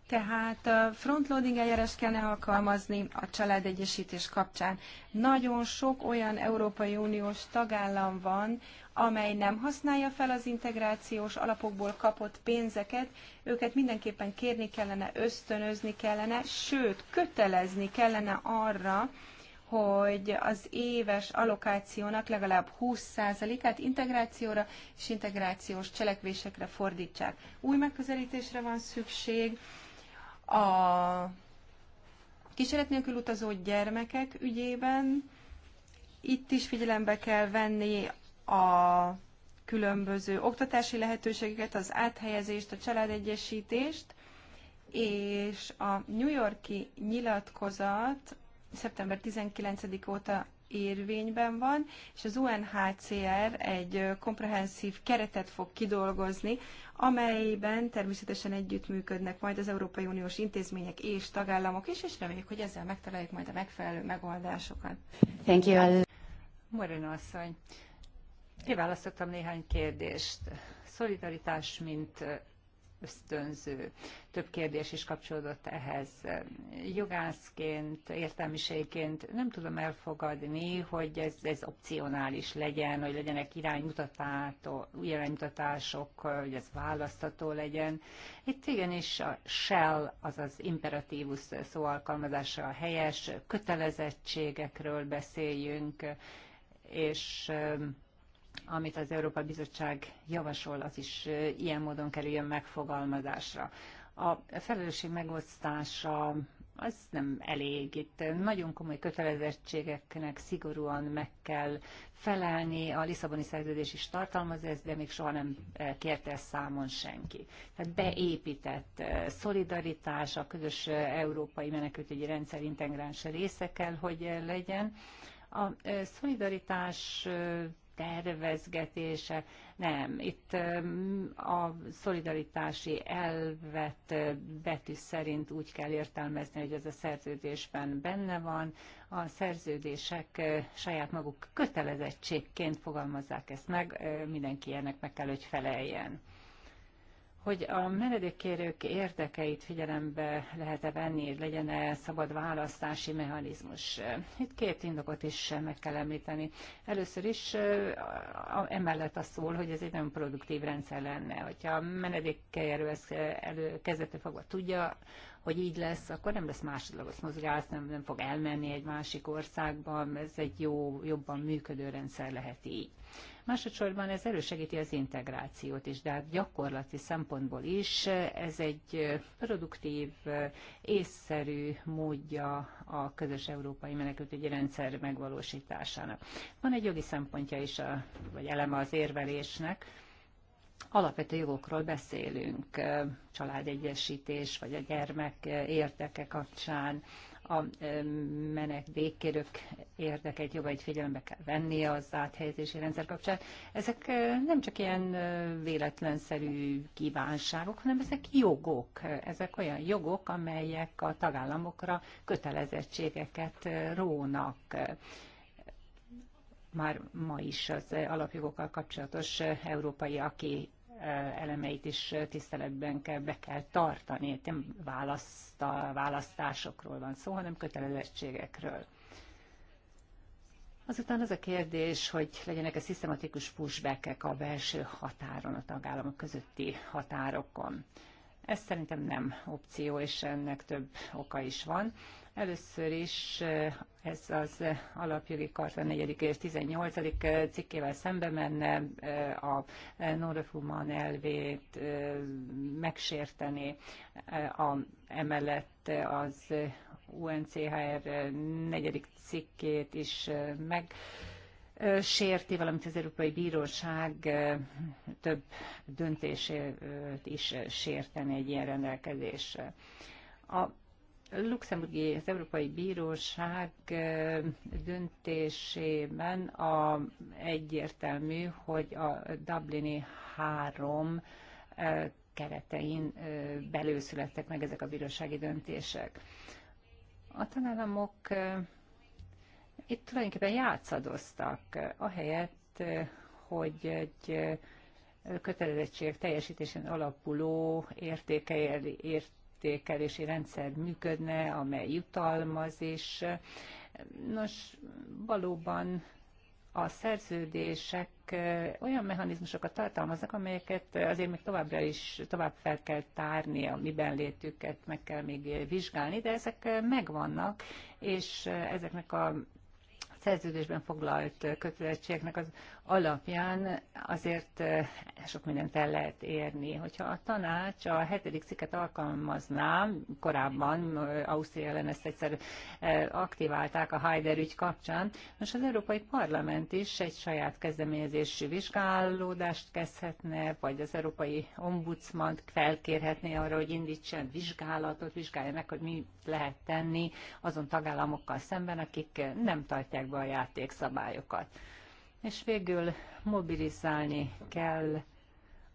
Speaker 1: Tehát frontloading eljárás kellene alkalmazni a családegyesítés kapcsán. Nagyon sok olyan Európai Uniós tagállam van, amely nem használja fel az integrációs alapokból kapott pénzeket, őket mindenképpen kérni kellene, ösztönözni kellene, sőt, kötelezni kellene arra, hogy az éves allokációnak legalább 20%-át integrációra és integrációs cselekvésekre fordítsák. Új megközelítésre van szükség, a kísérlet nélkül utazó gyermekek ügyében itt is figyelembe kell venni a különböző oktatási lehetőségeket, az áthelyezést, a családegyesítést, és a New Yorki nyilatkozat szeptember 19 óta érvényben van, és az UNHCR egy komprehenszív keretet fog kidolgozni amelyben természetesen együttműködnek majd az Európai Uniós intézmények és tagállamok is, és reméljük, hogy ezzel megtaláljuk majd a megfelelő
Speaker 3: megoldásokat. Thank you. Moreno asszony, kiválasztottam néhány kérdést. Szolidaritás, mint ösztönző. Több kérdés is kapcsolódott ehhez. Jogászként, értelmiségként nem tudom elfogadni, hogy ez, ez opcionális legyen, hogy legyenek iránymutatások, hogy ez választható legyen. Itt igenis a shell, azaz imperatívus szó alkalmazása a helyes, kötelezettségekről beszéljünk, és amit az Európa Bizottság javasol, az is ilyen módon kerüljön megfogalmazásra. A felelősség megosztása az nem elég. Itt nagyon komoly kötelezettségeknek szigorúan meg kell felelni. A Lisszaboni szerződés is tartalmaz ezt, de még soha nem kérte ezt számon senki. Tehát beépített szolidaritás, a közös európai menekültügyi rendszer integráns része kell, hogy legyen. A szolidaritás tervezgetése. Nem, itt a szolidaritási elvet eh, betű szerint úgy kell értelmezni, hogy ez a szerződésben benne van. A szerződések eh, saját maguk kötelezettségként fogalmazzák ezt meg, eh, mindenki ennek meg kell, hogy feleljen hogy a menedékkérők érdekeit figyelembe lehet-e venni, legyen-e szabad választási mechanizmus. Itt két indokot is meg kell említeni. Először is emellett az szól, hogy ez egy nagyon produktív rendszer lenne. Hogyha a menedékkérő ezt elő, kezdetől fogva tudja, hogy így lesz, akkor nem lesz másodlagos mozgás, nem, nem fog elmenni egy másik országba, ez egy jó, jobban működő rendszer lehet így. Másodszorban ez elősegíti az integrációt is, de hát gyakorlati szempontból is ez egy produktív, észszerű módja a közös európai menekültügyi rendszer megvalósításának. Van egy jogi szempontja is, a, vagy eleme az érvelésnek, alapvető jogokról beszélünk, családegyesítés, vagy a gyermek érdeke kapcsán, a menedékkérők érdekeit egy figyelembe kell vennie az áthelyezési rendszer kapcsán. Ezek nem csak ilyen véletlenszerű kívánságok, hanem ezek jogok. Ezek olyan jogok, amelyek a tagállamokra kötelezettségeket rónak már ma is az alapjogokkal kapcsolatos európai aki elemeit is tiszteletben kell, be kell tartani. Itt nem választ, választásokról van szó, hanem kötelezettségekről. Azután az a kérdés, hogy legyenek-e szisztematikus pushback a belső határon, a tagállamok közötti határokon. Ez szerintem nem opció, és ennek több oka is van. Először is eh, ez az eh, alapjogi karta 4. és 18. Eh, cikkével szembe menne, a Norefuman elvét megsérteni, a, emellett az UNCHR 4. cikkét is meg sérti, valamint az Európai Bíróság több döntését is sérteni egy ilyen rendelkezésre. A luxemburgi, az Európai Bíróság döntésében a, egyértelmű, hogy a Dublini három keretein belül születtek meg ezek a bírósági döntések. A tanállamok itt tulajdonképpen játszadoztak, ahelyett, hogy egy kötelezettség teljesítésen alapuló értékeértékelést értékelési rendszer működne, amely jutalmaz és Nos, valóban a szerződések eh, olyan mechanizmusokat tartalmaznak, amelyeket azért még továbbra is tovább fel kell tárni, a miben létüket meg kell még vizsgálni, de ezek megvannak, és ezeknek a szerződésben foglalt kötelezettségeknek az alapján azért sok mindent el lehet érni. Hogyha a tanács a hetedik cikket alkalmazná, korábban Ausztria ellen ezt egyszer aktiválták a Haider ügy kapcsán, most az Európai Parlament is egy saját kezdeményezésű vizsgálódást kezdhetne, vagy az Európai Ombudsman felkérhetné arra, hogy indítsen vizsgálatot, vizsgálja meg, hogy mi lehet tenni azon tagállamokkal szemben, akik nem tartják be a játékszabályokat és végül mobilizálni kell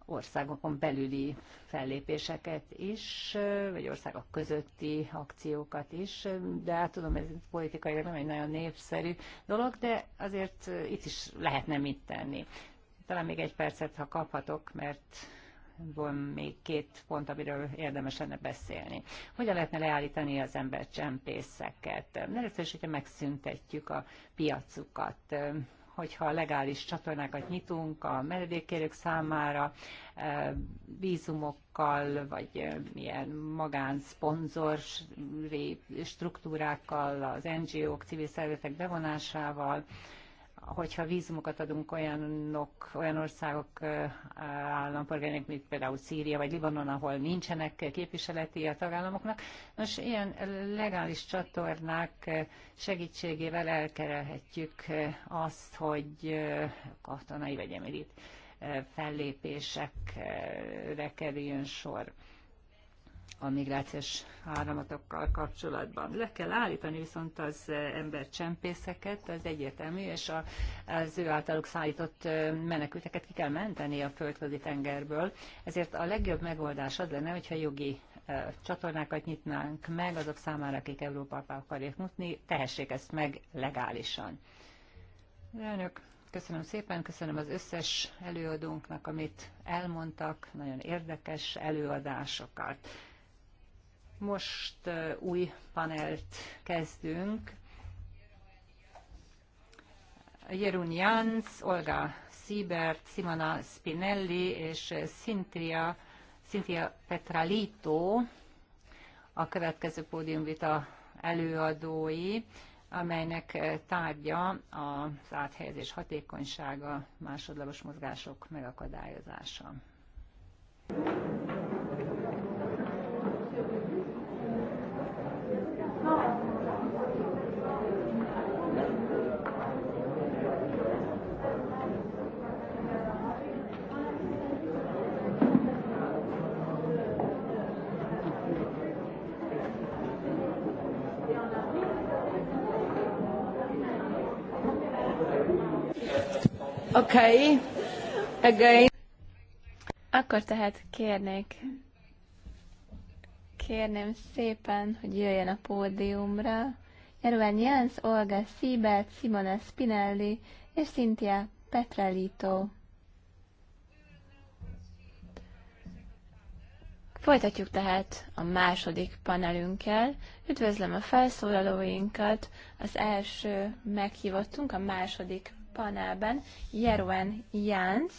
Speaker 3: országokon belüli fellépéseket is, vagy országok közötti akciókat is, de hát tudom, ez politikai nem egy nagyon népszerű dolog, de azért itt is lehetne mit tenni. Talán még egy percet, ha kaphatok, mert van még két pont, amiről érdemes lenne beszélni. Hogyan lehetne leállítani az ember csempészeket? Először is, hogyha megszüntetjük a piacukat, hogyha legális csatornákat nyitunk a menedékkérők számára, e, vízumokkal, vagy e, milyen magánszponzori struktúrákkal, az NGO-k, civil szervezetek bevonásával, hogyha vízumokat adunk olyanok, olyan országok állampolgárnak, mint például Szíria vagy Libanon, ahol nincsenek képviseleti a tagállamoknak, nos, ilyen legális csatornák segítségével elkerelhetjük azt, hogy katonai vagy emirit fellépésekre kerüljön sor a migrációs áramatokkal kapcsolatban. Le kell állítani viszont az eh, ember csempészeket, az egyértelmű, és a, az ő általuk szállított eh, menekülteket ki kell menteni a földközi tengerből. Ezért a legjobb megoldás az lenne, hogyha jogi eh, csatornákat nyitnánk meg azok számára, akik Európába akarják mutni, tehessék ezt meg legálisan. Önök, köszönöm szépen, köszönöm az összes előadónknak, amit elmondtak, nagyon érdekes előadásokat. Most új panelt kezdünk. Jerun Jans, Olga Siebert, Simona Spinelli és Cynthia, Cynthia Petralito a következő pódiumvita előadói, amelynek tárgya az áthelyezés hatékonysága, másodlagos mozgások megakadályozása. Thank you.
Speaker 2: Okay. Again. Akkor tehát kérnék, kérném szépen, hogy jöjjön a pódiumra. Jeroen Jens, Olga Szíbert, Simona Spinelli és Cynthia Petrelito. Folytatjuk tehát a második panelünkkel. Üdvözlöm a felszólalóinkat. Az első meghívottunk, a második panelben Jeroen Jans,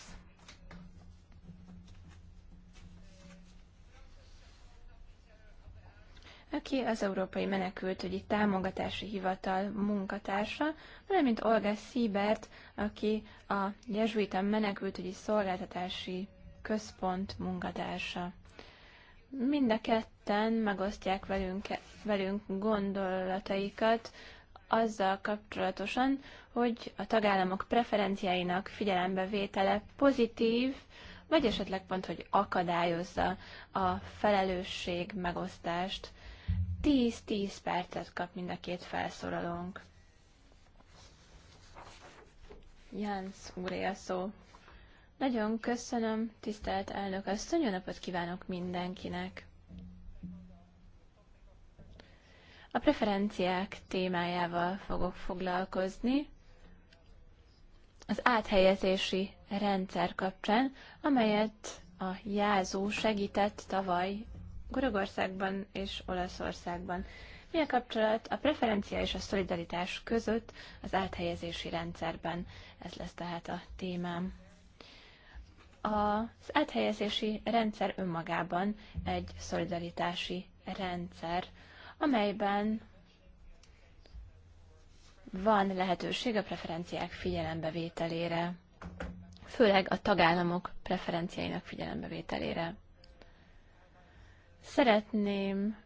Speaker 2: aki az Európai Menekültügyi Támogatási Hivatal munkatársa, valamint Olga Siebert, aki a Jezsuita Menekültügyi Szolgáltatási Központ munkatársa. Mind a ketten megosztják velünk, velünk gondolataikat azzal kapcsolatosan, hogy a tagállamok preferenciáinak figyelembevétele pozitív, vagy esetleg pont, hogy akadályozza a felelősség megosztást. 10-10 percet kap mind a két felszólalónk. Jánz úré a szó. Nagyon köszönöm, tisztelt elnök asszony, jó napot kívánok mindenkinek! A preferenciák témájával fogok foglalkozni az áthelyezési rendszer kapcsán, amelyet a Jázó segített tavaly Görögországban és Olaszországban. Mi a kapcsolat a preferencia és a szolidaritás között az áthelyezési rendszerben? Ez lesz tehát a témám. Az áthelyezési rendszer önmagában egy szolidaritási rendszer, amelyben van lehetőség a preferenciák figyelembevételére, főleg a tagállamok preferenciáinak figyelembevételére. Szeretném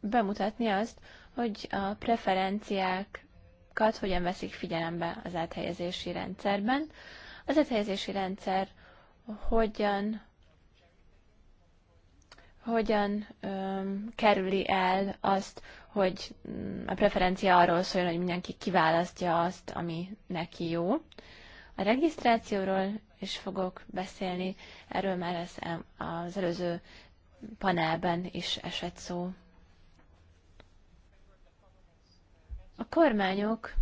Speaker 2: bemutatni azt, hogy a preferenciákat hogyan veszik figyelembe az áthelyezési rendszerben. Az áthelyezési rendszer hogyan hogyan öm, kerüli el azt, hogy mm, a preferencia arról szóljon, hogy mindenki kiválasztja azt, ami neki jó. A regisztrációról is fogok beszélni, erről már ez az előző panelben is esett szó. A kormányok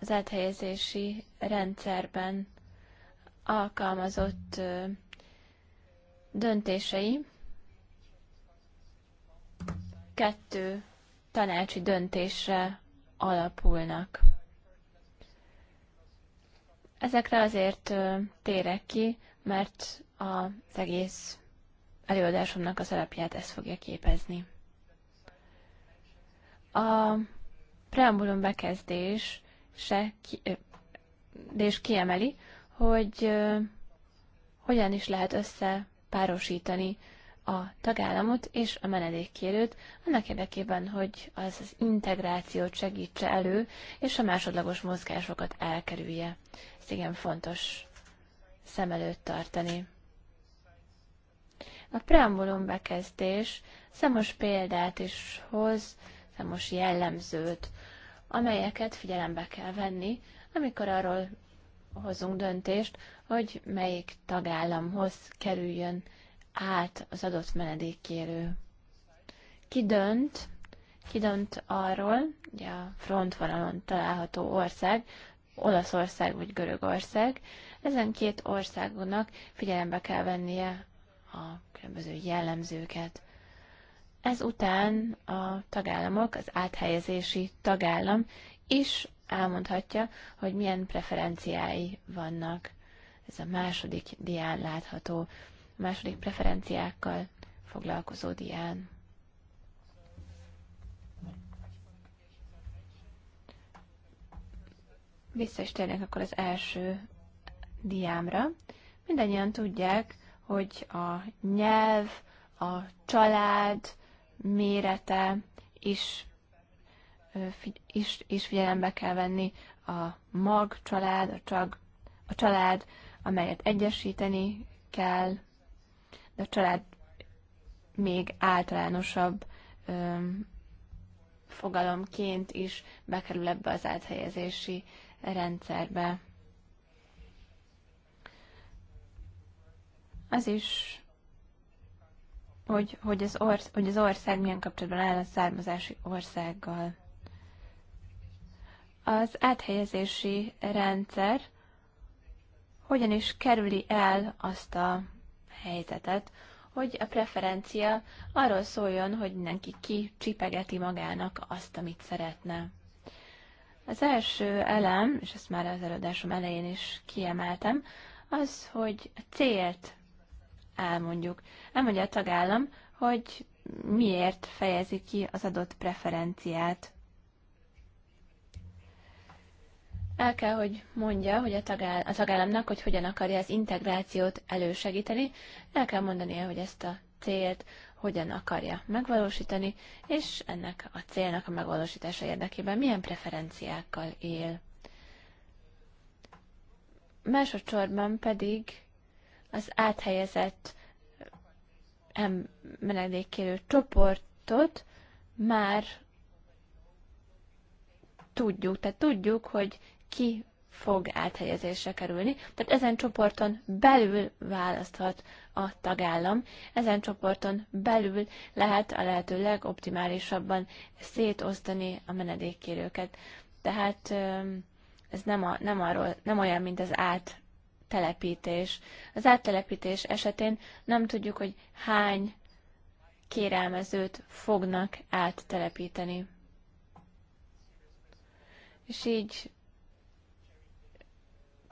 Speaker 2: az áthelyezési rendszerben alkalmazott döntései kettő tanácsi döntésre alapulnak. Ezekre azért térek ki, mert az egész előadásomnak az alapját ez fogja képezni. A preambulum bekezdés se ki, és kiemeli, hogy hogyan is lehet össze párosítani a tagállamot és a menedékkérőt, annak érdekében, hogy az, az integrációt segítse elő, és a másodlagos mozgásokat elkerülje. Ez igen fontos szem előtt tartani. A preambulum bekezdés számos példát is hoz, számos jellemzőt, amelyeket figyelembe kell venni, amikor arról hozunk döntést, hogy melyik tagállamhoz kerüljön át az adott menedékkérő. Ki dönt, ki dönt arról, ugye a frontvonalon található ország, Olaszország vagy Görögország, ezen két országonak figyelembe kell vennie a különböző jellemzőket. Ezután a tagállamok, az áthelyezési tagállam is elmondhatja, hogy milyen preferenciái vannak. Ez a második dián látható, a második preferenciákkal foglalkozó dián. Vissza is térnek akkor az első diámra. Mindannyian tudják, hogy a nyelv, a család mérete is is, is figyelembe kell venni a mag család, a, csag, a család, amelyet egyesíteni kell, de a család még általánosabb ö, fogalomként is bekerül ebbe az áthelyezési rendszerbe. Az is, hogy, hogy, az, orsz, hogy az ország milyen kapcsolatban áll a származási országgal az áthelyezési rendszer hogyan is kerüli el azt a helyzetet, hogy a preferencia arról szóljon, hogy mindenki ki csipegeti magának azt, amit szeretne. Az első elem, és ezt már az előadásom elején is kiemeltem, az, hogy a célt elmondjuk. Elmondja a tagállam, hogy miért fejezi ki az adott preferenciát. el kell, hogy mondja, hogy a, tagáll- a tagállamnak, hogy hogyan akarja az integrációt elősegíteni, el kell mondania, hogy ezt a célt hogyan akarja megvalósítani, és ennek a célnak a megvalósítása érdekében milyen preferenciákkal él. Másodszorban pedig az áthelyezett menedékkérő csoportot már tudjuk, tehát tudjuk, hogy ki fog áthelyezésre kerülni. Tehát ezen csoporton belül választhat a tagállam, ezen csoporton belül lehet a lehető legoptimálisabban szétosztani a menedékkérőket. Tehát ez nem, a, nem, arról, nem olyan, mint az áttelepítés. Az áttelepítés esetén nem tudjuk, hogy hány kérelmezőt fognak áttelepíteni. És így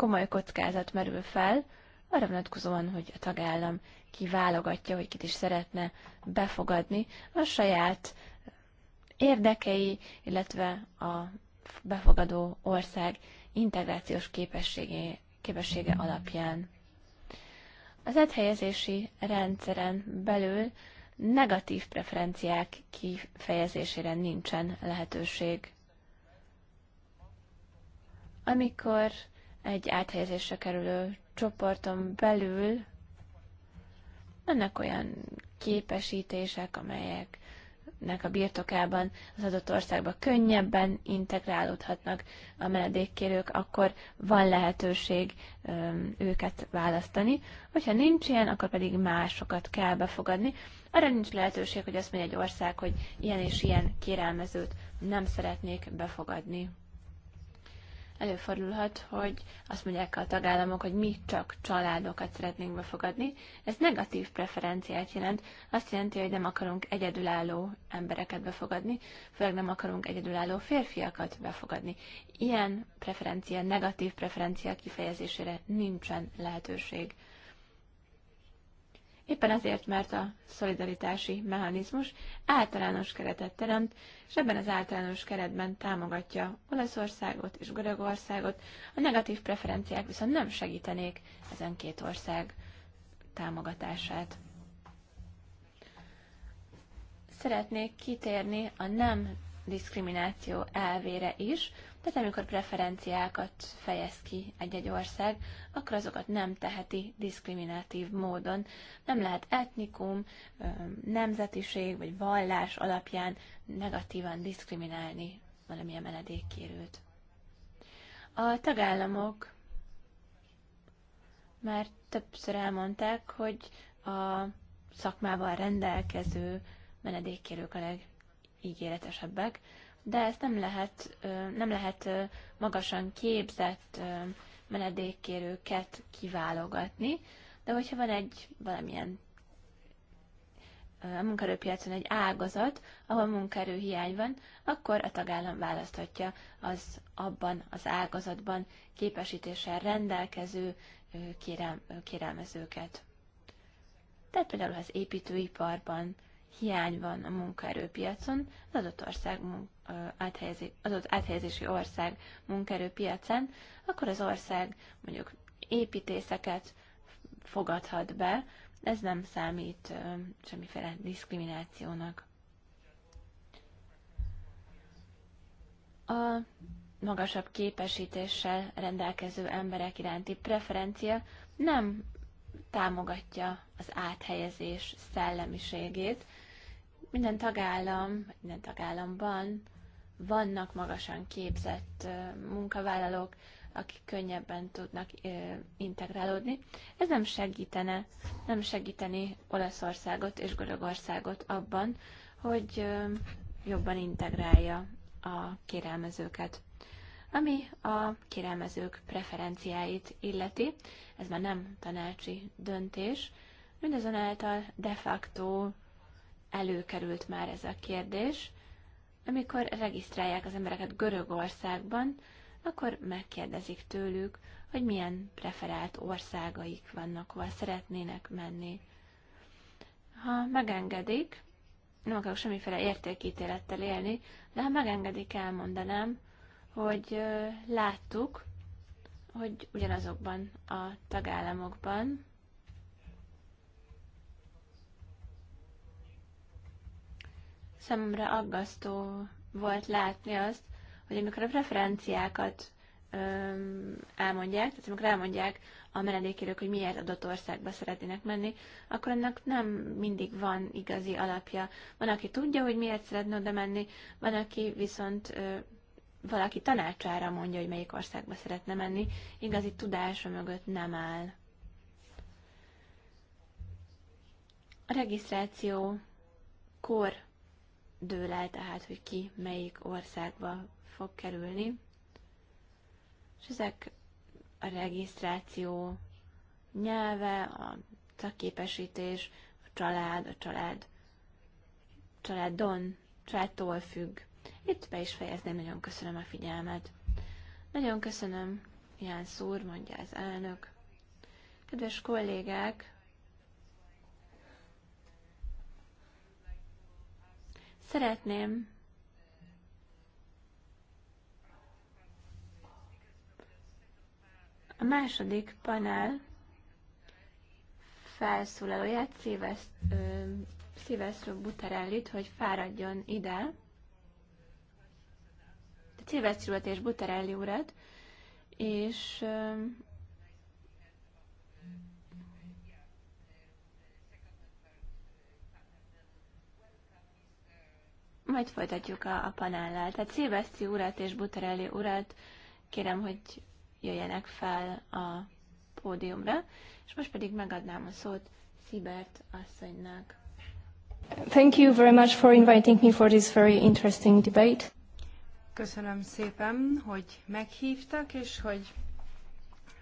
Speaker 2: komoly kockázat merül fel, arra vonatkozóan, hogy a tagállam kiválogatja, hogy kit is szeretne befogadni a saját érdekei, illetve a befogadó ország integrációs képessége, képessége alapján. Az áthelyezési rendszeren belül negatív preferenciák kifejezésére nincsen lehetőség. Amikor egy áthelyezésre kerülő csoporton belül vannak olyan képesítések, amelyeknek a birtokában az adott országba könnyebben integrálódhatnak a menedékkérők, akkor van lehetőség őket választani. Hogyha nincs ilyen, akkor pedig másokat kell befogadni. Arra nincs lehetőség, hogy azt mondja egy ország, hogy ilyen és ilyen kérelmezőt nem szeretnék befogadni előfordulhat, hogy azt mondják a tagállamok, hogy mi csak családokat szeretnénk befogadni. Ez negatív preferenciát jelent. Azt jelenti, hogy nem akarunk egyedülálló embereket befogadni, főleg nem akarunk egyedülálló férfiakat befogadni. Ilyen preferencia, negatív preferencia kifejezésére nincsen lehetőség. Éppen azért, mert a szolidaritási mechanizmus általános keretet teremt, és ebben az általános keretben támogatja Olaszországot és Görögországot, a negatív preferenciák viszont nem segítenék ezen két ország támogatását. Szeretnék kitérni a nem diszkrimináció elvére is, tehát amikor preferenciákat fejez ki egy-egy ország, akkor azokat nem teheti diszkriminatív módon. Nem lehet etnikum, nemzetiség vagy vallás alapján negatívan diszkriminálni valamilyen menedékkérőt. A tagállamok már többször elmondták, hogy a szakmával rendelkező menedékkérők a legígéretesebbek, de ezt nem lehet, nem lehet magasan képzett menedékkérőket kiválogatni, de hogyha van egy valamilyen a munkaerőpiacon egy ágazat, ahol hiány van, akkor a tagállam választhatja az abban az ágazatban képesítéssel rendelkező kérelmezőket. Tehát például az építőiparban hiány van a munkaerőpiacon, az adott, ország az adott áthelyezési ország munkaerőpiacán, akkor az ország mondjuk építészeket fogadhat be, ez nem számít semmiféle diszkriminációnak. A magasabb képesítéssel rendelkező emberek iránti preferencia nem támogatja az áthelyezés szellemiségét. Minden tagállam, minden tagállamban vannak magasan képzett munkavállalók, akik könnyebben tudnak integrálódni. Ez nem segítene, nem segíteni Olaszországot és Görögországot abban, hogy jobban integrálja a kérelmezőket. Ami a kérelmezők preferenciáit illeti, ez már nem tanácsi döntés, mindazonáltal de facto előkerült már ez a kérdés, amikor regisztrálják az embereket Görögországban, akkor megkérdezik tőlük, hogy milyen preferált országaik vannak, hova szeretnének menni. Ha megengedik, nem akarok semmiféle értékítélettel élni, de ha megengedik, elmondanám, hogy láttuk, hogy ugyanazokban a tagállamokban számomra aggasztó volt látni azt, hogy amikor a preferenciákat öm, elmondják, tehát amikor elmondják a menedékérők, hogy miért adott országba szeretnének menni, akkor ennek nem mindig van igazi alapja. Van, aki tudja, hogy miért szeretne oda menni, van, aki viszont valaki tanácsára mondja, hogy melyik országba szeretne menni, igazi tudása mögött nem áll. A regisztráció kor dől el tehát, hogy ki melyik országba fog kerülni, és ezek a regisztráció nyelve, a szakképesítés, a család, a család, családon, családtól függ. Itt be is fejezném, nagyon köszönöm a figyelmet. Nagyon köszönöm, Ján Szúr, mondja az elnök. Kedves kollégák, szeretném a második panel felszólalóját, Szíveszló Buterellit, hogy fáradjon ide. Szilvesztri urat és Buterelli urat, és majd folytatjuk a, a panellel. Tehát Szilveszti urat és Buterelli urat kérem, hogy jöjjenek fel a pódiumra, és most pedig megadnám a szót Szibert asszonynak. Thank you very much for inviting me for this very interesting debate. Köszönöm
Speaker 1: szépen, hogy meghívtak, és hogy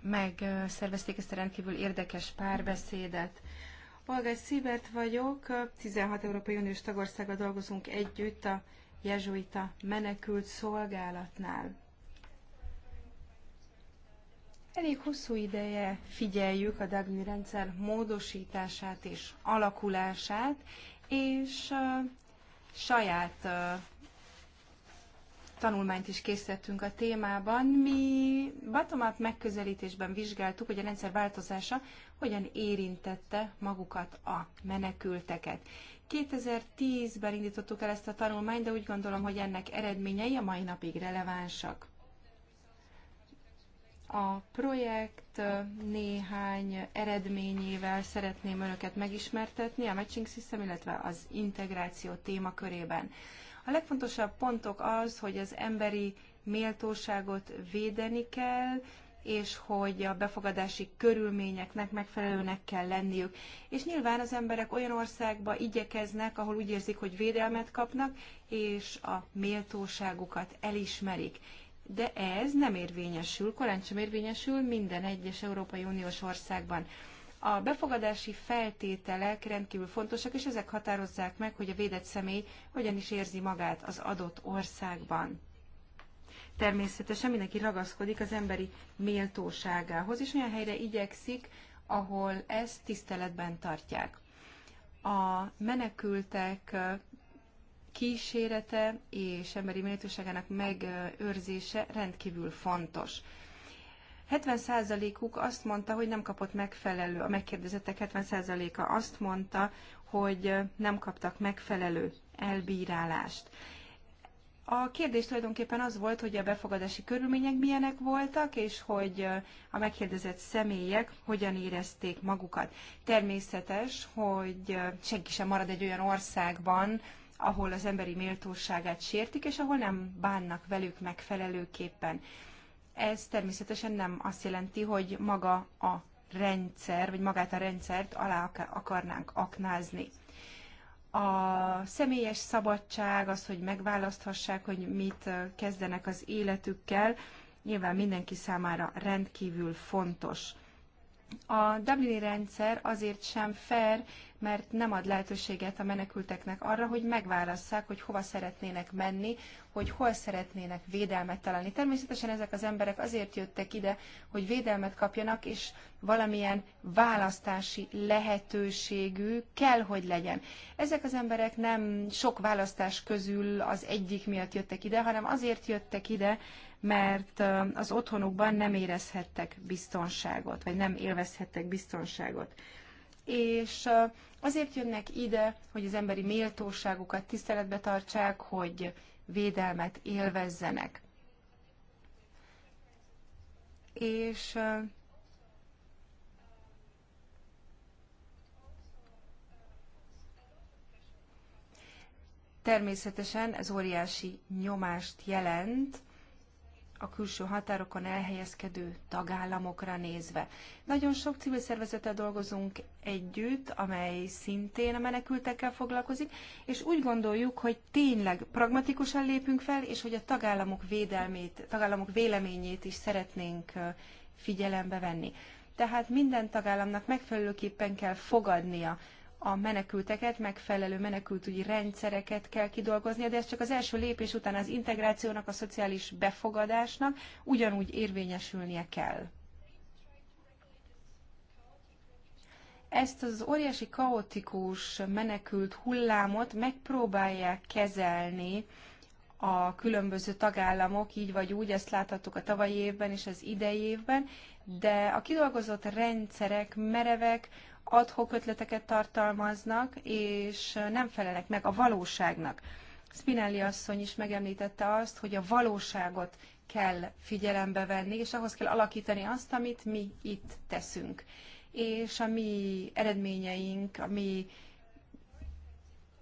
Speaker 1: megszervezték ezt a rendkívül érdekes párbeszédet. Olga Szibert vagyok, 16 Európai Uniós tagországgal dolgozunk együtt a jezsuita menekült szolgálatnál. Elég hosszú ideje figyeljük a Dagny rendszer módosítását és alakulását, és saját tanulmányt is készítettünk a témában. Mi bottom-up megközelítésben vizsgáltuk, hogy a rendszer változása hogyan érintette magukat a menekülteket. 2010-ben indítottuk el ezt a tanulmányt, de úgy gondolom, hogy ennek eredményei a mai napig relevánsak. A projekt néhány eredményével szeretném Önöket megismertetni a Matching System, illetve az integráció témakörében. körében. A legfontosabb pontok az, hogy az emberi méltóságot védeni kell, és hogy a befogadási körülményeknek megfelelőnek kell lenniük. És nyilván az emberek olyan országba igyekeznek, ahol úgy érzik, hogy védelmet kapnak, és a méltóságukat elismerik. De ez nem érvényesül, korán sem érvényesül minden egyes Európai Uniós országban. A befogadási feltételek rendkívül fontosak, és ezek határozzák meg, hogy a védett személy hogyan is érzi magát az adott országban. Természetesen mindenki ragaszkodik az emberi méltóságához, és olyan helyre igyekszik, ahol ezt tiszteletben tartják. A menekültek kísérete és emberi méltóságának megőrzése rendkívül fontos. 70%-uk azt mondta, hogy nem kapott megfelelő, a megkérdezettek 70%-a azt mondta, hogy nem kaptak megfelelő elbírálást. A kérdés tulajdonképpen az volt, hogy a befogadási körülmények milyenek voltak, és hogy a megkérdezett személyek hogyan érezték magukat. Természetes, hogy senki sem marad egy olyan országban, ahol az emberi méltóságát sértik, és ahol nem bánnak velük megfelelőképpen. Ez természetesen nem azt jelenti, hogy maga a rendszer, vagy magát a rendszert alá akarnánk aknázni. A személyes szabadság, az, hogy megválaszthassák, hogy mit kezdenek az életükkel, nyilván mindenki számára rendkívül fontos. A Dublini rendszer azért sem fair, mert nem ad lehetőséget a menekülteknek arra, hogy megválasszák, hogy hova szeretnének menni, hogy hol szeretnének védelmet találni. Természetesen ezek az emberek azért jöttek ide, hogy védelmet kapjanak, és valamilyen választási lehetőségű kell, hogy legyen. Ezek az emberek nem sok választás közül az egyik miatt jöttek ide, hanem azért jöttek ide, mert az otthonukban nem érezhettek biztonságot, vagy nem élvezhettek biztonságot. És azért jönnek ide, hogy az emberi méltóságukat tiszteletbe tartsák, hogy védelmet élvezzenek. És természetesen ez óriási nyomást jelent a külső határokon elhelyezkedő tagállamokra nézve. Nagyon sok civil szervezettel dolgozunk együtt, amely szintén a menekültekkel foglalkozik, és úgy gondoljuk, hogy tényleg pragmatikusan lépünk fel, és hogy a tagállamok védelmét, tagállamok véleményét is szeretnénk figyelembe venni. Tehát minden tagállamnak megfelelőképpen kell fogadnia a menekülteket, megfelelő menekültügyi rendszereket kell kidolgozni, de ez csak az első lépés után az integrációnak, a szociális befogadásnak ugyanúgy érvényesülnie kell. Ezt az óriási kaotikus menekült hullámot megpróbálják kezelni a különböző tagállamok így vagy úgy, ezt láthattuk a tavalyi évben és az idei évben, de a kidolgozott rendszerek merevek, adhok ötleteket tartalmaznak, és nem felelnek meg a valóságnak. Spinelli asszony is megemlítette azt, hogy a valóságot kell figyelembe venni, és ahhoz kell alakítani azt, amit mi itt teszünk. És a mi eredményeink, a mi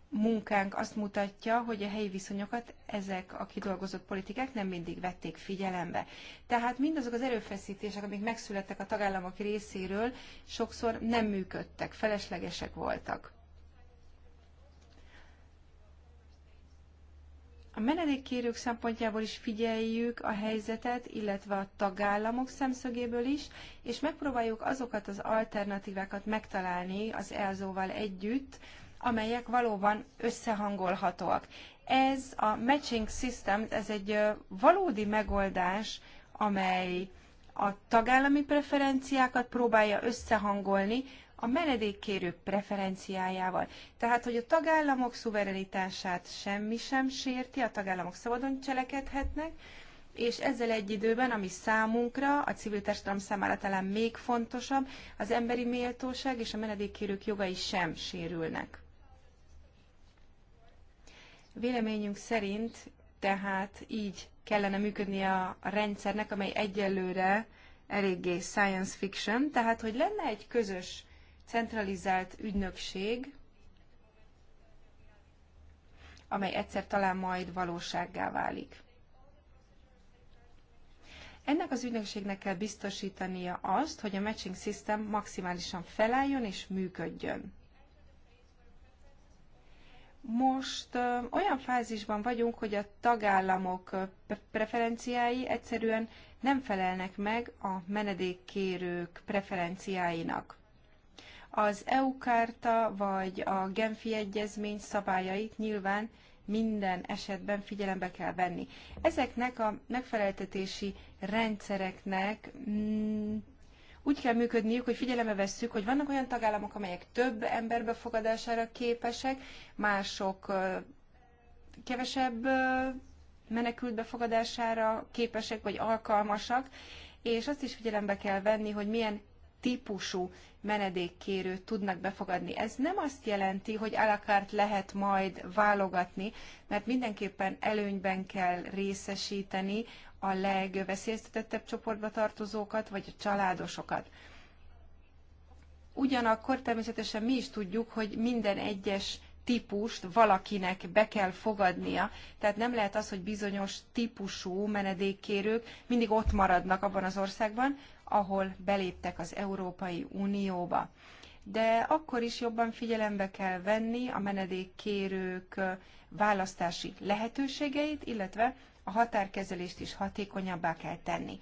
Speaker 1: munkánk azt mutatja, hogy a helyi viszonyokat ezek a kidolgozott politikák nem mindig vették figyelembe. Tehát mindazok az erőfeszítések, amik megszülettek a tagállamok részéről, sokszor nem működtek, feleslegesek voltak. A menedékkérők szempontjából is figyeljük a helyzetet, illetve a tagállamok szemszögéből is, és megpróbáljuk azokat az alternatívákat megtalálni az ELZO-val együtt, amelyek valóban összehangolhatóak. Ez a matching system, ez egy valódi megoldás, amely a tagállami preferenciákat próbálja összehangolni a menedékkérő preferenciájával. Tehát, hogy a tagállamok szuverenitását semmi sem sérti, a tagállamok szabadon cselekedhetnek, és ezzel egy időben, ami számunkra, a civil társadalom számára talán még fontosabb, az emberi méltóság és a menedékkérők jogai sem sérülnek. Véleményünk szerint tehát így kellene működni a rendszernek, amely egyelőre eléggé science fiction, tehát hogy lenne egy közös centralizált ügynökség, amely egyszer talán majd valósággá válik. Ennek az ügynökségnek kell biztosítania azt, hogy a matching system maximálisan felálljon és működjön most olyan fázisban vagyunk, hogy a tagállamok preferenciái egyszerűen nem felelnek meg a menedékkérők preferenciáinak. Az EU kárta vagy a Genfi egyezmény szabályait nyilván minden esetben figyelembe kell venni. Ezeknek a megfeleltetési rendszereknek mm, úgy kell működniük, hogy figyelembe vesszük, hogy vannak olyan tagállamok, amelyek több ember befogadására képesek, mások kevesebb menekült befogadására képesek vagy alkalmasak, és azt is figyelembe kell venni, hogy milyen típusú menedékkérőt tudnak befogadni. Ez nem azt jelenti, hogy alakárt lehet majd válogatni, mert mindenképpen előnyben kell részesíteni a legveszélyeztetettebb csoportba tartozókat, vagy a családosokat. Ugyanakkor természetesen mi is tudjuk, hogy minden egyes típust valakinek be kell fogadnia. Tehát nem lehet az, hogy bizonyos típusú menedékkérők mindig ott maradnak abban az országban, ahol beléptek az Európai Unióba. De akkor is jobban figyelembe kell venni a menedékkérők választási lehetőségeit, illetve a határkezelést is hatékonyabbá kell tenni.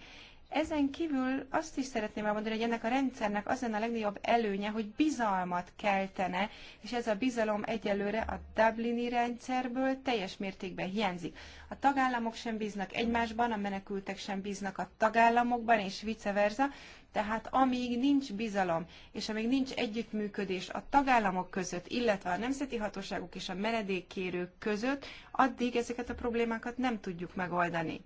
Speaker 1: Ezen kívül azt is szeretném elmondani, hogy ennek a rendszernek az lenne a legnagyobb előnye, hogy bizalmat keltene, és ez a bizalom egyelőre a Dublini rendszerből teljes mértékben hiányzik. A tagállamok sem bíznak egymásban, a menekültek sem bíznak a tagállamokban, és vice versa, tehát amíg nincs bizalom, és amíg nincs együttműködés a tagállamok között, illetve a nemzeti hatóságok és a menedékkérők között, addig ezeket a problémákat nem tudjuk megoldani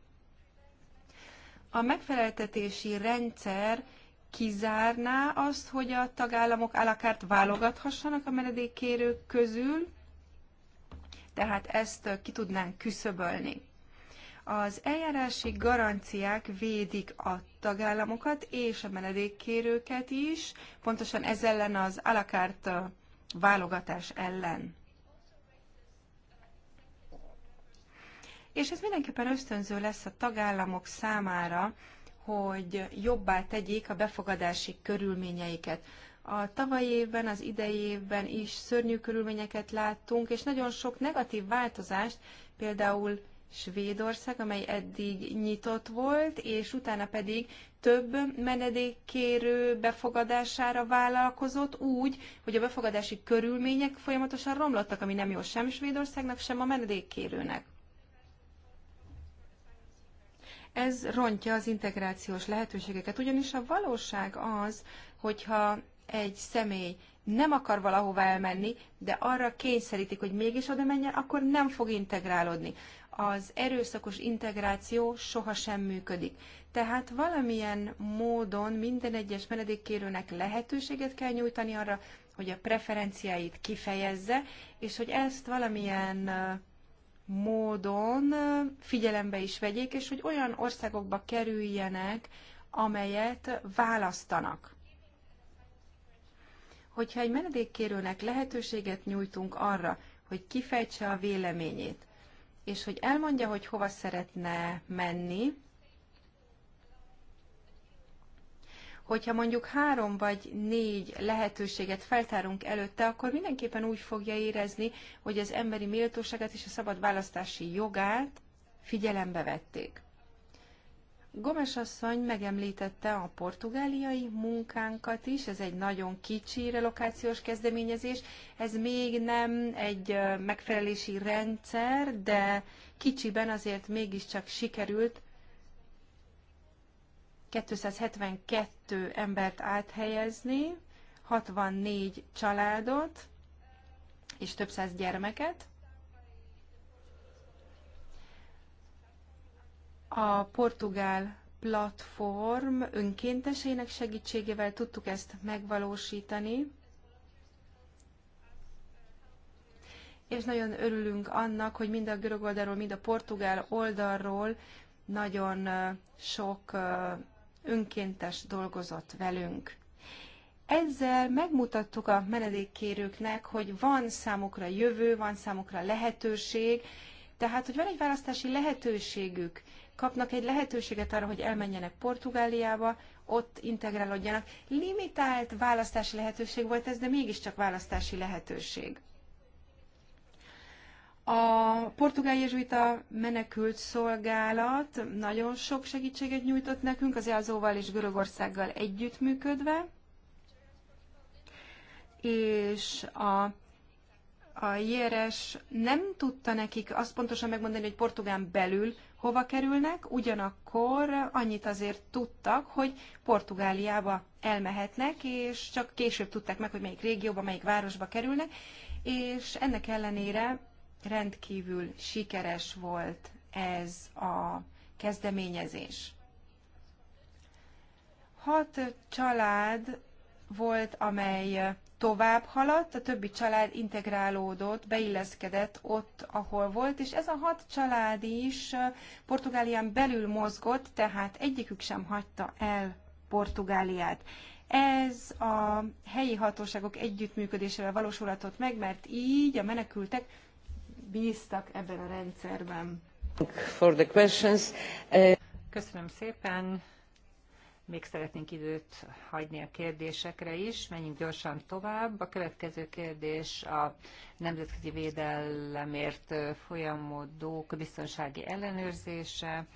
Speaker 1: a megfeleltetési rendszer kizárná azt, hogy a tagállamok alakárt válogathassanak a menedékkérők közül, tehát ezt ki tudnánk küszöbölni. Az eljárási garanciák védik a tagállamokat és a menedékkérőket is, pontosan ez ellen az alakárt válogatás ellen. és ez mindenképpen ösztönző lesz a tagállamok számára, hogy jobbá tegyék a befogadási körülményeiket. A tavalyi évben, az idei évben is szörnyű körülményeket láttunk, és nagyon sok negatív változást, például Svédország, amely eddig nyitott volt, és utána pedig több menedékkérő befogadására vállalkozott úgy, hogy a befogadási körülmények folyamatosan romlottak, ami nem jó sem Svédországnak, sem a menedékkérőnek. Ez rontja az integrációs lehetőségeket, ugyanis a valóság az, hogyha egy személy nem akar valahová elmenni, de arra kényszerítik, hogy mégis oda menjen, akkor nem fog integrálódni. Az erőszakos integráció sohasem működik. Tehát valamilyen módon minden egyes menedékkérőnek lehetőséget kell nyújtani arra, hogy a preferenciáit kifejezze, és hogy ezt valamilyen módon figyelembe is vegyék, és hogy olyan országokba kerüljenek, amelyet választanak. Hogyha egy menedékkérőnek lehetőséget nyújtunk arra, hogy kifejtse a véleményét, és hogy elmondja, hogy hova szeretne menni, Hogyha mondjuk három vagy négy lehetőséget feltárunk előtte, akkor mindenképpen úgy fogja érezni, hogy az emberi méltóságát és a szabad választási jogát figyelembe vették. Gomes asszony megemlítette a portugáliai munkánkat is, ez egy nagyon kicsi relokációs kezdeményezés, ez még nem egy megfelelési rendszer, de kicsiben azért mégiscsak sikerült 272 embert áthelyezni, 64 családot és több száz gyermeket. A portugál platform önkéntesének segítségével tudtuk ezt megvalósítani, és nagyon örülünk annak, hogy mind a görög oldalról, mind a portugál oldalról nagyon sok önkéntes dolgozott velünk. Ezzel megmutattuk a menedékkérőknek, hogy van számukra jövő, van számukra lehetőség, tehát, hogy van egy választási lehetőségük, kapnak egy lehetőséget arra, hogy elmenjenek Portugáliába, ott integrálódjanak. Limitált választási lehetőség volt ez, de mégiscsak választási lehetőség. A portugál jezsuita menekült szolgálat nagyon sok segítséget nyújtott nekünk az Elzóval és Görögországgal együttműködve, és a a Jéres nem tudta nekik azt pontosan megmondani, hogy Portugán belül hova kerülnek, ugyanakkor annyit azért tudtak, hogy Portugáliába elmehetnek, és csak később tudták meg, hogy melyik régióba, melyik városba kerülnek, és ennek ellenére rendkívül sikeres volt ez a kezdeményezés. Hat család volt, amely tovább haladt, a többi család integrálódott, beilleszkedett ott, ahol volt, és ez a hat család is Portugálián belül mozgott, tehát egyikük sem hagyta el Portugáliát. Ez a helyi hatóságok együttműködésével valósulhatott meg, mert így a menekültek
Speaker 3: bíztak ebben a rendszerben. For the questions. Köszönöm szépen. Még szeretnénk időt hagyni a kérdésekre is. Menjünk gyorsan tovább. A következő kérdés a nemzetközi védelemért folyamodók biztonsági ellenőrzése.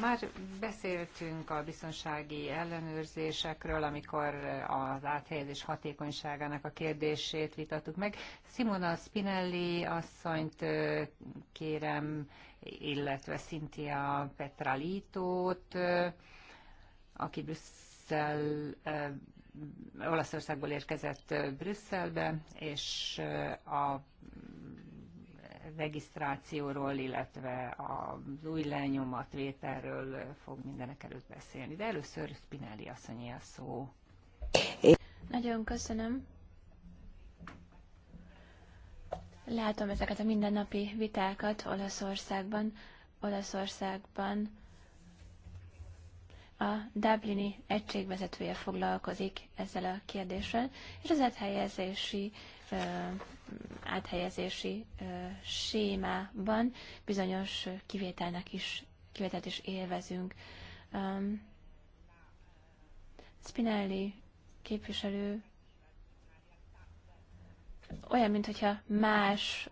Speaker 3: Már beszéltünk a biztonsági ellenőrzésekről, amikor az áthelyezés hatékonyságának a kérdését vitattuk meg. Simona Spinelli asszonyt kérem, illetve Cynthia Petralitót, aki Brüsszel Olaszországból érkezett Brüsszelbe, és a regisztrációról, illetve az új lenyomatvételről fog mindenek előtt beszélni. De először Spinelli asszonyi a szó.
Speaker 2: Nagyon köszönöm. Látom ezeket a mindennapi vitákat Olaszországban. Olaszországban a Dublini egységvezetője foglalkozik ezzel a kérdéssel, és az áthelyezési áthelyezési sémában bizonyos kivételnek is, kivételt is élvezünk. Spinelli képviselő olyan, mintha más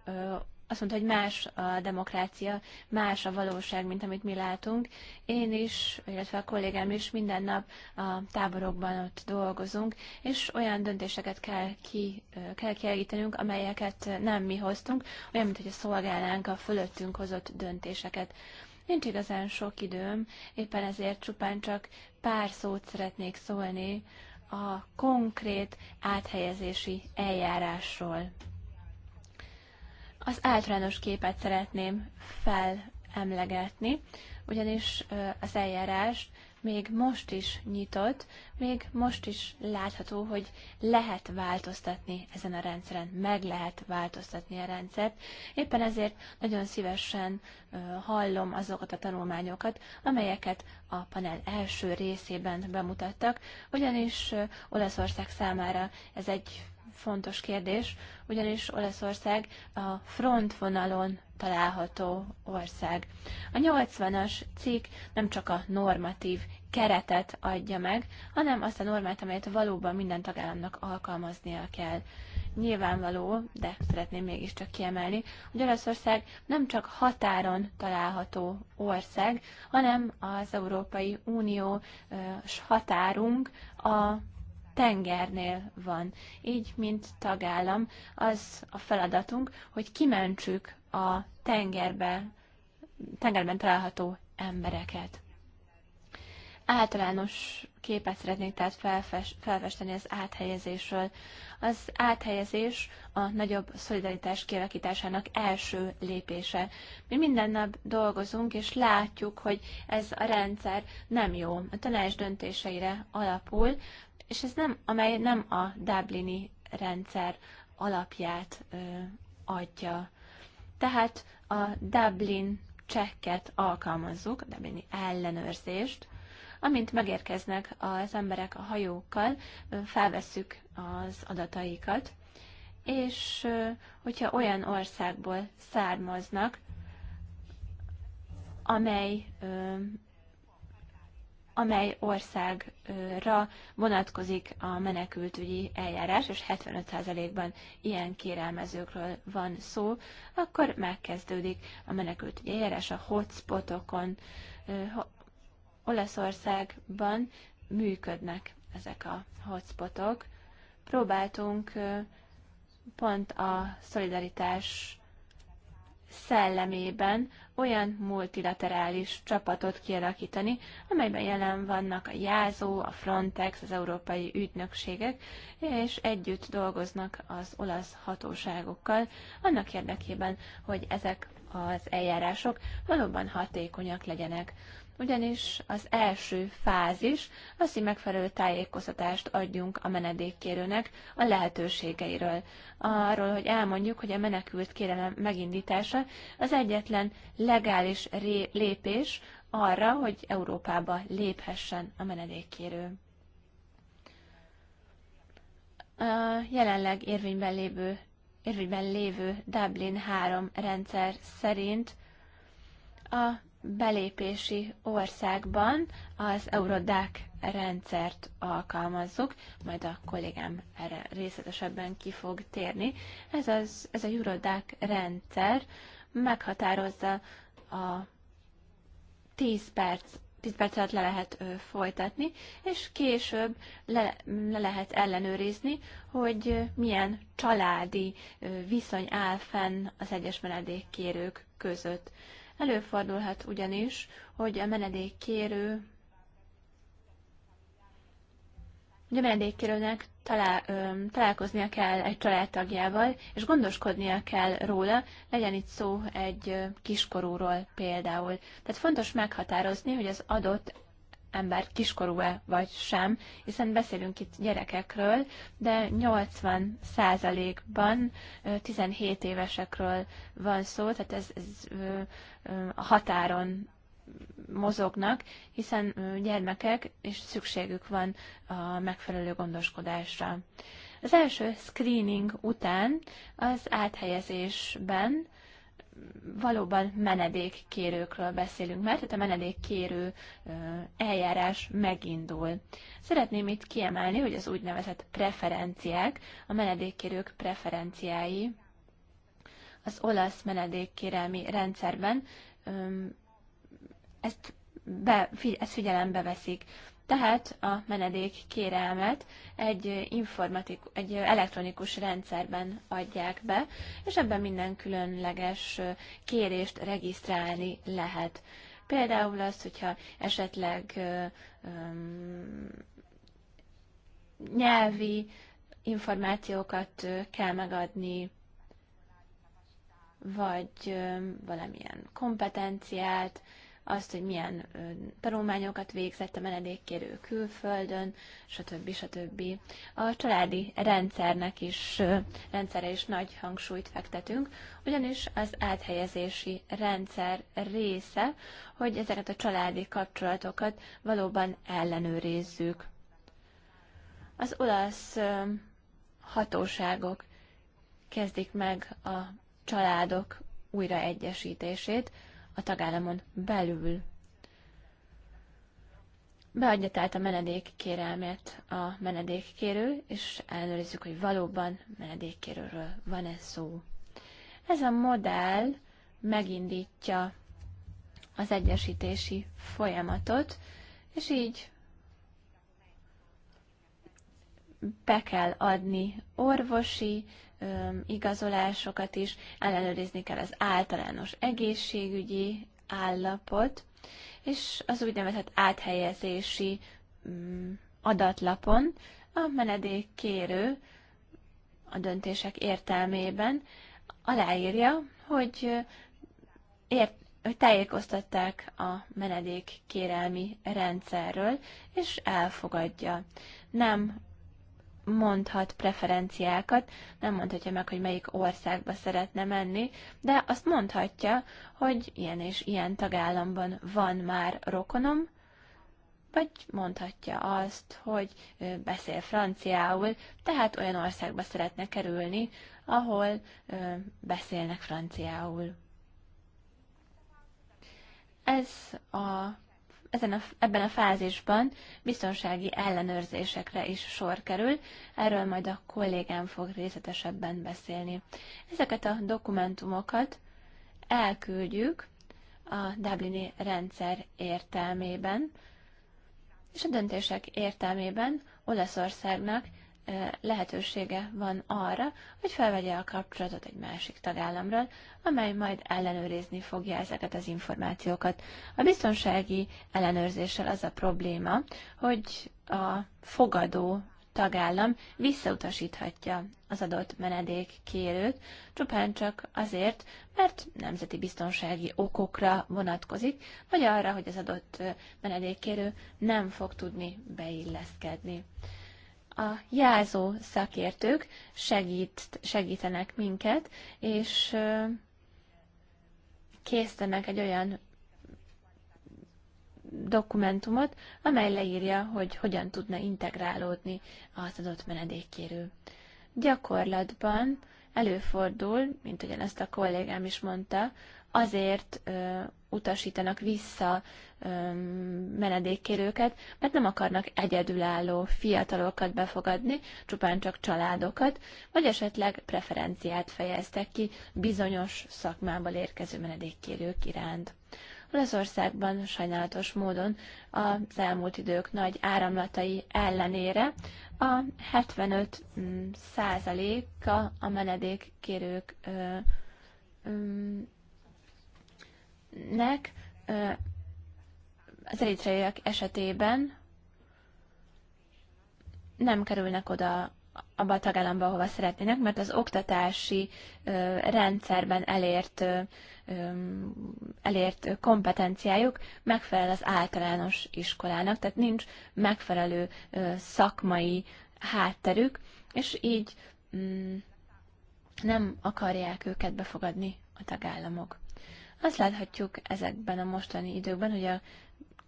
Speaker 2: azt mondta, hogy más a demokrácia, más a valóság, mint amit mi látunk. Én is, illetve a kollégám is minden nap a táborokban ott dolgozunk, és olyan döntéseket kell, ki, kell kielégítenünk, amelyeket nem mi hoztunk, olyan, mint hogy szolgálnánk a fölöttünk hozott döntéseket. Nincs igazán sok időm, éppen ezért csupán csak pár szót szeretnék szólni a konkrét áthelyezési eljárásról. Az általános képet szeretném felemlegetni, ugyanis az eljárás még most is nyitott, még most is látható, hogy lehet változtatni ezen a rendszeren, meg lehet változtatni a rendszert. Éppen ezért nagyon szívesen hallom azokat a tanulmányokat, amelyeket a panel első részében bemutattak, ugyanis Olaszország számára ez egy fontos kérdés, ugyanis Olaszország a frontvonalon található ország. A 80-as cikk nem csak a normatív keretet adja meg, hanem azt a normát, amelyet valóban minden tagállamnak alkalmaznia kell. Nyilvánvaló, de szeretném mégiscsak kiemelni, hogy Olaszország nem csak határon található ország, hanem az Európai Unió határunk a tengernél van. Így, mint tagállam, az a feladatunk, hogy kimentsük a tengerbe, tengerben található embereket. Általános képet szeretnék tehát felfest, felfesteni az áthelyezésről. Az áthelyezés a nagyobb szolidaritás kialakításának első lépése. Mi minden nap dolgozunk, és látjuk, hogy ez a rendszer nem jó. A tanács döntéseire alapul, és ez nem, amely nem a Dublini rendszer alapját ö, adja. Tehát a Dublin csekket alkalmazzuk, a Dublini ellenőrzést, amint megérkeznek az emberek a hajókkal, felveszük az adataikat, és hogyha olyan országból származnak, amely amely országra vonatkozik a menekültügyi eljárás, és 75%-ban ilyen kérelmezőkről van szó, akkor megkezdődik a menekültügyi eljárás a hotspotokon. Olaszországban működnek ezek a hotspotok. Próbáltunk pont a szolidaritás szellemében olyan multilaterális csapatot kialakítani, amelyben jelen vannak a JÁZÓ, a Frontex, az európai ügynökségek, és együtt dolgoznak az olasz hatóságokkal, annak érdekében, hogy ezek az eljárások valóban hatékonyak legyenek ugyanis az első fázis az, hogy megfelelő tájékoztatást adjunk a menedékkérőnek a lehetőségeiről. Arról, hogy elmondjuk, hogy a menekült kérelem megindítása az egyetlen legális lépés arra, hogy Európába léphessen a menedékkérő. A jelenleg érvényben lévő, érvényben lévő Dublin 3 rendszer szerint a belépési országban az Eurodac rendszert alkalmazzuk, majd a kollégám erre részletesebben ki fog térni. Ez, az, ez a Eurodac rendszer meghatározza a 10 perc 10 perc alatt le lehet ö, folytatni, és később le, le lehet ellenőrizni, hogy ö, milyen családi ö, viszony áll fenn az egyes menedékkérők között. Előfordulhat ugyanis, hogy a menedékkérő növendékkérőnek talál, találkoznia kell egy családtagjával, és gondoskodnia kell róla, legyen itt szó egy kiskorúról például. Tehát fontos meghatározni, hogy az adott ember kiskorú-e vagy sem, hiszen beszélünk itt gyerekekről, de 80 ban 17 évesekről van szó, tehát ez, ez a határon mozognak, hiszen gyermekek, és szükségük van a megfelelő gondoskodásra. Az első screening után az áthelyezésben valóban menedékkérőkről beszélünk mert tehát a menedékkérő eljárás megindul. Szeretném itt kiemelni, hogy az úgynevezett preferenciák, a menedékkérők preferenciái az olasz menedékkérelmi rendszerben ezt, be, fi, ezt figyelembe veszik. Tehát a menedék kérelmet egy, informatik, egy elektronikus rendszerben adják be, és ebben minden különleges kérést regisztrálni lehet. Például azt, hogyha esetleg um, nyelvi információkat kell megadni, vagy valamilyen kompetenciát, azt, hogy milyen tanulmányokat végzett a menedékkérő külföldön, stb. stb. A családi rendszernek is, rendszerre is nagy hangsúlyt fektetünk, ugyanis az áthelyezési rendszer része, hogy ezeket a családi kapcsolatokat valóban ellenőrizzük. Az olasz hatóságok kezdik meg a családok újraegyesítését a tagállamon belül. Beadja tehát a menedék kérelmét a menedékkérő, és ellenőrizzük, hogy valóban menedékkérőről van-e szó. Ez a modell megindítja az egyesítési folyamatot, és így be kell adni orvosi, igazolásokat is, ellenőrizni kell az általános egészségügyi állapot, és az úgynevezett áthelyezési mm, adatlapon a menedékkérő a döntések értelmében aláírja, hogy, ért, hogy tájékoztatták a kérelmi rendszerről, és elfogadja. Nem mondhat preferenciákat, nem mondhatja meg, hogy melyik országba szeretne menni, de azt mondhatja, hogy ilyen és ilyen tagállamban van már rokonom, vagy mondhatja azt, hogy beszél franciául, tehát olyan országba szeretne kerülni, ahol beszélnek franciául. Ez a ezen a, ebben a fázisban biztonsági ellenőrzésekre is sor kerül, erről majd a kollégám fog részletesebben beszélni. Ezeket a dokumentumokat elküldjük a Dublini rendszer értelmében, és a döntések értelmében Olaszországnak lehetősége van arra, hogy felvegye a kapcsolatot egy másik tagállamról, amely majd ellenőrizni fogja ezeket az információkat. A biztonsági ellenőrzéssel az a probléma, hogy a fogadó tagállam visszautasíthatja az adott menedékkérőt, csupán csak azért, mert nemzeti biztonsági okokra vonatkozik, vagy arra, hogy az adott menedékkérő nem fog tudni beilleszkedni a jelzó szakértők segít, segítenek minket, és késztenek egy olyan dokumentumot, amely leírja, hogy hogyan tudna integrálódni az adott menedékkérő. Gyakorlatban előfordul, mint ugyanezt a kollégám is mondta, azért ö, utasítanak vissza ö, menedékkérőket, mert nem akarnak egyedülálló fiatalokat befogadni, csupán csak családokat, vagy esetleg preferenciát fejeztek ki bizonyos szakmából érkező menedékkérők iránt. Olaszországban sajnálatos módon az elmúlt idők nagy áramlatai ellenére a 75 mm, százaléka a menedékkérők mm, nek az eritreiak esetében nem kerülnek oda abba a tagállamba, ahova szeretnének, mert az oktatási rendszerben elért, elért kompetenciájuk megfelel az általános iskolának, tehát nincs megfelelő szakmai hátterük, és így mm, nem akarják őket befogadni a tagállamok. Azt láthatjuk ezekben a mostani időkben, hogy a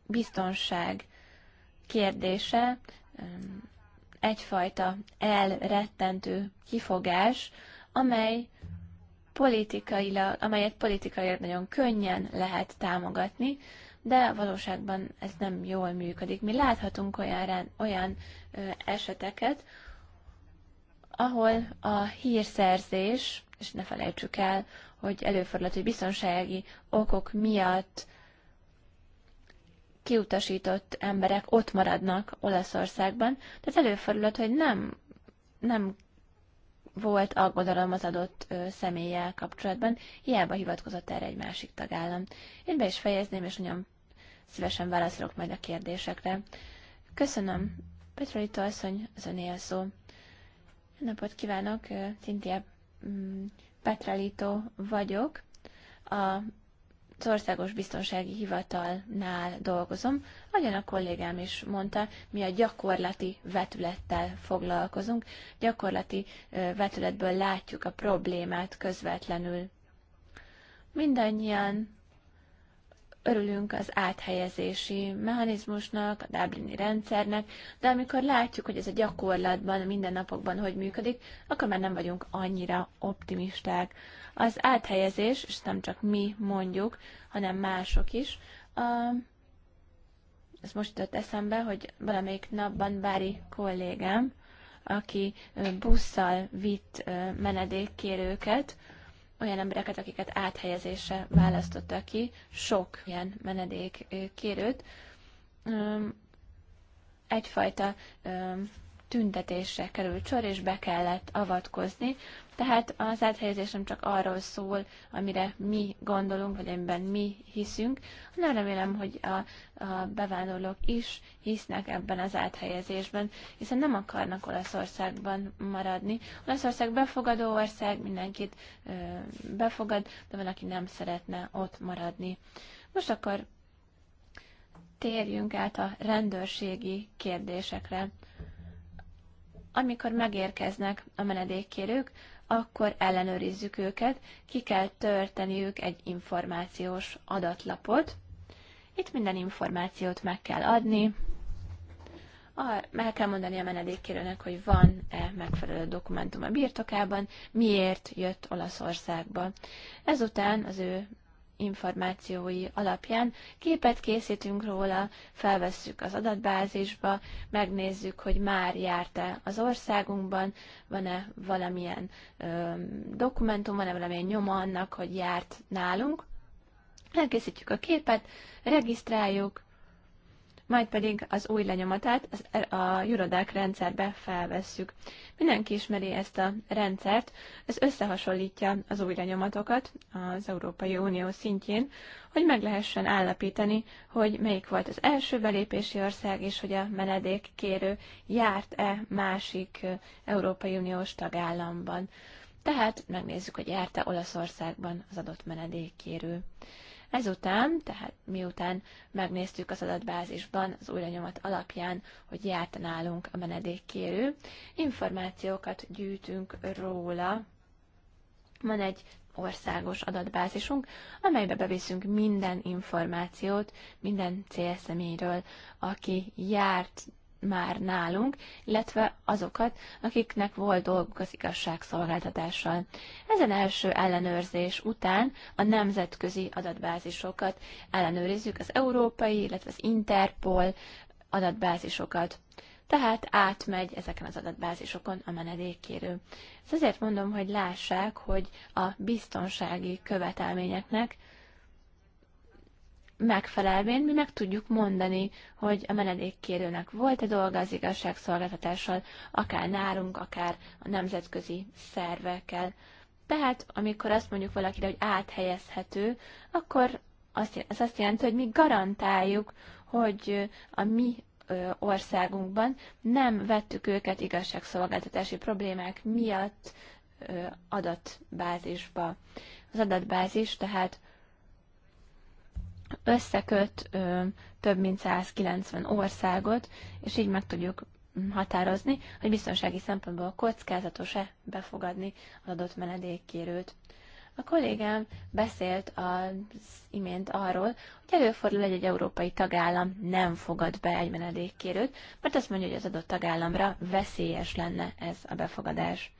Speaker 2: biztonság kérdése egyfajta elrettentő kifogás, amely politikailag, amelyet politikailag nagyon könnyen lehet támogatni, de valóságban ez nem jól működik. Mi láthatunk olyan, olyan eseteket, ahol a hírszerzés, és ne felejtsük el, hogy előfordulhat, hogy biztonsági okok miatt kiutasított emberek ott maradnak Olaszországban, tehát előfordulhat, hogy nem, nem volt aggodalom az adott személlyel kapcsolatban, hiába hivatkozott erre egy másik tagállam. Én be is fejezném, és nagyon szívesen válaszolok majd a kérdésekre. Köszönöm, Petrolita asszony, az önél szó. Napot kívánok, Cintia mm, Petralito vagyok, a az Országos Biztonsági Hivatalnál dolgozom. Nagyon a kollégám is mondta, mi a gyakorlati vetülettel foglalkozunk. Gyakorlati vetületből látjuk a problémát közvetlenül. Mindannyian örülünk az áthelyezési mechanizmusnak, a Dublini rendszernek, de amikor látjuk, hogy ez a gyakorlatban, a mindennapokban hogy működik, akkor már nem vagyunk annyira optimisták. Az áthelyezés, és nem csak mi mondjuk, hanem mások is, a, ez most jutott eszembe, hogy valamelyik napban Bári kollégám, aki busszal vitt menedékkérőket, olyan embereket, akiket áthelyezése választotta ki, sok ilyen menedék kérőt, egyfajta tüntetésre került sor, és be kellett avatkozni, tehát az áthelyezés nem csak arról szól, amire mi gondolunk, vagy amiben mi hiszünk, hanem remélem, hogy a, a bevándorlók is hisznek ebben az áthelyezésben, hiszen nem akarnak Olaszországban maradni. Olaszország befogadó ország, mindenkit ö, befogad, de van, aki nem szeretne ott maradni. Most akkor térjünk át a rendőrségi kérdésekre. Amikor megérkeznek a menedékkérők, akkor ellenőrizzük őket, ki kell törteniük egy információs adatlapot. Itt minden információt meg kell adni, meg kell mondani a menedékkérőnek, hogy van-e megfelelő dokumentum a birtokában, miért jött Olaszországba. Ezután az ő információi alapján képet készítünk róla, felvesszük az adatbázisba, megnézzük, hogy már járt-e az országunkban, van-e valamilyen ö, dokumentum, van-e valamilyen nyoma annak, hogy járt nálunk. Elkészítjük a képet, regisztráljuk, majd pedig az új lenyomatát a jurodák rendszerbe felvesszük. Mindenki ismeri ezt a rendszert, ez összehasonlítja az új lenyomatokat az Európai Unió szintjén, hogy meg lehessen állapítani, hogy melyik volt az első belépési ország, és hogy a menedékkérő járt-e másik Európai Uniós tagállamban. Tehát megnézzük, hogy járt-e Olaszországban az adott menedékkérő. Ezután, tehát miután megnéztük az adatbázisban az újranyomat alapján, hogy járt nálunk a menedékkérő, információkat gyűjtünk róla. Van egy országos adatbázisunk, amelybe beviszünk minden információt, minden célszeményről, aki járt már nálunk, illetve azokat, akiknek volt dolguk az igazságszolgáltatással. Ezen első ellenőrzés után a nemzetközi adatbázisokat ellenőrizzük, az európai, illetve az Interpol adatbázisokat. Tehát átmegy ezeken az adatbázisokon a menedékkérő. Ez azért mondom, hogy lássák, hogy a biztonsági követelményeknek megfelelvén mi meg tudjuk mondani, hogy a menedékkérőnek volt-e dolga az igazságszolgáltatással, akár nálunk, akár a nemzetközi szervekkel. Tehát, amikor azt mondjuk valakire, hogy áthelyezhető, akkor azt, ez azt jelenti, hogy mi garantáljuk, hogy a mi országunkban nem vettük őket igazságszolgáltatási problémák miatt adatbázisba. Az adatbázis tehát összeköt ö, több mint 190 országot, és így meg tudjuk határozni, hogy biztonsági szempontból kockázatos-e befogadni az adott menedékkérőt. A kollégám beszélt az imént arról, hogy előfordul, egy, egy európai tagállam nem fogad be egy menedékkérőt, mert azt mondja, hogy az adott tagállamra veszélyes lenne ez a befogadás.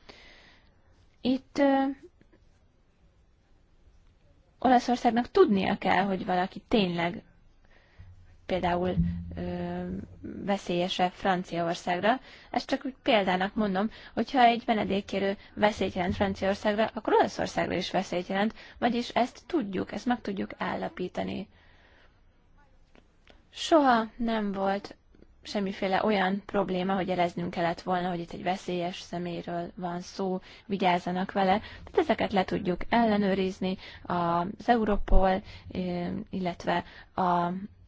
Speaker 2: Itt Olaszországnak tudnia kell, hogy valaki tényleg például ö, veszélyese Franciaországra. Ezt csak úgy példának mondom, hogyha egy menedékkérő veszélyt jelent Franciaországra, akkor Olaszországra is veszélyt jelent, vagyis ezt tudjuk, ezt meg tudjuk állapítani. Soha nem volt semmiféle olyan probléma, hogy jeleznünk kellett volna, hogy itt egy veszélyes szeméről van szó, vigyázzanak vele. Tehát ezeket le tudjuk ellenőrizni az Europol, illetve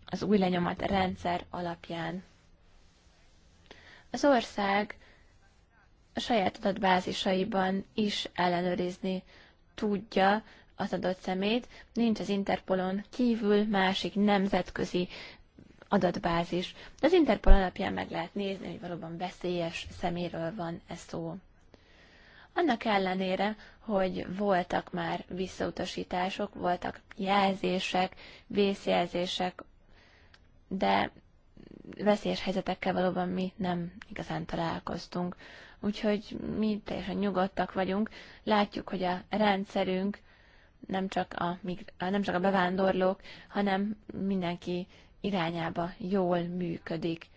Speaker 2: az új lenyomat rendszer alapján. Az ország a saját adatbázisaiban is ellenőrizni tudja az adott szemét, nincs az Interpolon kívül másik nemzetközi adatbázis. De az Interpol alapján meg lehet nézni, hogy valóban veszélyes szeméről van ez szó. Annak ellenére, hogy voltak már visszautasítások, voltak jelzések, vészjelzések, de veszélyes helyzetekkel valóban mi nem igazán találkoztunk. Úgyhogy mi teljesen nyugodtak vagyunk, látjuk, hogy a rendszerünk nem csak a, nem csak a bevándorlók, hanem mindenki irányába jól működik.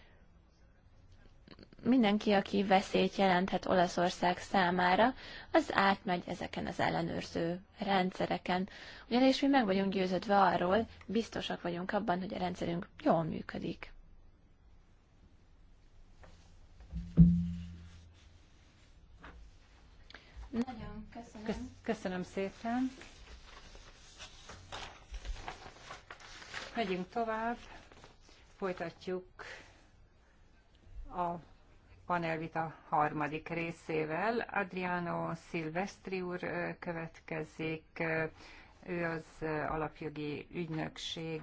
Speaker 2: Mindenki, aki veszélyt jelenthet Olaszország számára, az átmegy ezeken az ellenőrző rendszereken. Ugyanis mi meg vagyunk győződve arról, biztosak vagyunk abban, hogy a rendszerünk jól működik. Nagyon köszönöm.
Speaker 3: Köszönöm szépen. Megyünk tovább, folytatjuk a panelvita harmadik részével. Adriano Silvestri úr következik, ő az alapjogi ügynökség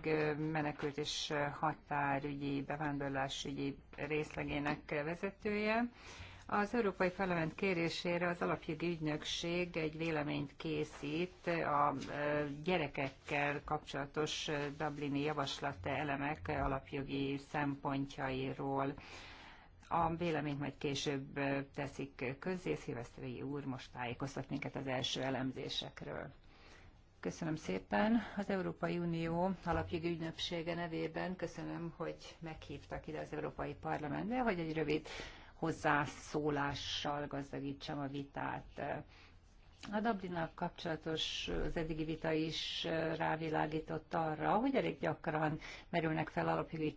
Speaker 3: menekült és határügyi, bevándorlásügyi részlegének vezetője az Európai Parlament kérésére az alapjogi ügynökség egy véleményt készít a gyerekekkel kapcsolatos Dublini javaslat elemek alapjogi szempontjairól. A véleményt majd később teszik közzé. Szilveszteri úr most tájékoztat minket az első elemzésekről. Köszönöm szépen. Az Európai Unió alapjogi ügynöksége nevében köszönöm, hogy meghívtak ide az Európai Parlamentbe, hogy egy rövid hozzászólással gazdagítsam a vitát. A Dublinnal kapcsolatos az eddigi vita is rávilágított arra, hogy elég gyakran merülnek fel alapjogi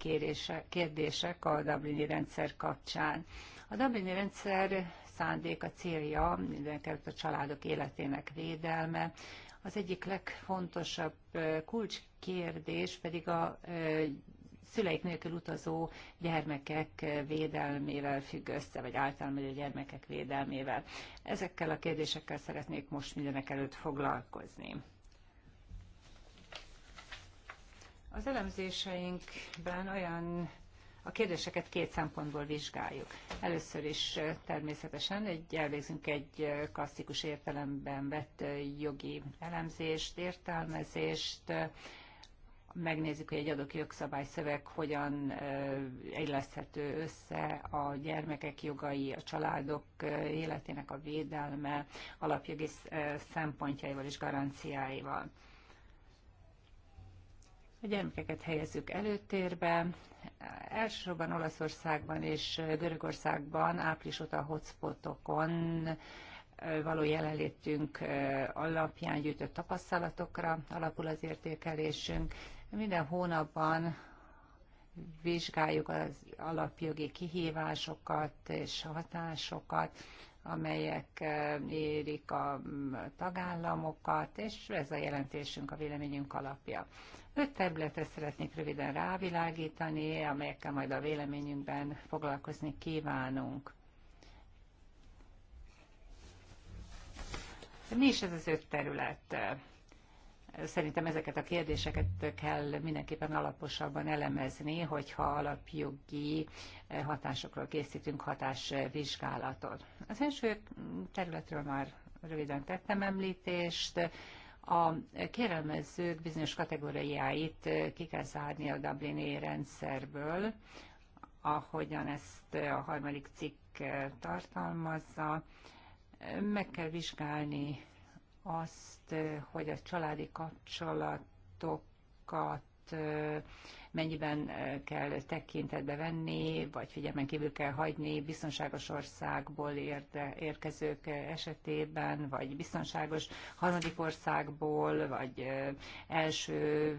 Speaker 3: kérdések a Dublini rendszer kapcsán. A Dublini rendszer szándéka, célja mindenkelőtt a családok életének védelme. Az egyik legfontosabb eh, kulcskérdés pedig a eh, szüleik nélkül utazó gyermekek védelmével függ össze, vagy általában gyermekek védelmével. Ezekkel a kérdésekkel szeretnék most mindenek előtt foglalkozni. Az elemzéseinkben olyan a kérdéseket két szempontból vizsgáljuk. Először is eh, természetesen egy, elvégzünk egy eh, klasszikus értelemben vett eh, jogi elemzést, értelmezést, megnézzük, hogy egy adott jogszabályszöveg hogyan egyleszthető össze a gyermekek jogai, a családok életének a védelme, alapjogi szempontjaival és garanciáival. A gyermekeket helyezzük előtérbe. Elsősorban Olaszországban és Görögországban április óta hotspotokon való jelenlétünk alapján gyűjtött tapasztalatokra alapul az értékelésünk, minden hónapban vizsgáljuk az alapjogi kihívásokat és hatásokat, amelyek eh, érik mm, a tagállamokat, és ez a jelentésünk, a véleményünk alapja. Öt területet szeretnék röviden rávilágítani, amelyekkel majd a véleményünkben foglalkozni kívánunk. Mi is ez az öt terület? Szerintem ezeket a kérdéseket kell mindenképpen alaposabban elemezni, hogyha alapjogi eh, hatásokról készítünk hatásvizsgálatot. Az első területről már röviden tettem említést, a kérelmezők bizonyos kategóriáit eh, ki kell zárni a Dublini rendszerből, ahogyan ezt eh, a harmadik cikk tartalmazza. Meg kell vizsgálni azt, hogy a családi kapcsolatokat mennyiben kell tekintetbe venni, vagy figyelmen kívül kell hagyni biztonságos országból érde érkezők esetében, vagy biztonságos harmadik országból, vagy első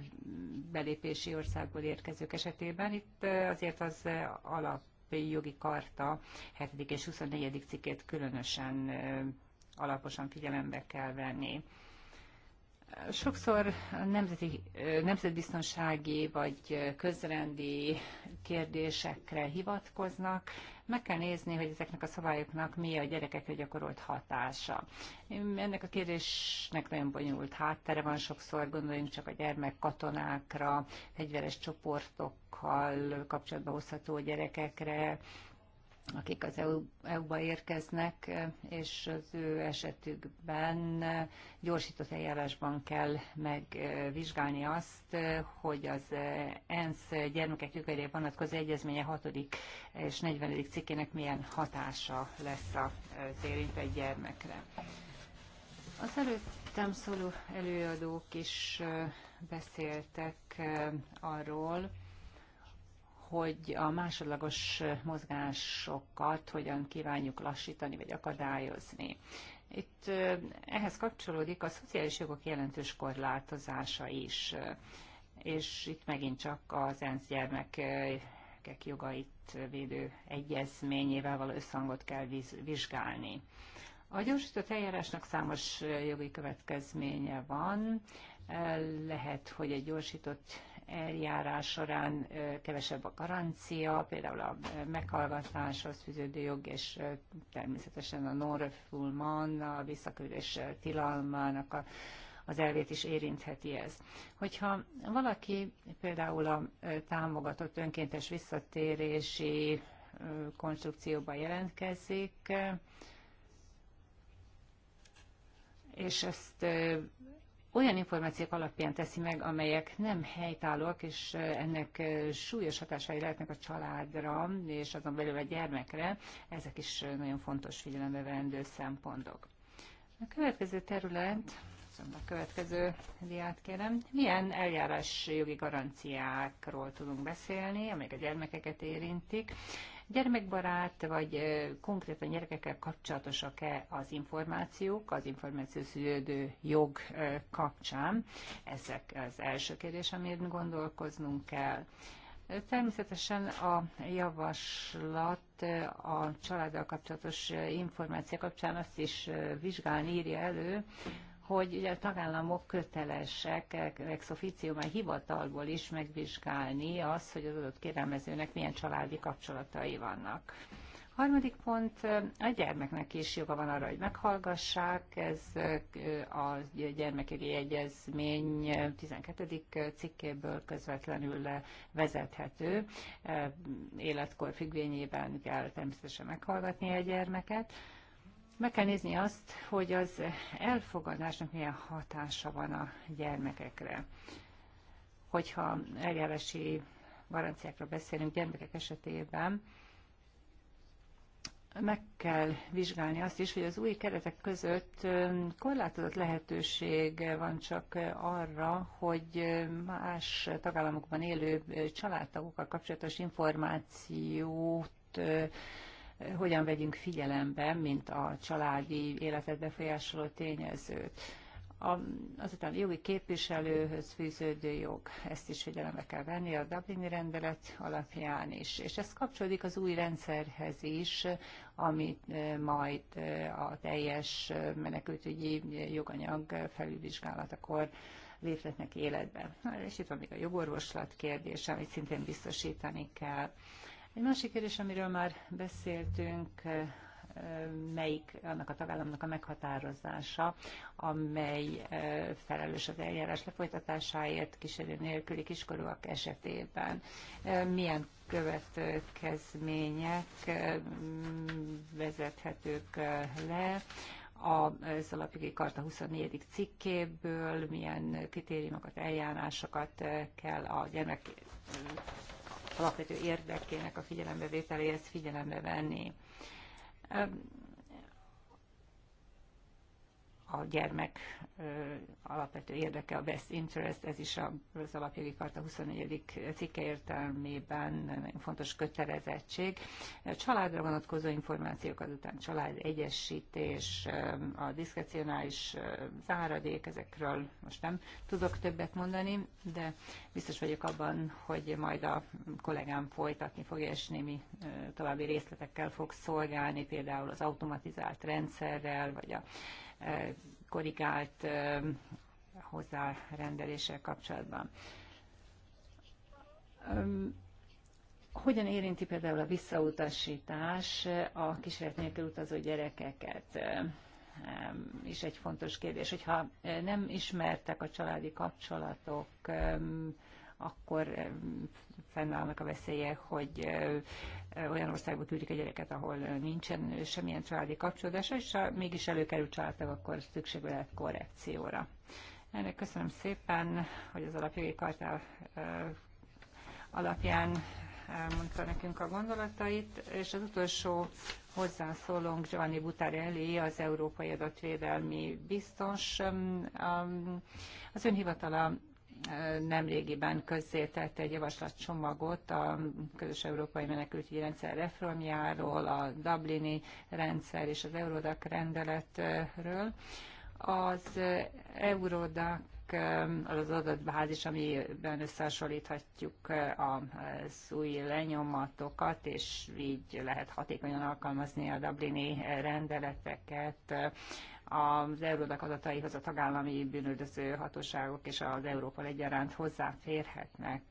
Speaker 3: belépési országból érkezők esetében. Itt azért az alap jogi karta 7. és 24. cikkét különösen alaposan figyelembe kell venni. Sokszor nemzeti, nemzetbiztonsági vagy közrendi kérdésekre hivatkoznak. Meg kell nézni, hogy ezeknek a szabályoknak mi a gyerekekre gyakorolt hatása. Ennek a kérdésnek nagyon bonyolult háttere van sokszor, gondoljunk csak a gyermekkatonákra, fegyveres csoportokkal kapcsolatba hozható gyerekekre, akik az EU, EU-ba érkeznek, és az ő esetükben gyorsított eljárásban kell megvizsgálni azt, hogy az ENSZ gyermekek jogaira vonatkozó egyezménye 6. és 40. cikkének milyen hatása lesz az érintett gyermekre. Az előttem szóló előadók is beszéltek eh, arról, hogy a másodlagos mozgásokat hogyan kívánjuk lassítani vagy akadályozni. Itt ehhez kapcsolódik a szociális jogok jelentős korlátozása is, és itt megint csak az ENSZ gyermekek jogait védő egyezményével való összhangot kell vizsgálni. A gyorsított eljárásnak számos jogi következménye van. Lehet, hogy egy gyorsított eljárás során kevesebb a garancia, például a meghallgatáshoz fűződő jog, és természetesen a non-refoulement, a visszaküldés tilalmának a az elvét is érintheti ez. Hogyha valaki például a támogatott önkéntes visszatérési konstrukcióba jelentkezik, és ezt olyan információk alapján teszi meg, amelyek nem helytállóak, és ennek súlyos hatásai lehetnek a családra, és azon belül a gyermekre, ezek is nagyon fontos figyelembe vendő szempontok. A következő terület, szóval a következő diát kérem, milyen eljárás jogi garanciákról tudunk beszélni, amelyek a gyermekeket érintik, Gyermekbarát, vagy konkrétan gyerekekkel kapcsolatosak-e az információk, az információ szülődő jog kapcsán? Ezek az első kérdés, amiért gondolkoznunk kell. Természetesen a javaslat a családdal kapcsolatos információ kapcsán azt is vizsgálni írja elő, hogy ugye a tagállamok kötelesek ex officio, hivatalból is megvizsgálni azt, hogy az adott kérelmezőnek milyen családi kapcsolatai vannak. Harmadik pont, a gyermeknek is joga van arra, hogy meghallgassák. Ez a gyermekjogi egyezmény 12. cikkéből közvetlenül vezethető. Életkor függvényében kell természetesen meghallgatni a gyermeket. Meg kell nézni azt, hogy az elfogadásnak milyen hatása van a gyermekekre. Hogyha eljárási garanciákra beszélünk gyermekek esetében, meg kell vizsgálni azt is, hogy az új keretek között korlátozott lehetőség van csak arra, hogy más tagállamokban élő családtagokkal kapcsolatos információt hogyan vegyünk figyelembe, mint a családi életet befolyásoló tényezőt. A, azután jogi képviselőhöz fűződő jog, ezt is figyelembe kell venni a Dublini rendelet alapján is. És ez kapcsolódik az új rendszerhez is, amit eh, majd eh, a teljes eh, menekültügyi joganyag felülvizsgálatakor léphetnek életbe. És itt van még a jogorvoslat kérdése, amit szintén biztosítani kell. Egy másik kérdés, amiről már beszéltünk, melyik annak a tagállamnak a meghatározása, amely felelős az eljárás lefolytatásáért kísérő nélküli kiskorúak esetében. Milyen következmények vezethetők le az alapjogi karta 24. cikkéből, milyen kritériumokat, eljárásokat kell a gyermek alapvető érdekének a figyelembevételéhez figyelembe venni a gyermek alapvető érdeke, a best interest, ez is az alapjogi karta 24. cikke értelmében nagyon fontos kötelezettség. A családra vonatkozó információk azután család egyesítés, a diszkrecionális záradék, ezekről most nem tudok többet mondani, de biztos vagyok abban, hogy majd a kollégám folytatni fogja, és némi további részletekkel fog szolgálni, például az automatizált rendszerrel, vagy a korrigált hozzárendeléssel kapcsolatban. Hogyan érinti például a visszautasítás a kísérlet nélkül utazó gyerekeket? és egy fontos kérdés. Hogyha nem ismertek a családi kapcsolatok, akkor eh, fennállnak a veszélyek, hogy eh, eh, olyan országba küldik a gyereket, ahol nincsen semmilyen családi kapcsolódás, és ha mégis előkerül családtag, akkor szükség lehet korrekcióra. Ennek köszönöm szépen, hogy az alapjogi kartá alapján mondta nekünk a gondolatait, és az utolsó hozzászólónk Giovanni Butarelli, az Európai Adatvédelmi Biztos. Az önhivatala nemrégiben közzétett egy javaslatcsomagot a közös európai menekültügyi rendszer reformjáról, a Dublini rendszer és az Eurodac rendeletről. Az Eurodac az az adatbázis, amiben összehasonlíthatjuk az új lenyomatokat, és így lehet hatékonyan alkalmazni a Dublini rendeleteket az Eurodac adataihoz a tagállami bűnöldöző hatóságok és az Európa egyaránt hozzáférhetnek.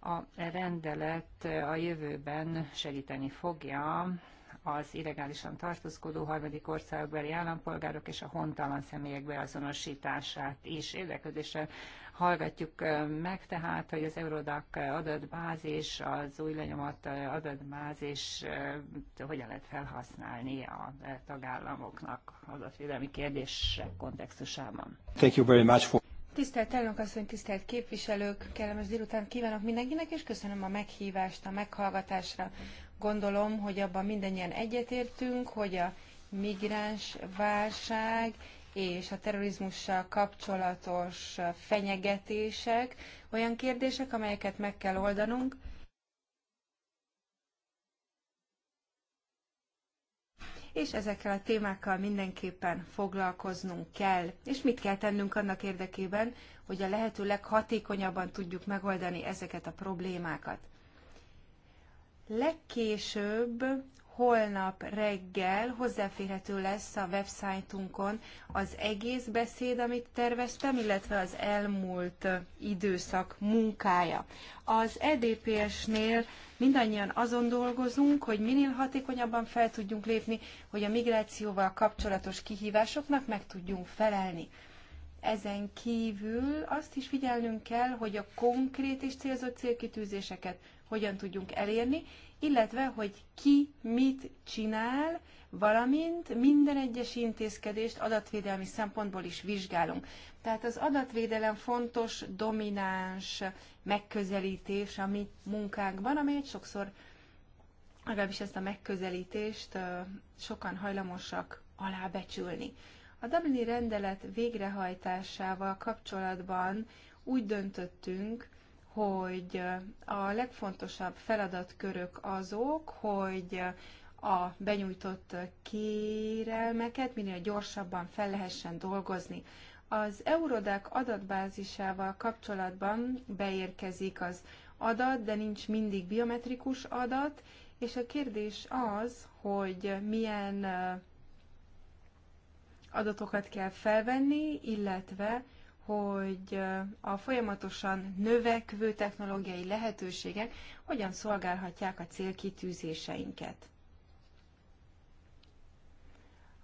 Speaker 3: A rendelet a jövőben segíteni fogja az illegálisan tartózkodó harmadik országbeli állampolgárok és a hontalan személyek beazonosítását is. Érdeklődéssel hallgatjuk meg tehát, hogy az Eurodac adatbázis, az új lenyomat adatbázis hogyan lehet felhasználni a tagállamoknak adatvédelmi kérdések kontextusában.
Speaker 2: Thank you very much for
Speaker 1: Tisztelt elnök asszony, tisztelt képviselők, kellemes délután kívánok mindenkinek, és köszönöm a meghívást a meghallgatásra. Gondolom, hogy abban mindannyian egyetértünk, hogy a migráns válság és a terrorizmussal kapcsolatos fenyegetések olyan kérdések, amelyeket meg kell oldanunk, és ezekkel a témákkal mindenképpen foglalkoznunk kell. És mit kell tennünk annak érdekében, hogy a lehető leghatékonyabban tudjuk megoldani ezeket a problémákat. Legkésőbb holnap reggel hozzáférhető lesz a websájtunkon az egész beszéd, amit terveztem, illetve az elmúlt időszak munkája. Az EDPS-nél mindannyian azon dolgozunk, hogy minél hatékonyabban fel tudjunk lépni, hogy a migrációval kapcsolatos kihívásoknak meg tudjunk felelni. Ezen kívül azt is figyelnünk kell, hogy a konkrét és célzott célkitűzéseket hogyan tudjunk elérni, illetve hogy ki mit csinál, valamint minden egyes intézkedést adatvédelmi szempontból is vizsgálunk. Tehát az adatvédelem fontos, domináns megközelítés a mi munkánkban, amelyet sokszor, legalábbis ezt a megközelítést sokan hajlamosak alábecsülni. A Dublini rendelet végrehajtásával kapcsolatban úgy döntöttünk, hogy a legfontosabb feladatkörök azok, hogy a benyújtott kérelmeket minél gyorsabban fel lehessen dolgozni. Az Eurodac adatbázisával kapcsolatban beérkezik az adat, de nincs mindig biometrikus adat, és a kérdés az, hogy milyen adatokat kell felvenni, illetve hogy a folyamatosan növekvő technológiai lehetőségek hogyan szolgálhatják a célkitűzéseinket.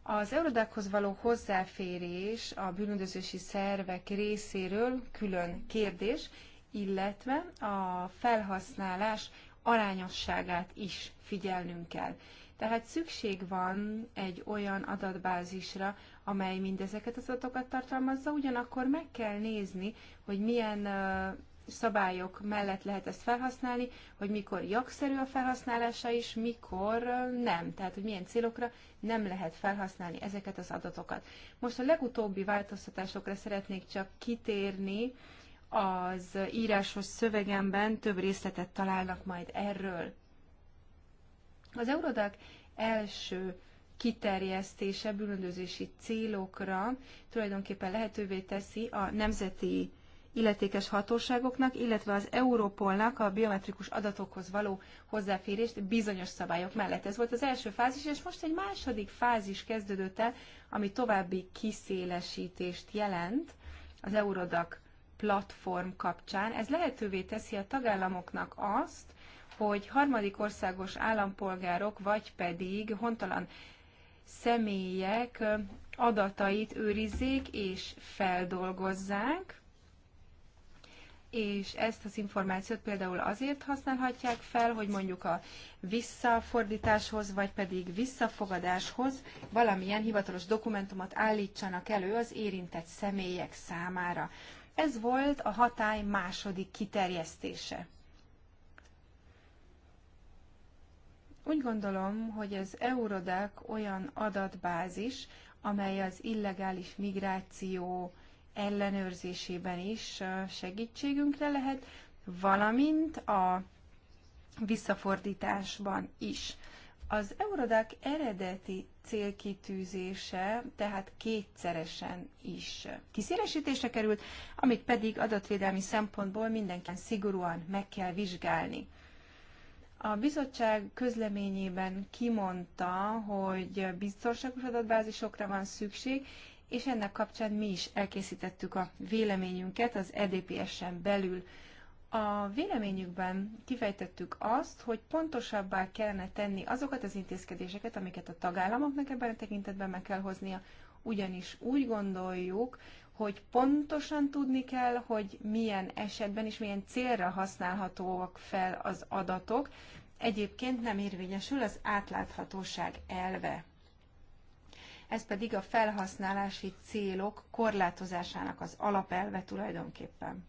Speaker 1: Az eurodákhoz való hozzáférés a bűnöldözési szervek részéről külön kérdés, illetve a felhasználás arányosságát is figyelnünk kell. Tehát szükség van egy olyan adatbázisra, amely mindezeket az adatokat tartalmazza, ugyanakkor meg kell nézni, hogy milyen szabályok mellett lehet ezt felhasználni, hogy mikor jogszerű a felhasználása is, mikor nem. Tehát, hogy milyen célokra nem lehet felhasználni ezeket az adatokat. Most a legutóbbi változtatásokra szeretnék csak kitérni, az írásos szövegemben több részletet találnak majd erről. Az Eurodac első kiterjesztése bűnözési célokra tulajdonképpen lehetővé teszi a nemzeti illetékes hatóságoknak, illetve az Európolnak a biometrikus adatokhoz való hozzáférést bizonyos szabályok mellett. Ez volt az első fázis, és most egy második fázis kezdődött el, ami további kiszélesítést jelent az Eurodac platform kapcsán. Ez lehetővé teszi a tagállamoknak azt, hogy harmadik országos állampolgárok, vagy pedig hontalan személyek adatait őrizzék és feldolgozzák, és ezt az információt például azért használhatják fel, hogy mondjuk a visszafordításhoz, vagy pedig visszafogadáshoz valamilyen hivatalos dokumentumot állítsanak elő az érintett személyek számára. Ez volt a hatály második kiterjesztése. Úgy gondolom, hogy az Eurodac olyan adatbázis, amely az illegális migráció ellenőrzésében is segítségünkre lehet, valamint a visszafordításban is. Az Eurodac eredeti célkitűzése tehát kétszeresen is kiszélesítésre került, amit pedig adatvédelmi szempontból mindenképpen szigorúan meg kell vizsgálni. A bizottság közleményében kimondta, hogy biztonságos adatbázisokra van szükség, és ennek kapcsán mi is elkészítettük a véleményünket az EDPS-en belül. A véleményükben kifejtettük azt, hogy pontosabbá kellene tenni azokat az intézkedéseket, amiket a tagállamoknak ebben a tekintetben meg kell hoznia, ugyanis úgy gondoljuk, hogy pontosan tudni kell, hogy milyen esetben és milyen célra használhatóak fel az adatok. Egyébként nem érvényesül az átláthatóság elve. Ez pedig a felhasználási célok korlátozásának az alapelve tulajdonképpen.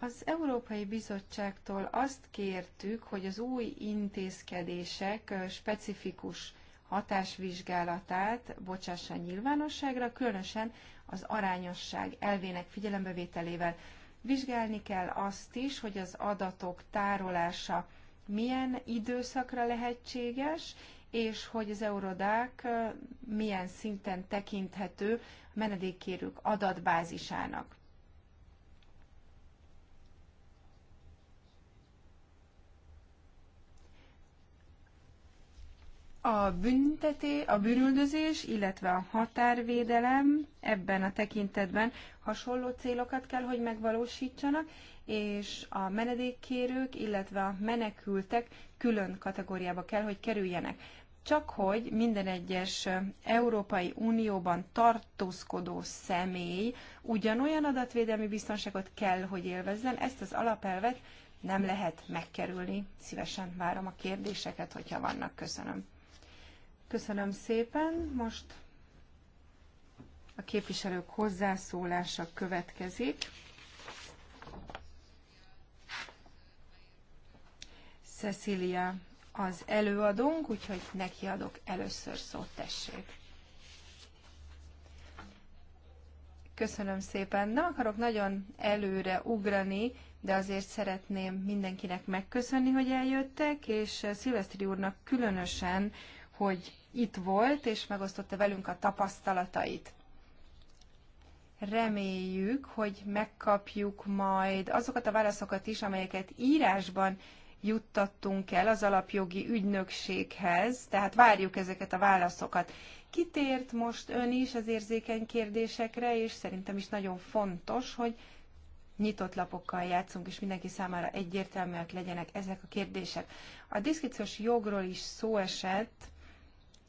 Speaker 1: Az Európai Bizottságtól azt kértük, hogy az új intézkedések specifikus hatásvizsgálatát bocsássa nyilvánosságra, különösen az arányosság elvének figyelembevételével. Vizsgálni kell azt is, hogy az adatok tárolása milyen időszakra lehetséges, és hogy az eurodák eh, milyen szinten tekinthető menedékkérők adatbázisának. a bünteté, a bűnüldözés, illetve a határvédelem ebben a tekintetben hasonló célokat kell, hogy megvalósítsanak, és a menedékkérők, illetve a menekültek külön kategóriába kell, hogy kerüljenek. Csak hogy minden egyes Európai Unióban tartózkodó személy ugyanolyan adatvédelmi biztonságot kell, hogy élvezzen, ezt az alapelvet nem lehet megkerülni. Szívesen várom a kérdéseket, hogyha vannak. Köszönöm. Köszönöm szépen. Most a képviselők hozzászólása következik. Cecilia az előadónk, úgyhogy neki adok először szót, tessék. Köszönöm szépen. Nem akarok nagyon előre ugrani, de azért szeretném mindenkinek megköszönni, hogy eljöttek, és Szilveszteri úrnak különösen hogy itt volt, és megosztotta velünk a tapasztalatait. Reméljük, hogy megkapjuk majd azokat a válaszokat is, amelyeket írásban juttattunk el az alapjogi ügynökséghez, tehát várjuk ezeket a válaszokat. Kitért most ön is az érzékeny kérdésekre, és szerintem is nagyon fontos, hogy nyitott lapokkal játszunk, és mindenki számára egyértelműek legyenek ezek a kérdések. A diszkriciós jogról is szó esett,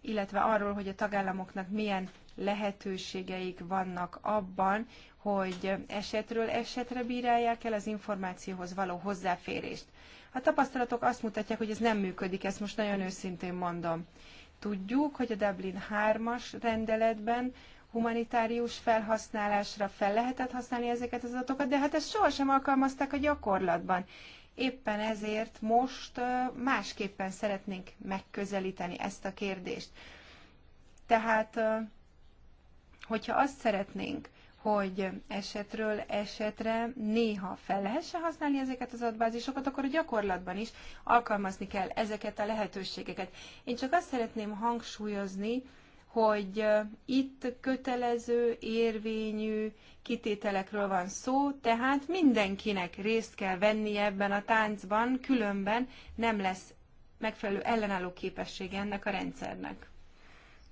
Speaker 1: illetve arról, hogy a tagállamoknak milyen lehetőségeik vannak abban, hogy esetről esetre bírálják el az információhoz való hozzáférést. A tapasztalatok azt mutatják, hogy ez nem működik, ezt most nagyon őszintén mondom. Tudjuk, hogy a Dublin 3-as rendeletben humanitárius felhasználásra fel lehetett használni ezeket az adatokat, de hát ezt sohasem alkalmazták a gyakorlatban. Éppen ezért most másképpen szeretnénk megközelíteni ezt a kérdést. Tehát, hogyha azt szeretnénk, hogy esetről esetre néha fel lehessen használni ezeket az adatbázisokat, akkor a gyakorlatban is alkalmazni kell ezeket a lehetőségeket. Én csak azt szeretném hangsúlyozni, hogy itt kötelező, érvényű kitételekről van szó, tehát mindenkinek részt kell venni ebben a táncban, különben nem lesz megfelelő ellenálló képessége ennek a rendszernek.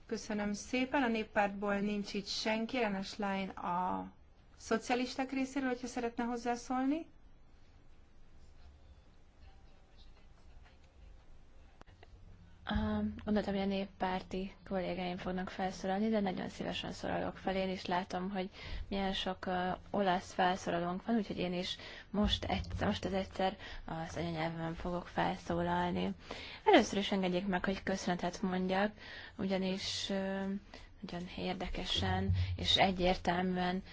Speaker 1: Köszönöm szépen, a néppártból nincs itt senki, Renes Line a
Speaker 2: szocialisták részéről, hogyha szeretne
Speaker 1: hozzászólni.
Speaker 2: Gondoltam, hogy a néppárti kollégáim fognak felszólalni, de nagyon szívesen szorolok fel. Én is látom, hogy milyen sok uh, olasz felszólalónk van, úgyhogy én is most, egyszer, most az egyszer az anyanyelvemen fogok felszólalni. Először is engedjék meg, hogy köszönetet mondjak, ugyanis uh, nagyon érdekesen és egyértelműen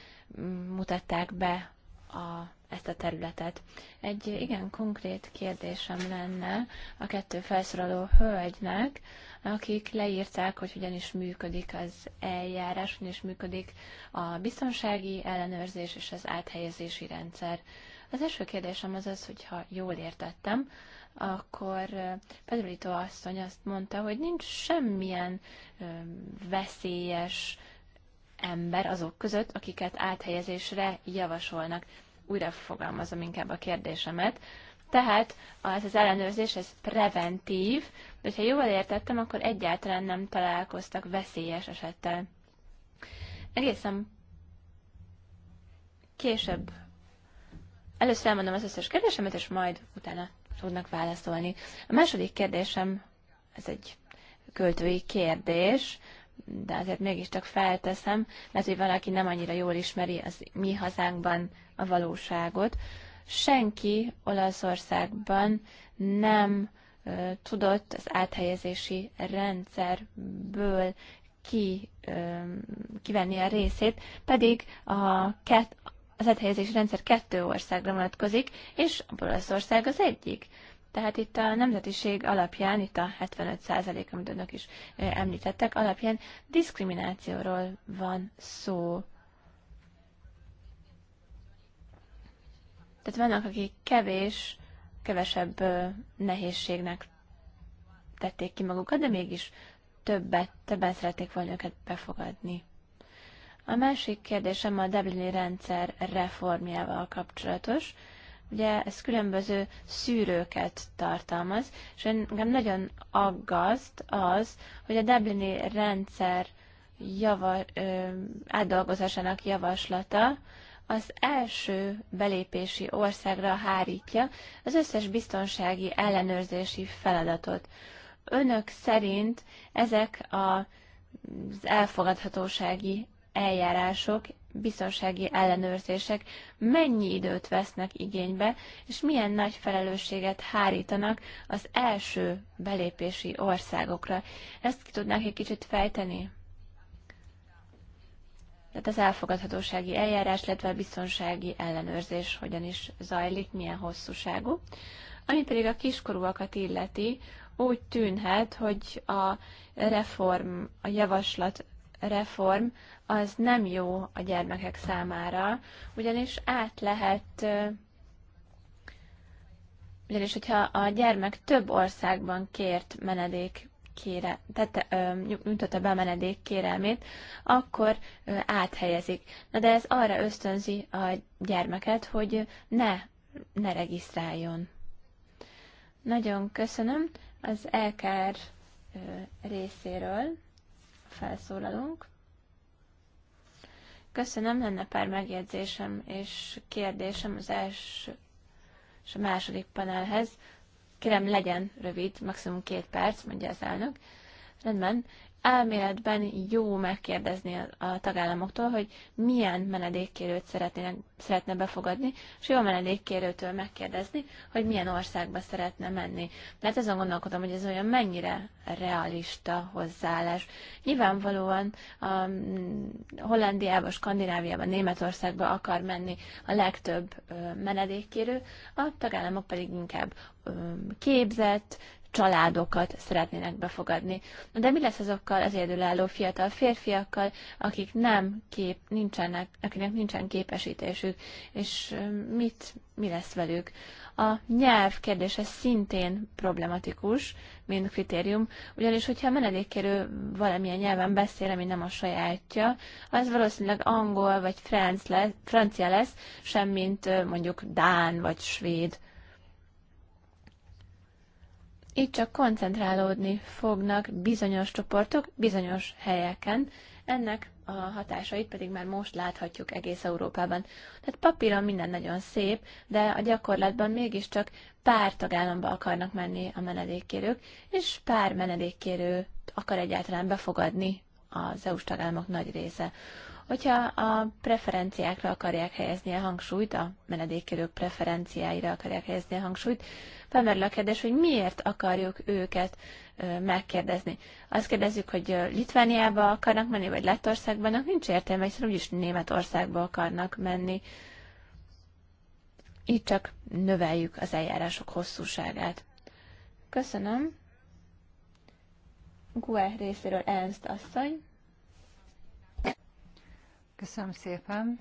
Speaker 2: mm, mutatták be a ezt a területet. Egy igen konkrét kérdésem lenne a kettő felszólaló hölgynek, akik leírták, hogy hogyan is működik az eljárás, hogyan is működik a biztonsági ellenőrzés és az áthelyezési rendszer. Az első kérdésem az az, hogyha jól értettem, akkor Pedrolito asszony azt mondta, hogy nincs semmilyen veszélyes ember azok között, akiket áthelyezésre javasolnak újra fogalmazom inkább a kérdésemet. Tehát az, az ellenőrzés, ez preventív, de ha jól értettem, akkor egyáltalán nem találkoztak veszélyes esettel. Egészen később először elmondom az összes kérdésemet, és majd utána tudnak válaszolni. A második kérdésem, ez egy költői kérdés, de azért mégiscsak felteszem, mert hogy valaki nem annyira jól ismeri az mi hazánkban a valóságot. Senki Olaszországban nem ö, tudott az áthelyezési rendszerből ki, ö, kivenni a részét, pedig a kett, az áthelyezési rendszer kettő országra vonatkozik, és Olaszország az egyik. Tehát itt a nemzetiség alapján, itt a 75% amit önök is említettek, alapján diszkriminációról van szó. Tehát vannak, akik kevés, kevesebb nehézségnek tették ki magukat, de mégis többet, többen szerették volna őket befogadni. A másik kérdésem a Dublini rendszer reformjával kapcsolatos. Ugye ez különböző szűrőket tartalmaz, és engem nagyon aggaszt az, hogy a Dublini rendszer java, ö, átdolgozásának javaslata az első belépési országra hárítja az összes biztonsági ellenőrzési feladatot. Önök szerint ezek az elfogadhatósági eljárások biztonsági ellenőrzések mennyi időt vesznek igénybe, és milyen nagy felelősséget hárítanak az első belépési országokra. Ezt ki tudnák egy kicsit fejteni? Tehát az elfogadhatósági eljárás, illetve a biztonsági ellenőrzés hogyan is zajlik, milyen hosszúságú. Ami pedig a kiskorúakat illeti, úgy tűnhet, hogy a reform, a javaslat reform az nem jó a gyermekek számára, ugyanis át lehet ugyanis, hogyha a gyermek több országban kért menedék kére, tette, nyújtotta be a menedék kérelmét, akkor ö, áthelyezik. Na de ez arra ösztönzi a gyermeket, hogy ne, ne regisztráljon. Nagyon köszönöm az LKR részéről felszólalunk. Köszönöm, lenne pár megjegyzésem és kérdésem az első és a második panelhez. Kérem, legyen rövid, maximum két perc, mondja az elnök. Rendben, elméletben jó megkérdezni a tagállamoktól, hogy milyen menedékkérőt szeretné szeretne befogadni, és jó a menedékkérőtől megkérdezni, hogy milyen országba szeretne menni. Mert azon gondolkodom, hogy ez olyan mennyire realista hozzáállás. Nyilvánvalóan a Hollandiába, Skandináviába, Németországba akar menni a legtöbb menedékkérő, a tagállamok pedig inkább képzett, családokat szeretnének befogadni. de mi lesz azokkal az egyedülálló fiatal férfiakkal, akik nem kép, nincsenek, akinek nincsen képesítésük, és mit, mi lesz velük? A nyelv kérdése szintén problematikus, mint kritérium, ugyanis hogyha a menedékkérő valamilyen nyelven beszél, ami nem a sajátja, az valószínűleg angol vagy franc lesz, francia lesz, semmint mondjuk dán vagy svéd így csak koncentrálódni fognak bizonyos csoportok bizonyos helyeken, ennek a hatásait pedig már most láthatjuk egész Európában. Tehát papíron minden nagyon szép, de a gyakorlatban mégiscsak pár tagállamba akarnak menni a menedékkérők, és pár menedékkérő akar egyáltalán befogadni az EU-s tagállamok nagy része. Hogyha a preferenciákra akarják helyezni a hangsúlyt, a menedékkérők preferenciáira akarják helyezni a hangsúlyt, Felmerül a kérdés, hogy miért akarjuk őket megkérdezni. Azt kérdezzük, hogy Litvániába akarnak menni, vagy Lettországban, nincs értelme, hiszen úgyis Németországba akarnak menni. Így csak növeljük az eljárások hosszúságát. Köszönöm. GUE részéről Ernst asszony. Köszönöm szépen.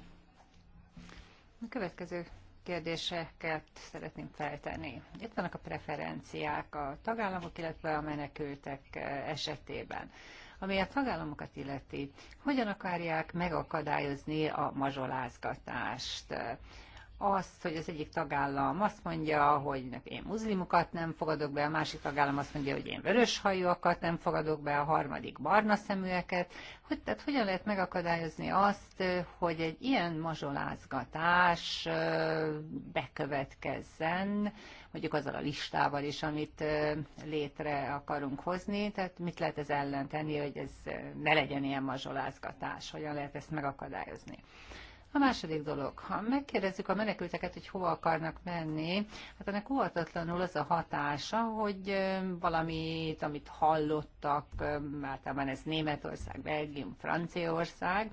Speaker 3: A következő kérdéseket szeretném feltenni. Itt vannak a preferenciák a tagállamok, illetve a menekültek eh, esetében. Ami a tagállamokat illeti, hogyan akarják megakadályozni a mazsolázgatást? azt, hogy az egyik tagállam azt mondja, hogy én muzlimokat nem fogadok be, a másik tagállam azt mondja, hogy én vöröshajúakat nem fogadok be, a harmadik barna szeműeket. Hogy, tehát hogyan lehet megakadályozni azt, hogy egy ilyen mazsolázgatás bekövetkezzen, mondjuk azzal a listával is, amit létre akarunk hozni, tehát mit lehet ez ellen tenni, hogy ez ne legyen ilyen mazsolázgatás, hogyan lehet ezt megakadályozni. A második dolog, ha megkérdezzük a menekülteket, hogy hova akarnak menni, hát ennek óvatatlanul az a hatása, hogy valamit, amit hallottak, általában ez Németország, Belgium, Franciaország,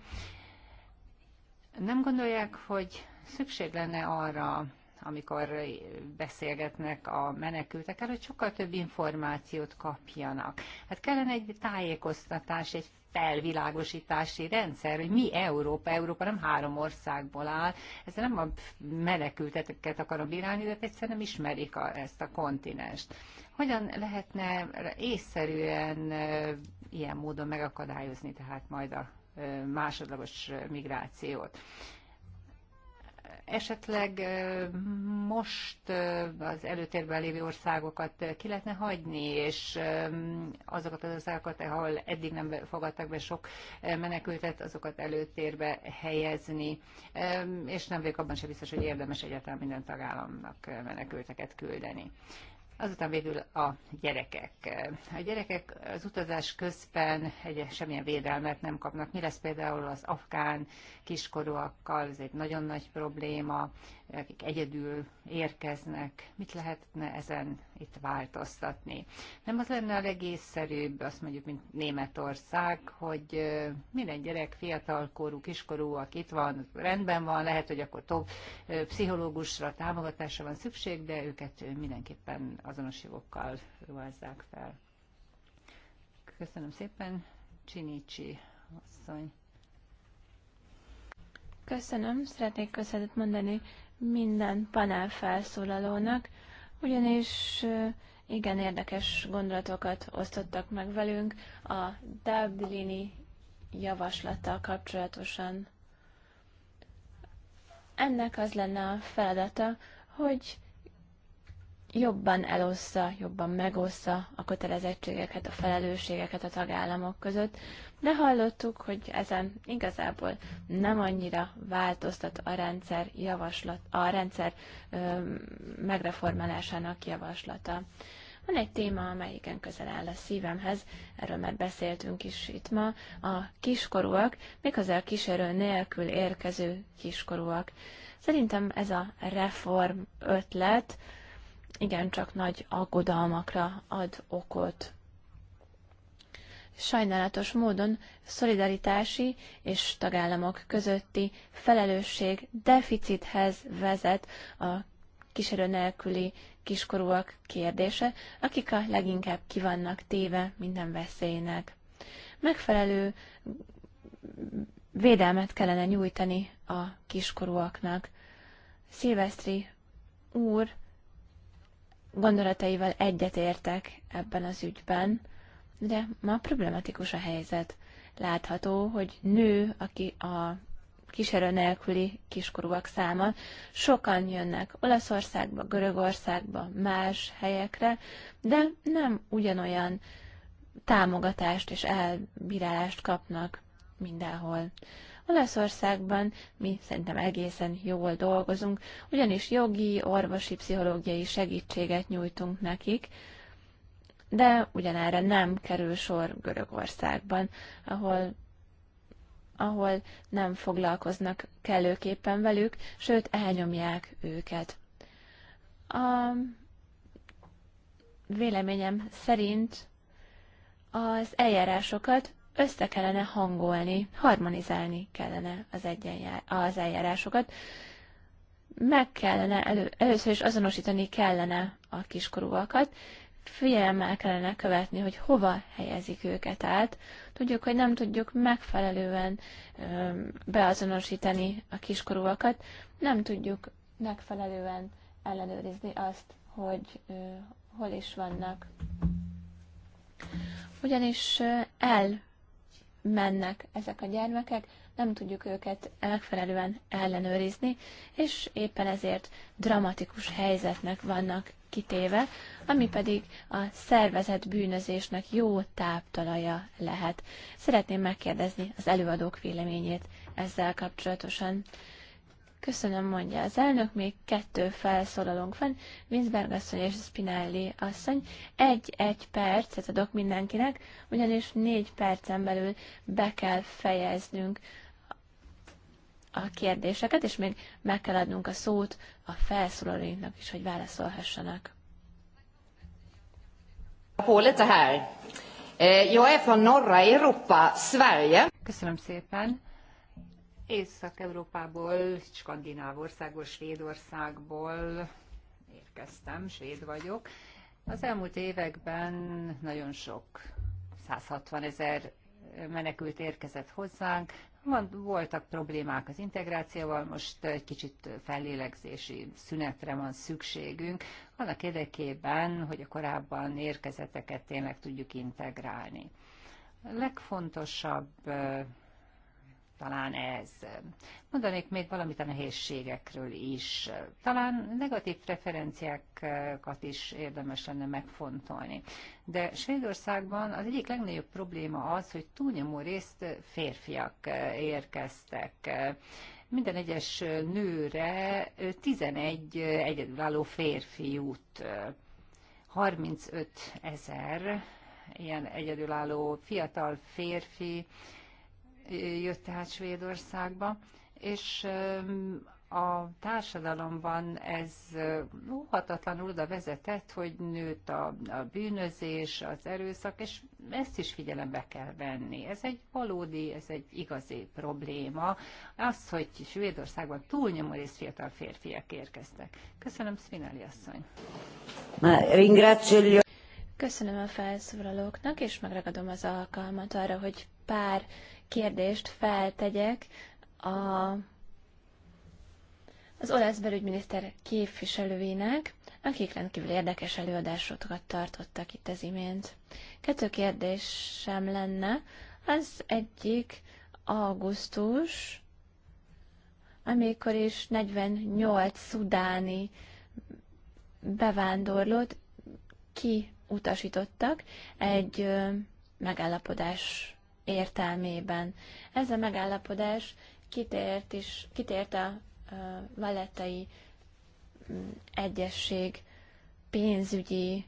Speaker 3: nem gondolják, hogy szükség lenne arra, amikor beszélgetnek a menekültekkel, hogy sokkal több információt kapjanak. Hát kellene egy tájékoztatás, egy felvilágosítási rendszer, hogy mi Európa. Európa nem három országból áll. Ez nem a menekülteket akarom bírálni, de hát egyszerűen nem ismerik a, ezt a kontinest. Hogyan lehetne észszerűen ilyen módon megakadályozni tehát majd a másodlagos migrációt esetleg most az előtérben lévő országokat ki lehetne hagyni, és azokat az országokat, ahol eddig nem fogadtak be sok menekültet, azokat előtérbe helyezni, és nem vagyok abban sem biztos, hogy érdemes egyáltalán minden tagállamnak menekülteket küldeni. Azután végül a gyerekek. A gyerekek az utazás közben egy, semmilyen védelmet nem kapnak. Mi lesz például az afgán kiskorúakkal? Ez egy nagyon nagy probléma, akik egyedül érkeznek. Mit lehetne ezen itt változtatni. Nem az lenne a legészszerűbb, azt mondjuk, mint Németország, hogy minden gyerek, fiatalkorú, kiskorú, aki itt van, rendben van, lehet, hogy akkor több pszichológusra, támogatásra van szükség, de őket mindenképpen azonos jogokkal ruházzák fel. Köszönöm szépen, Csinicsi asszony.
Speaker 2: Köszönöm, szeretnék köszönetet mondani minden panel felszólalónak, ugyanis igen érdekes gondolatokat osztottak meg velünk a Dublini javaslattal kapcsolatosan. Ennek az lenne a feladata, hogy jobban elossza, jobban megossza a kötelezettségeket, a felelősségeket a tagállamok között, de hallottuk, hogy ezen igazából nem annyira változtat a rendszer javaslat, a rendszer ö, megreformálásának javaslata. Van egy téma, amely igen közel áll a szívemhez, erről már beszéltünk is itt ma, a kiskorúak, méghozzá a kísérő nélkül érkező kiskorúak. Szerintem ez a reform ötlet, igencsak nagy aggodalmakra ad okot. Sajnálatos módon szolidaritási és tagállamok közötti felelősség deficithez vezet a kísérő nélküli kiskorúak kérdése, akik a leginkább kivannak téve minden veszélynek. Megfelelő védelmet kellene nyújtani a kiskorúaknak. Szilvesztri úr gondolataival egyetértek ebben az ügyben, de ma problematikus a helyzet. Látható, hogy nő, aki a kísérő nélküli kiskorúak száma. Sokan jönnek Olaszországba, Görögországba, más helyekre, de nem ugyanolyan támogatást és elbírálást kapnak mindenhol. Olaszországban mi szerintem egészen jól dolgozunk, ugyanis jogi, orvosi, pszichológiai segítséget nyújtunk nekik, de ugyanára nem kerül sor Görögországban, ahol ahol nem foglalkoznak kellőképpen velük, sőt, elnyomják őket. A véleményem szerint az eljárásokat össze kellene hangolni, harmonizálni kellene az, egyenjár, az eljárásokat. Meg kellene, elő, először is azonosítani kellene a kiskorúakat, figyelemmel kellene követni, hogy hova helyezik őket át. Tudjuk, hogy nem tudjuk megfelelően ö, beazonosítani a kiskorúakat, nem tudjuk megfelelően ellenőrizni azt, hogy ö, hol is vannak. Ugyanis el mennek ezek a gyermekek, nem tudjuk őket megfelelően ellenőrizni, és éppen ezért dramatikus helyzetnek vannak kitéve, ami pedig a szervezet bűnözésnek jó táptalaja lehet. Szeretném megkérdezni az előadók véleményét ezzel kapcsolatosan. Köszönöm, mondja az elnök, még kettő felszólalónk van, Winsberg asszony és Spinelli asszony. Egy-egy percet adok mindenkinek, ugyanis négy percen belül be kell fejeznünk a kérdéseket, és még meg kell adnunk a szót a felszólalóinknak is, hogy válaszolhassanak. Hålet här. Eh, jag är norra Európa,
Speaker 3: Sverige. Köszönöm szépen. Észak-Európából, országból, Svédországból érkeztem, svéd vagyok. Az elmúlt években nagyon sok, 160 ezer menekült érkezett hozzánk. Van, voltak problémák az integrációval, most egy kicsit fellélegzési szünetre van szükségünk, annak érdekében, hogy a korábban érkezeteket tényleg tudjuk integrálni. A legfontosabb talán ez. Mondanék még valamit a nehézségekről is. Talán negatív preferenciákat is érdemes lenne megfontolni. De Svédországban az egyik legnagyobb probléma az, hogy túlnyomó részt férfiak érkeztek. Minden egyes nőre 11 egyedülálló férfi jut. 35 ezer ilyen egyedülálló fiatal férfi, jött tehát Svédországba, és a társadalomban ez óhatatlanul oda vezetett, hogy nőtt a, a bűnözés, az erőszak, és ezt is figyelembe kell venni. Ez egy valódi, ez egy igazi probléma. Az, hogy Svédországban túlnyomó rész fiatal férfiak érkeztek.
Speaker 2: Köszönöm, szvinali asszony. Köszönöm a felszólalóknak, és megragadom az alkalmat arra, hogy pár kérdést feltegyek a, az olasz belügyminiszter képviselőinek, akik rendkívül érdekes előadásokat tartottak itt az imént. Kettő kérdésem lenne. Az egyik augusztus, amikor is 48 szudáni bevándorlót kiutasítottak egy megállapodás értelmében. Ez a megállapodás kitért, is, kitért a valetai mm, egyesség pénzügyi,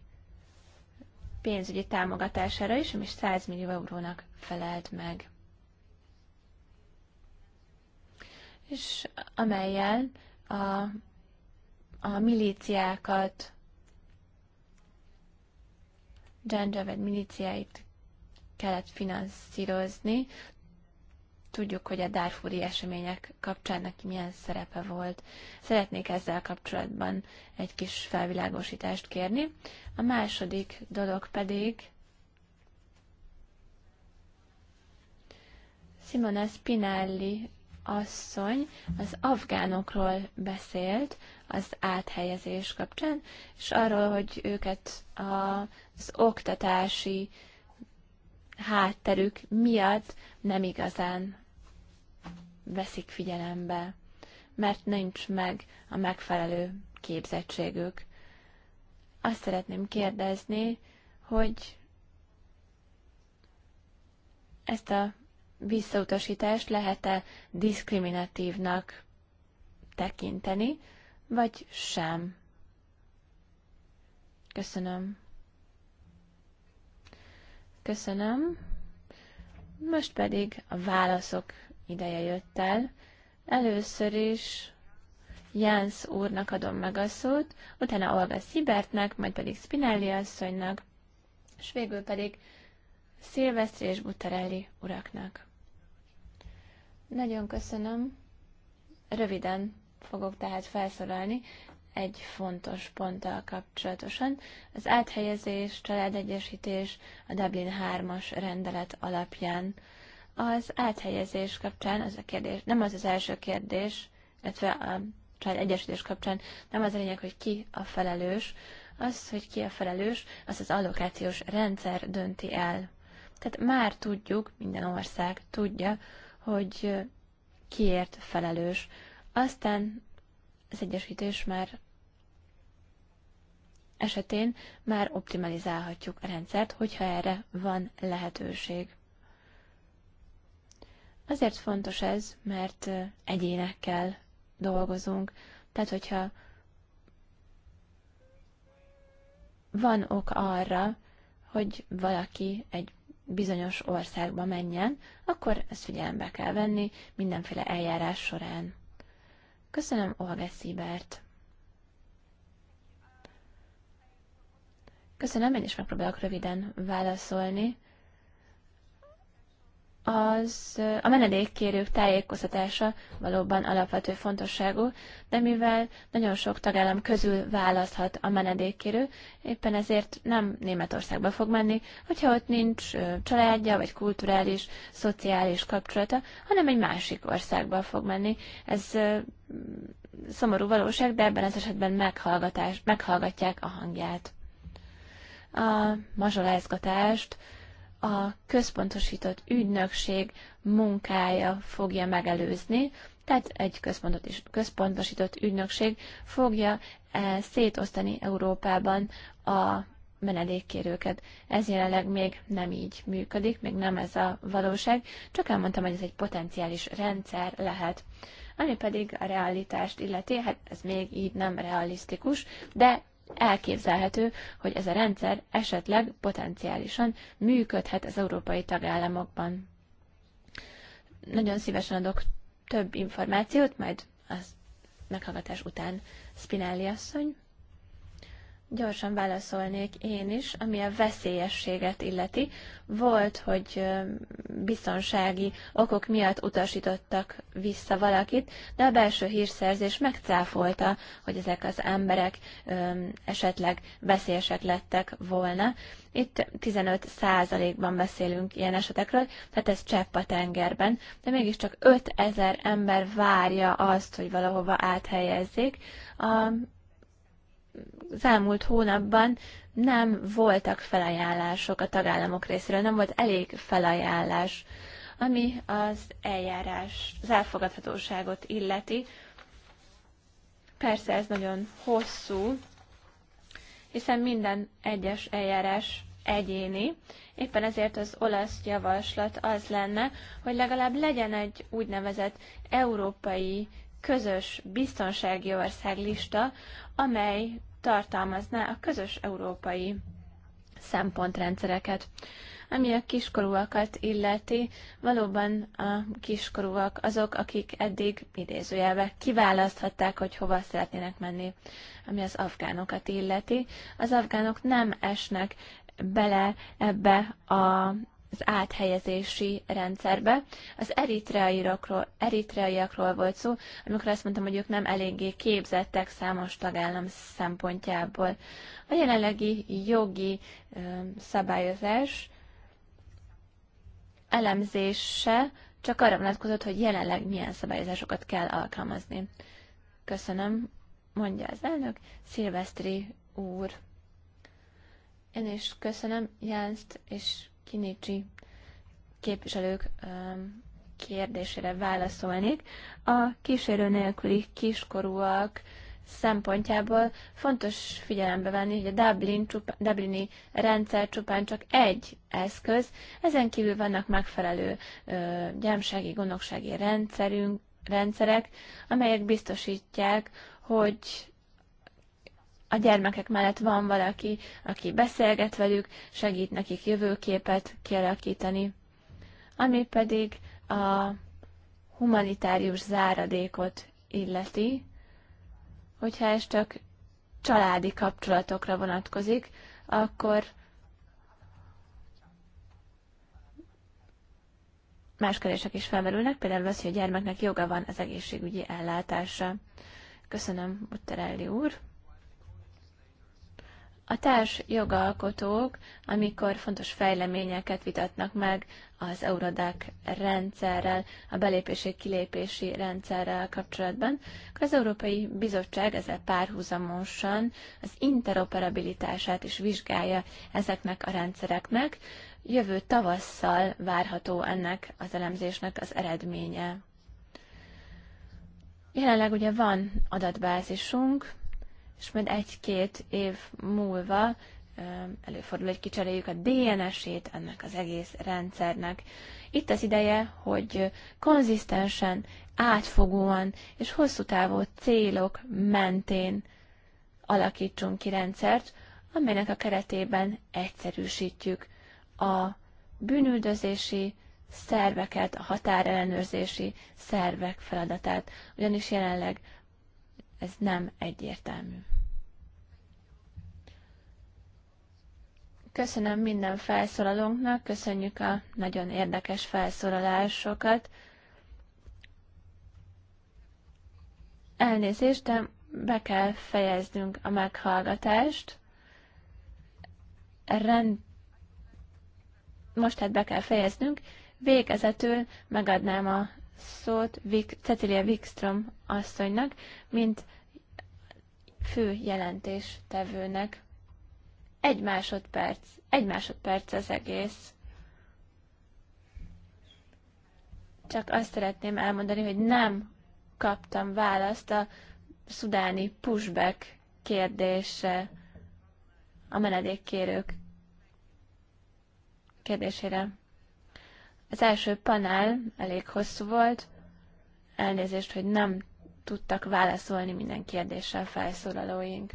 Speaker 2: pénzügyi támogatására is, ami 100 millió eurónak felelt meg. És amelyel a, a milíciákat, Dzsandzsaved milíciáit kellett finanszírozni. Tudjuk, hogy a Darfuri események kapcsán neki milyen szerepe volt. Szeretnék ezzel kapcsolatban egy kis felvilágosítást kérni. A második dolog pedig Simona Spinelli asszony az afgánokról beszélt az áthelyezés kapcsán, és arról, hogy őket az oktatási hátterük miatt nem igazán veszik figyelembe, mert nincs meg a megfelelő képzettségük. Azt szeretném kérdezni, hogy ezt a visszautasítást lehet-e diszkriminatívnak tekinteni, vagy sem. Köszönöm köszönöm. Most pedig a válaszok ideje jött el. Először is Jánz úrnak adom meg a szót, utána Olga Szibertnek, majd pedig Spinelli asszonynak, és végül pedig Szilvesztri és Butarelli uraknak. Nagyon köszönöm. Röviden fogok tehát felszólalni, egy fontos ponttal kapcsolatosan, az áthelyezés, családegyesítés a Dublin 3-as rendelet alapján. Az áthelyezés kapcsán az a kérdés, nem az az első kérdés, illetve a családegyesítés kapcsán nem az a lényeg, hogy ki a felelős, az, hogy ki a felelős, az az allokációs rendszer dönti el. Tehát már tudjuk, minden ország tudja, hogy kiért felelős. Aztán az egyesítés már esetén már optimalizálhatjuk a rendszert, hogyha erre van lehetőség. Azért fontos ez, mert egyénekkel dolgozunk, tehát hogyha van ok arra, hogy valaki egy bizonyos országba menjen, akkor ezt figyelembe kell venni mindenféle eljárás során. Köszönöm, Olga Szibert. Köszönöm, én is megpróbálok röviden válaszolni az a menedékkérők tájékoztatása valóban alapvető fontosságú, de mivel nagyon sok tagállam közül választhat a menedékkérő, éppen ezért nem Németországba fog menni, hogyha ott nincs családja, vagy kulturális, szociális kapcsolata, hanem egy másik országba fog menni. Ez szomorú valóság, de ebben az esetben meghallgatás, meghallgatják a hangját. A mazsolázgatást a központosított ügynökség munkája fogja megelőzni, tehát egy központosított ügynökség fogja eh, szétosztani Európában a menedékkérőket. Ez jelenleg még nem így működik, még nem ez a valóság, csak elmondtam, hogy ez egy potenciális rendszer lehet. Ami pedig a realitást illeti, hát ez még így nem realisztikus, de elképzelhető, hogy ez a rendszer esetleg potenciálisan működhet az európai tagállamokban. Nagyon szívesen adok több információt, majd az meghallgatás után Spinelli asszony. Gyorsan válaszolnék én is, ami a veszélyességet illeti. Volt, hogy biztonsági okok miatt utasítottak vissza valakit, de a belső hírszerzés megcáfolta, hogy ezek az emberek esetleg veszélyesek lettek volna. Itt 15%-ban beszélünk ilyen esetekről, tehát ez csepp a tengerben, de mégiscsak 5000 ember várja azt, hogy valahova áthelyezzék. A az elmúlt hónapban nem voltak felajánlások a tagállamok részéről, nem volt elég felajánlás, ami az eljárás, az elfogadhatóságot illeti. Persze ez nagyon hosszú, hiszen minden egyes eljárás egyéni. Éppen ezért az olasz javaslat az lenne, hogy legalább legyen egy úgynevezett európai közös biztonsági országlista, amely tartalmazná a közös európai szempontrendszereket. Ami a kiskorúakat illeti, valóban a kiskorúak azok, akik eddig idézőjelbe kiválaszthatták, hogy hova szeretnének menni. Ami az afgánokat illeti, az afgánok nem esnek bele ebbe a az áthelyezési rendszerbe. Az eritreaiakról, eritreaiakról volt szó, amikor azt mondtam, hogy ők nem eléggé képzettek számos tagállam szempontjából. A jelenlegi jogi ö, szabályozás elemzése csak arra vonatkozott, hogy jelenleg milyen szabályozásokat kell alkalmazni. Köszönöm, mondja az elnök, Szilvesztri úr. Én is köszönöm Jánzt, és Kinicsi képviselők um, kérdésére válaszolnék. A kísérő nélküli kiskorúak szempontjából fontos figyelembe venni, hogy a Dublin, csupa, Dublini rendszer csupán csak egy eszköz, ezen kívül vannak megfelelő ö, gyámsági, gondoksági rendszerünk, rendszerek, amelyek biztosítják, hogy a gyermekek mellett van valaki, aki beszélget velük, segít nekik jövőképet kialakítani. Ami pedig a humanitárius záradékot illeti, hogyha ez csak családi kapcsolatokra vonatkozik, akkor más kérdések is felmerülnek, például az, hogy a gyermeknek joga van az egészségügyi ellátásra. Köszönöm, Butterelli úr! A társ jogalkotók, amikor fontos fejleményeket vitatnak meg az Eurodac rendszerrel, a belépési-kilépési rendszerrel kapcsolatban, akkor az Európai Bizottság ezzel párhuzamosan az interoperabilitását is vizsgálja ezeknek a rendszereknek. Jövő tavasszal várható ennek az elemzésnek az eredménye. Jelenleg ugye van adatbázisunk, és majd egy-két év múlva előfordul, hogy kicseréljük a DNS-ét ennek az egész rendszernek. Itt az ideje, hogy konzisztensen, átfogóan és hosszú távú célok mentén alakítsunk ki rendszert, amelynek a keretében egyszerűsítjük a bűnüldözési szerveket, a határellenőrzési szervek feladatát, ugyanis jelenleg ez nem egyértelmű. Köszönöm minden felszólalónknak, köszönjük a nagyon érdekes felszólalásokat. Elnézést, de be kell fejeznünk a meghallgatást. Rend... Most hát be kell fejeznünk. Végezetül megadnám a szót Vic, Cecilia Wikström asszonynak, mint fő jelentés tevőnek. Egy másodperc, egy másodperc az egész. Csak azt szeretném elmondani, hogy nem kaptam választ a szudáni pushback kérdése a menedékkérők kérdésére. Az első panel elég hosszú volt, elnézést, hogy nem tudtak válaszolni minden kérdéssel felszólalóink.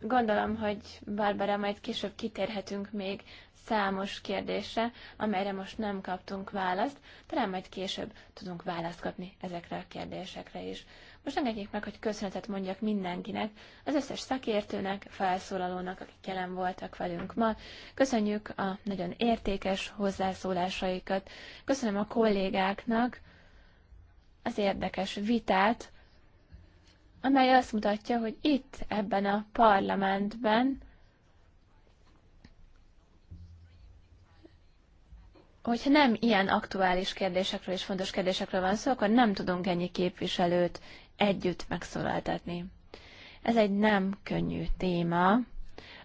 Speaker 2: Gondolom, hogy Barbara, majd később kitérhetünk még számos kérdésre, amelyre most nem kaptunk választ, talán majd később tudunk választ kapni ezekre a kérdésekre is. Most engedjék meg, hogy köszönetet mondjak mindenkinek, az összes szakértőnek, felszólalónak, akik jelen voltak velünk ma. Köszönjük a nagyon értékes hozzászólásaikat. Köszönöm a kollégáknak az érdekes vitát, amely azt mutatja, hogy itt, ebben a parlamentben, hogyha nem ilyen aktuális kérdésekről és fontos kérdésekről van szó, akkor nem tudunk ennyi képviselőt együtt megszólaltatni. Ez egy nem könnyű téma.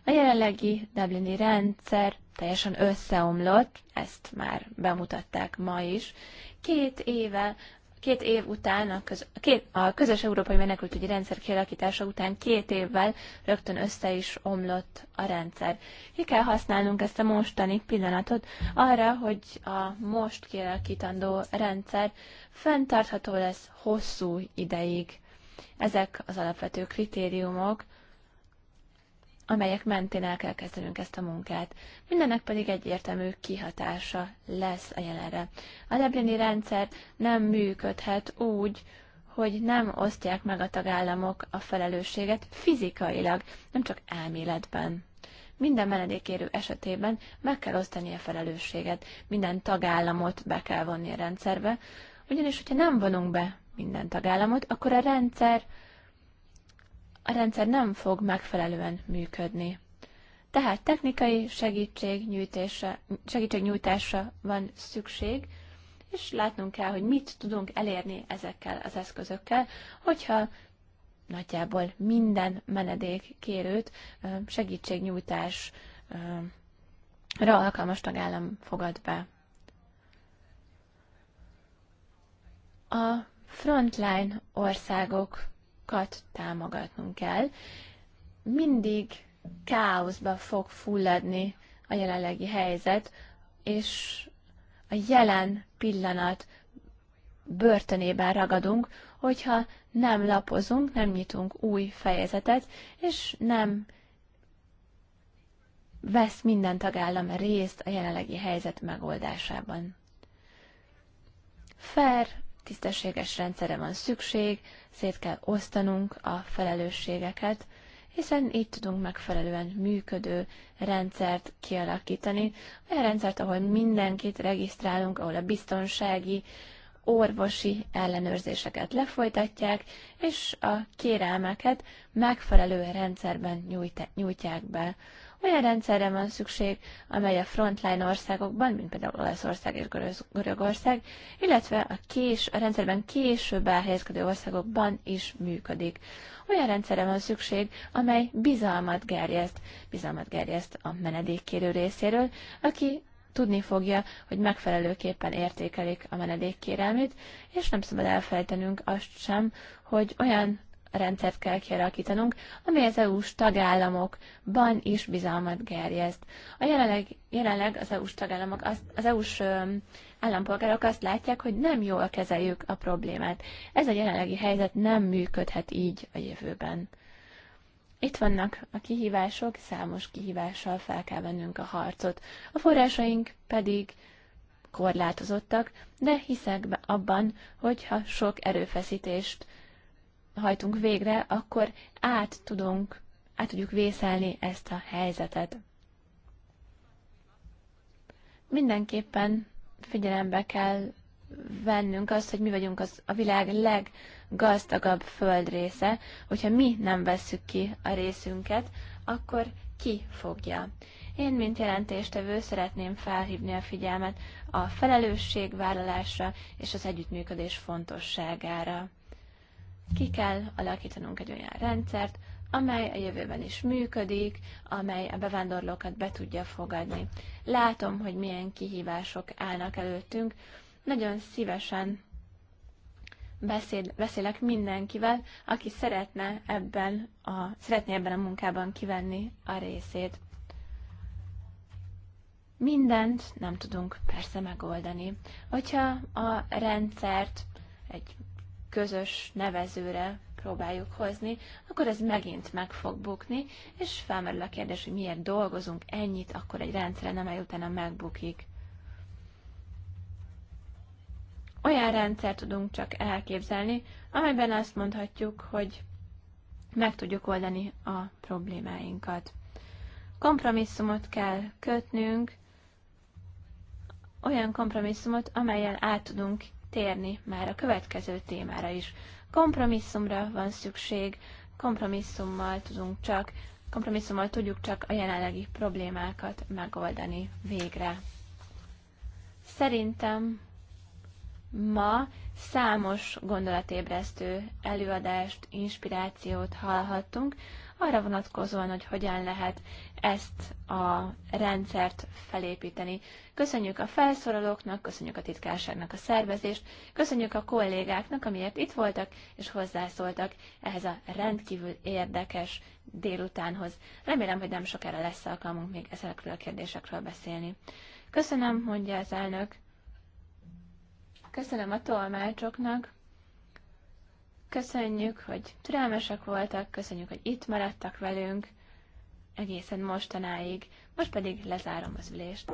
Speaker 2: A jelenlegi Dublini rendszer teljesen összeomlott, ezt már bemutatták ma is. Két éve két év után, a, köz, két, a közös európai menekültügyi rendszer kialakítása után két évvel rögtön össze is omlott a rendszer. Ki kell használnunk ezt a mostani pillanatot arra, hogy a most kialakítandó rendszer fenntartható lesz hosszú ideig. Ezek az alapvető kritériumok, amelyek mentén el kell kezdenünk ezt a munkát. Mindennek pedig egyértelmű kihatása lesz a jelenre. A Dublini rendszer nem működhet úgy, hogy nem osztják meg a tagállamok a felelősséget fizikailag, nem csak elméletben. Minden menedékérő esetében meg kell osztani a felelősséget, minden tagállamot be kell vonni a rendszerbe, ugyanis, hogyha nem vonunk be minden tagállamot, akkor a rendszer a rendszer nem fog megfelelően működni. Tehát technikai segítségnyújtásra, van szükség, és látnunk kell, hogy mit tudunk elérni ezekkel az eszközökkel, hogyha nagyjából minden menedék kérőt segítségnyújtásra alkalmas tagállam fogad be. A frontline országok országokat támogatnunk kell. Mindig káoszba fog fulladni a jelenlegi helyzet, és a jelen pillanat börtönében ragadunk, hogyha nem lapozunk, nem nyitunk új fejezetet, és nem vesz minden tagállam részt a jelenlegi helyzet megoldásában. Fair tisztességes rendszerre van szükség, szét kell osztanunk a felelősségeket, hiszen így tudunk megfelelően működő rendszert kialakítani. Olyan rendszert, ahol mindenkit regisztrálunk, ahol a biztonsági, orvosi ellenőrzéseket lefolytatják, és a kérelmeket megfelelő rendszerben nyújtják be. Olyan rendszerre van szükség, amely a frontline országokban, mint például Olaszország és Görögország, illetve a, kés, a rendszerben később elhelyezkedő országokban is működik. Olyan rendszerre van szükség, amely bizalmat gerjeszt, bizalmat gerjeszt a menedékkérő részéről, aki tudni fogja, hogy megfelelőképpen értékelik a menedékkérelmét, és nem szabad elfejtenünk azt sem, hogy olyan rendszert kell kialakítanunk, amely az EU-s tagállamokban is bizalmat gerjeszt. A jelenleg, jelenleg az EU-s tagállamok, azt, az EU-s állampolgárok azt látják, hogy nem jól kezeljük a problémát. Ez a jelenlegi helyzet nem működhet így a jövőben. Itt vannak a kihívások, számos kihívással fel kell vennünk a harcot. A forrásaink pedig korlátozottak, de hiszek abban, hogyha sok erőfeszítést hajtunk végre, akkor át tudunk, át tudjuk vészelni ezt a helyzetet. Mindenképpen figyelembe kell vennünk azt, hogy mi vagyunk az, a világ leggazdagabb földrésze, hogyha mi nem vesszük ki a részünket, akkor ki fogja. Én, mint jelentéstevő szeretném felhívni a figyelmet a felelősségvállalásra és az együttműködés fontosságára. Ki kell alakítanunk egy olyan rendszert, amely a jövőben is működik, amely a bevándorlókat be tudja fogadni. Látom, hogy milyen kihívások állnak előttünk. Nagyon szívesen beszél, beszélek mindenkivel, aki szeretne ebben a, szeretné ebben a munkában kivenni a részét. Mindent nem tudunk persze megoldani. Hogyha a rendszert egy közös nevezőre próbáljuk hozni, akkor ez megint meg fog bukni, és felmerül a kérdés, hogy miért dolgozunk ennyit, akkor egy nem amely utána megbukik. Olyan rendszer tudunk csak elképzelni, amelyben azt mondhatjuk, hogy meg tudjuk oldani a problémáinkat. Kompromisszumot kell kötnünk, olyan kompromisszumot, amelyel át tudunk térni már a következő témára is. Kompromisszumra van szükség, kompromisszummal tudunk csak, kompromisszummal tudjuk csak a jelenlegi problémákat megoldani végre. Szerintem ma számos gondolatébresztő előadást, inspirációt hallhattunk, arra vonatkozóan, hogy hogyan lehet ezt a rendszert felépíteni. Köszönjük a felszorolóknak, köszönjük a titkárságnak a szervezést, köszönjük a kollégáknak, amiért itt voltak és hozzászóltak ehhez a rendkívül érdekes délutánhoz. Remélem, hogy nem sokára lesz alkalmunk még ezekről a kérdésekről beszélni. Köszönöm, mondja az elnök. Köszönöm a tolmácsoknak. Köszönjük, hogy türelmesek voltak, köszönjük, hogy itt maradtak velünk egészen mostanáig. Most pedig lezárom az ülést.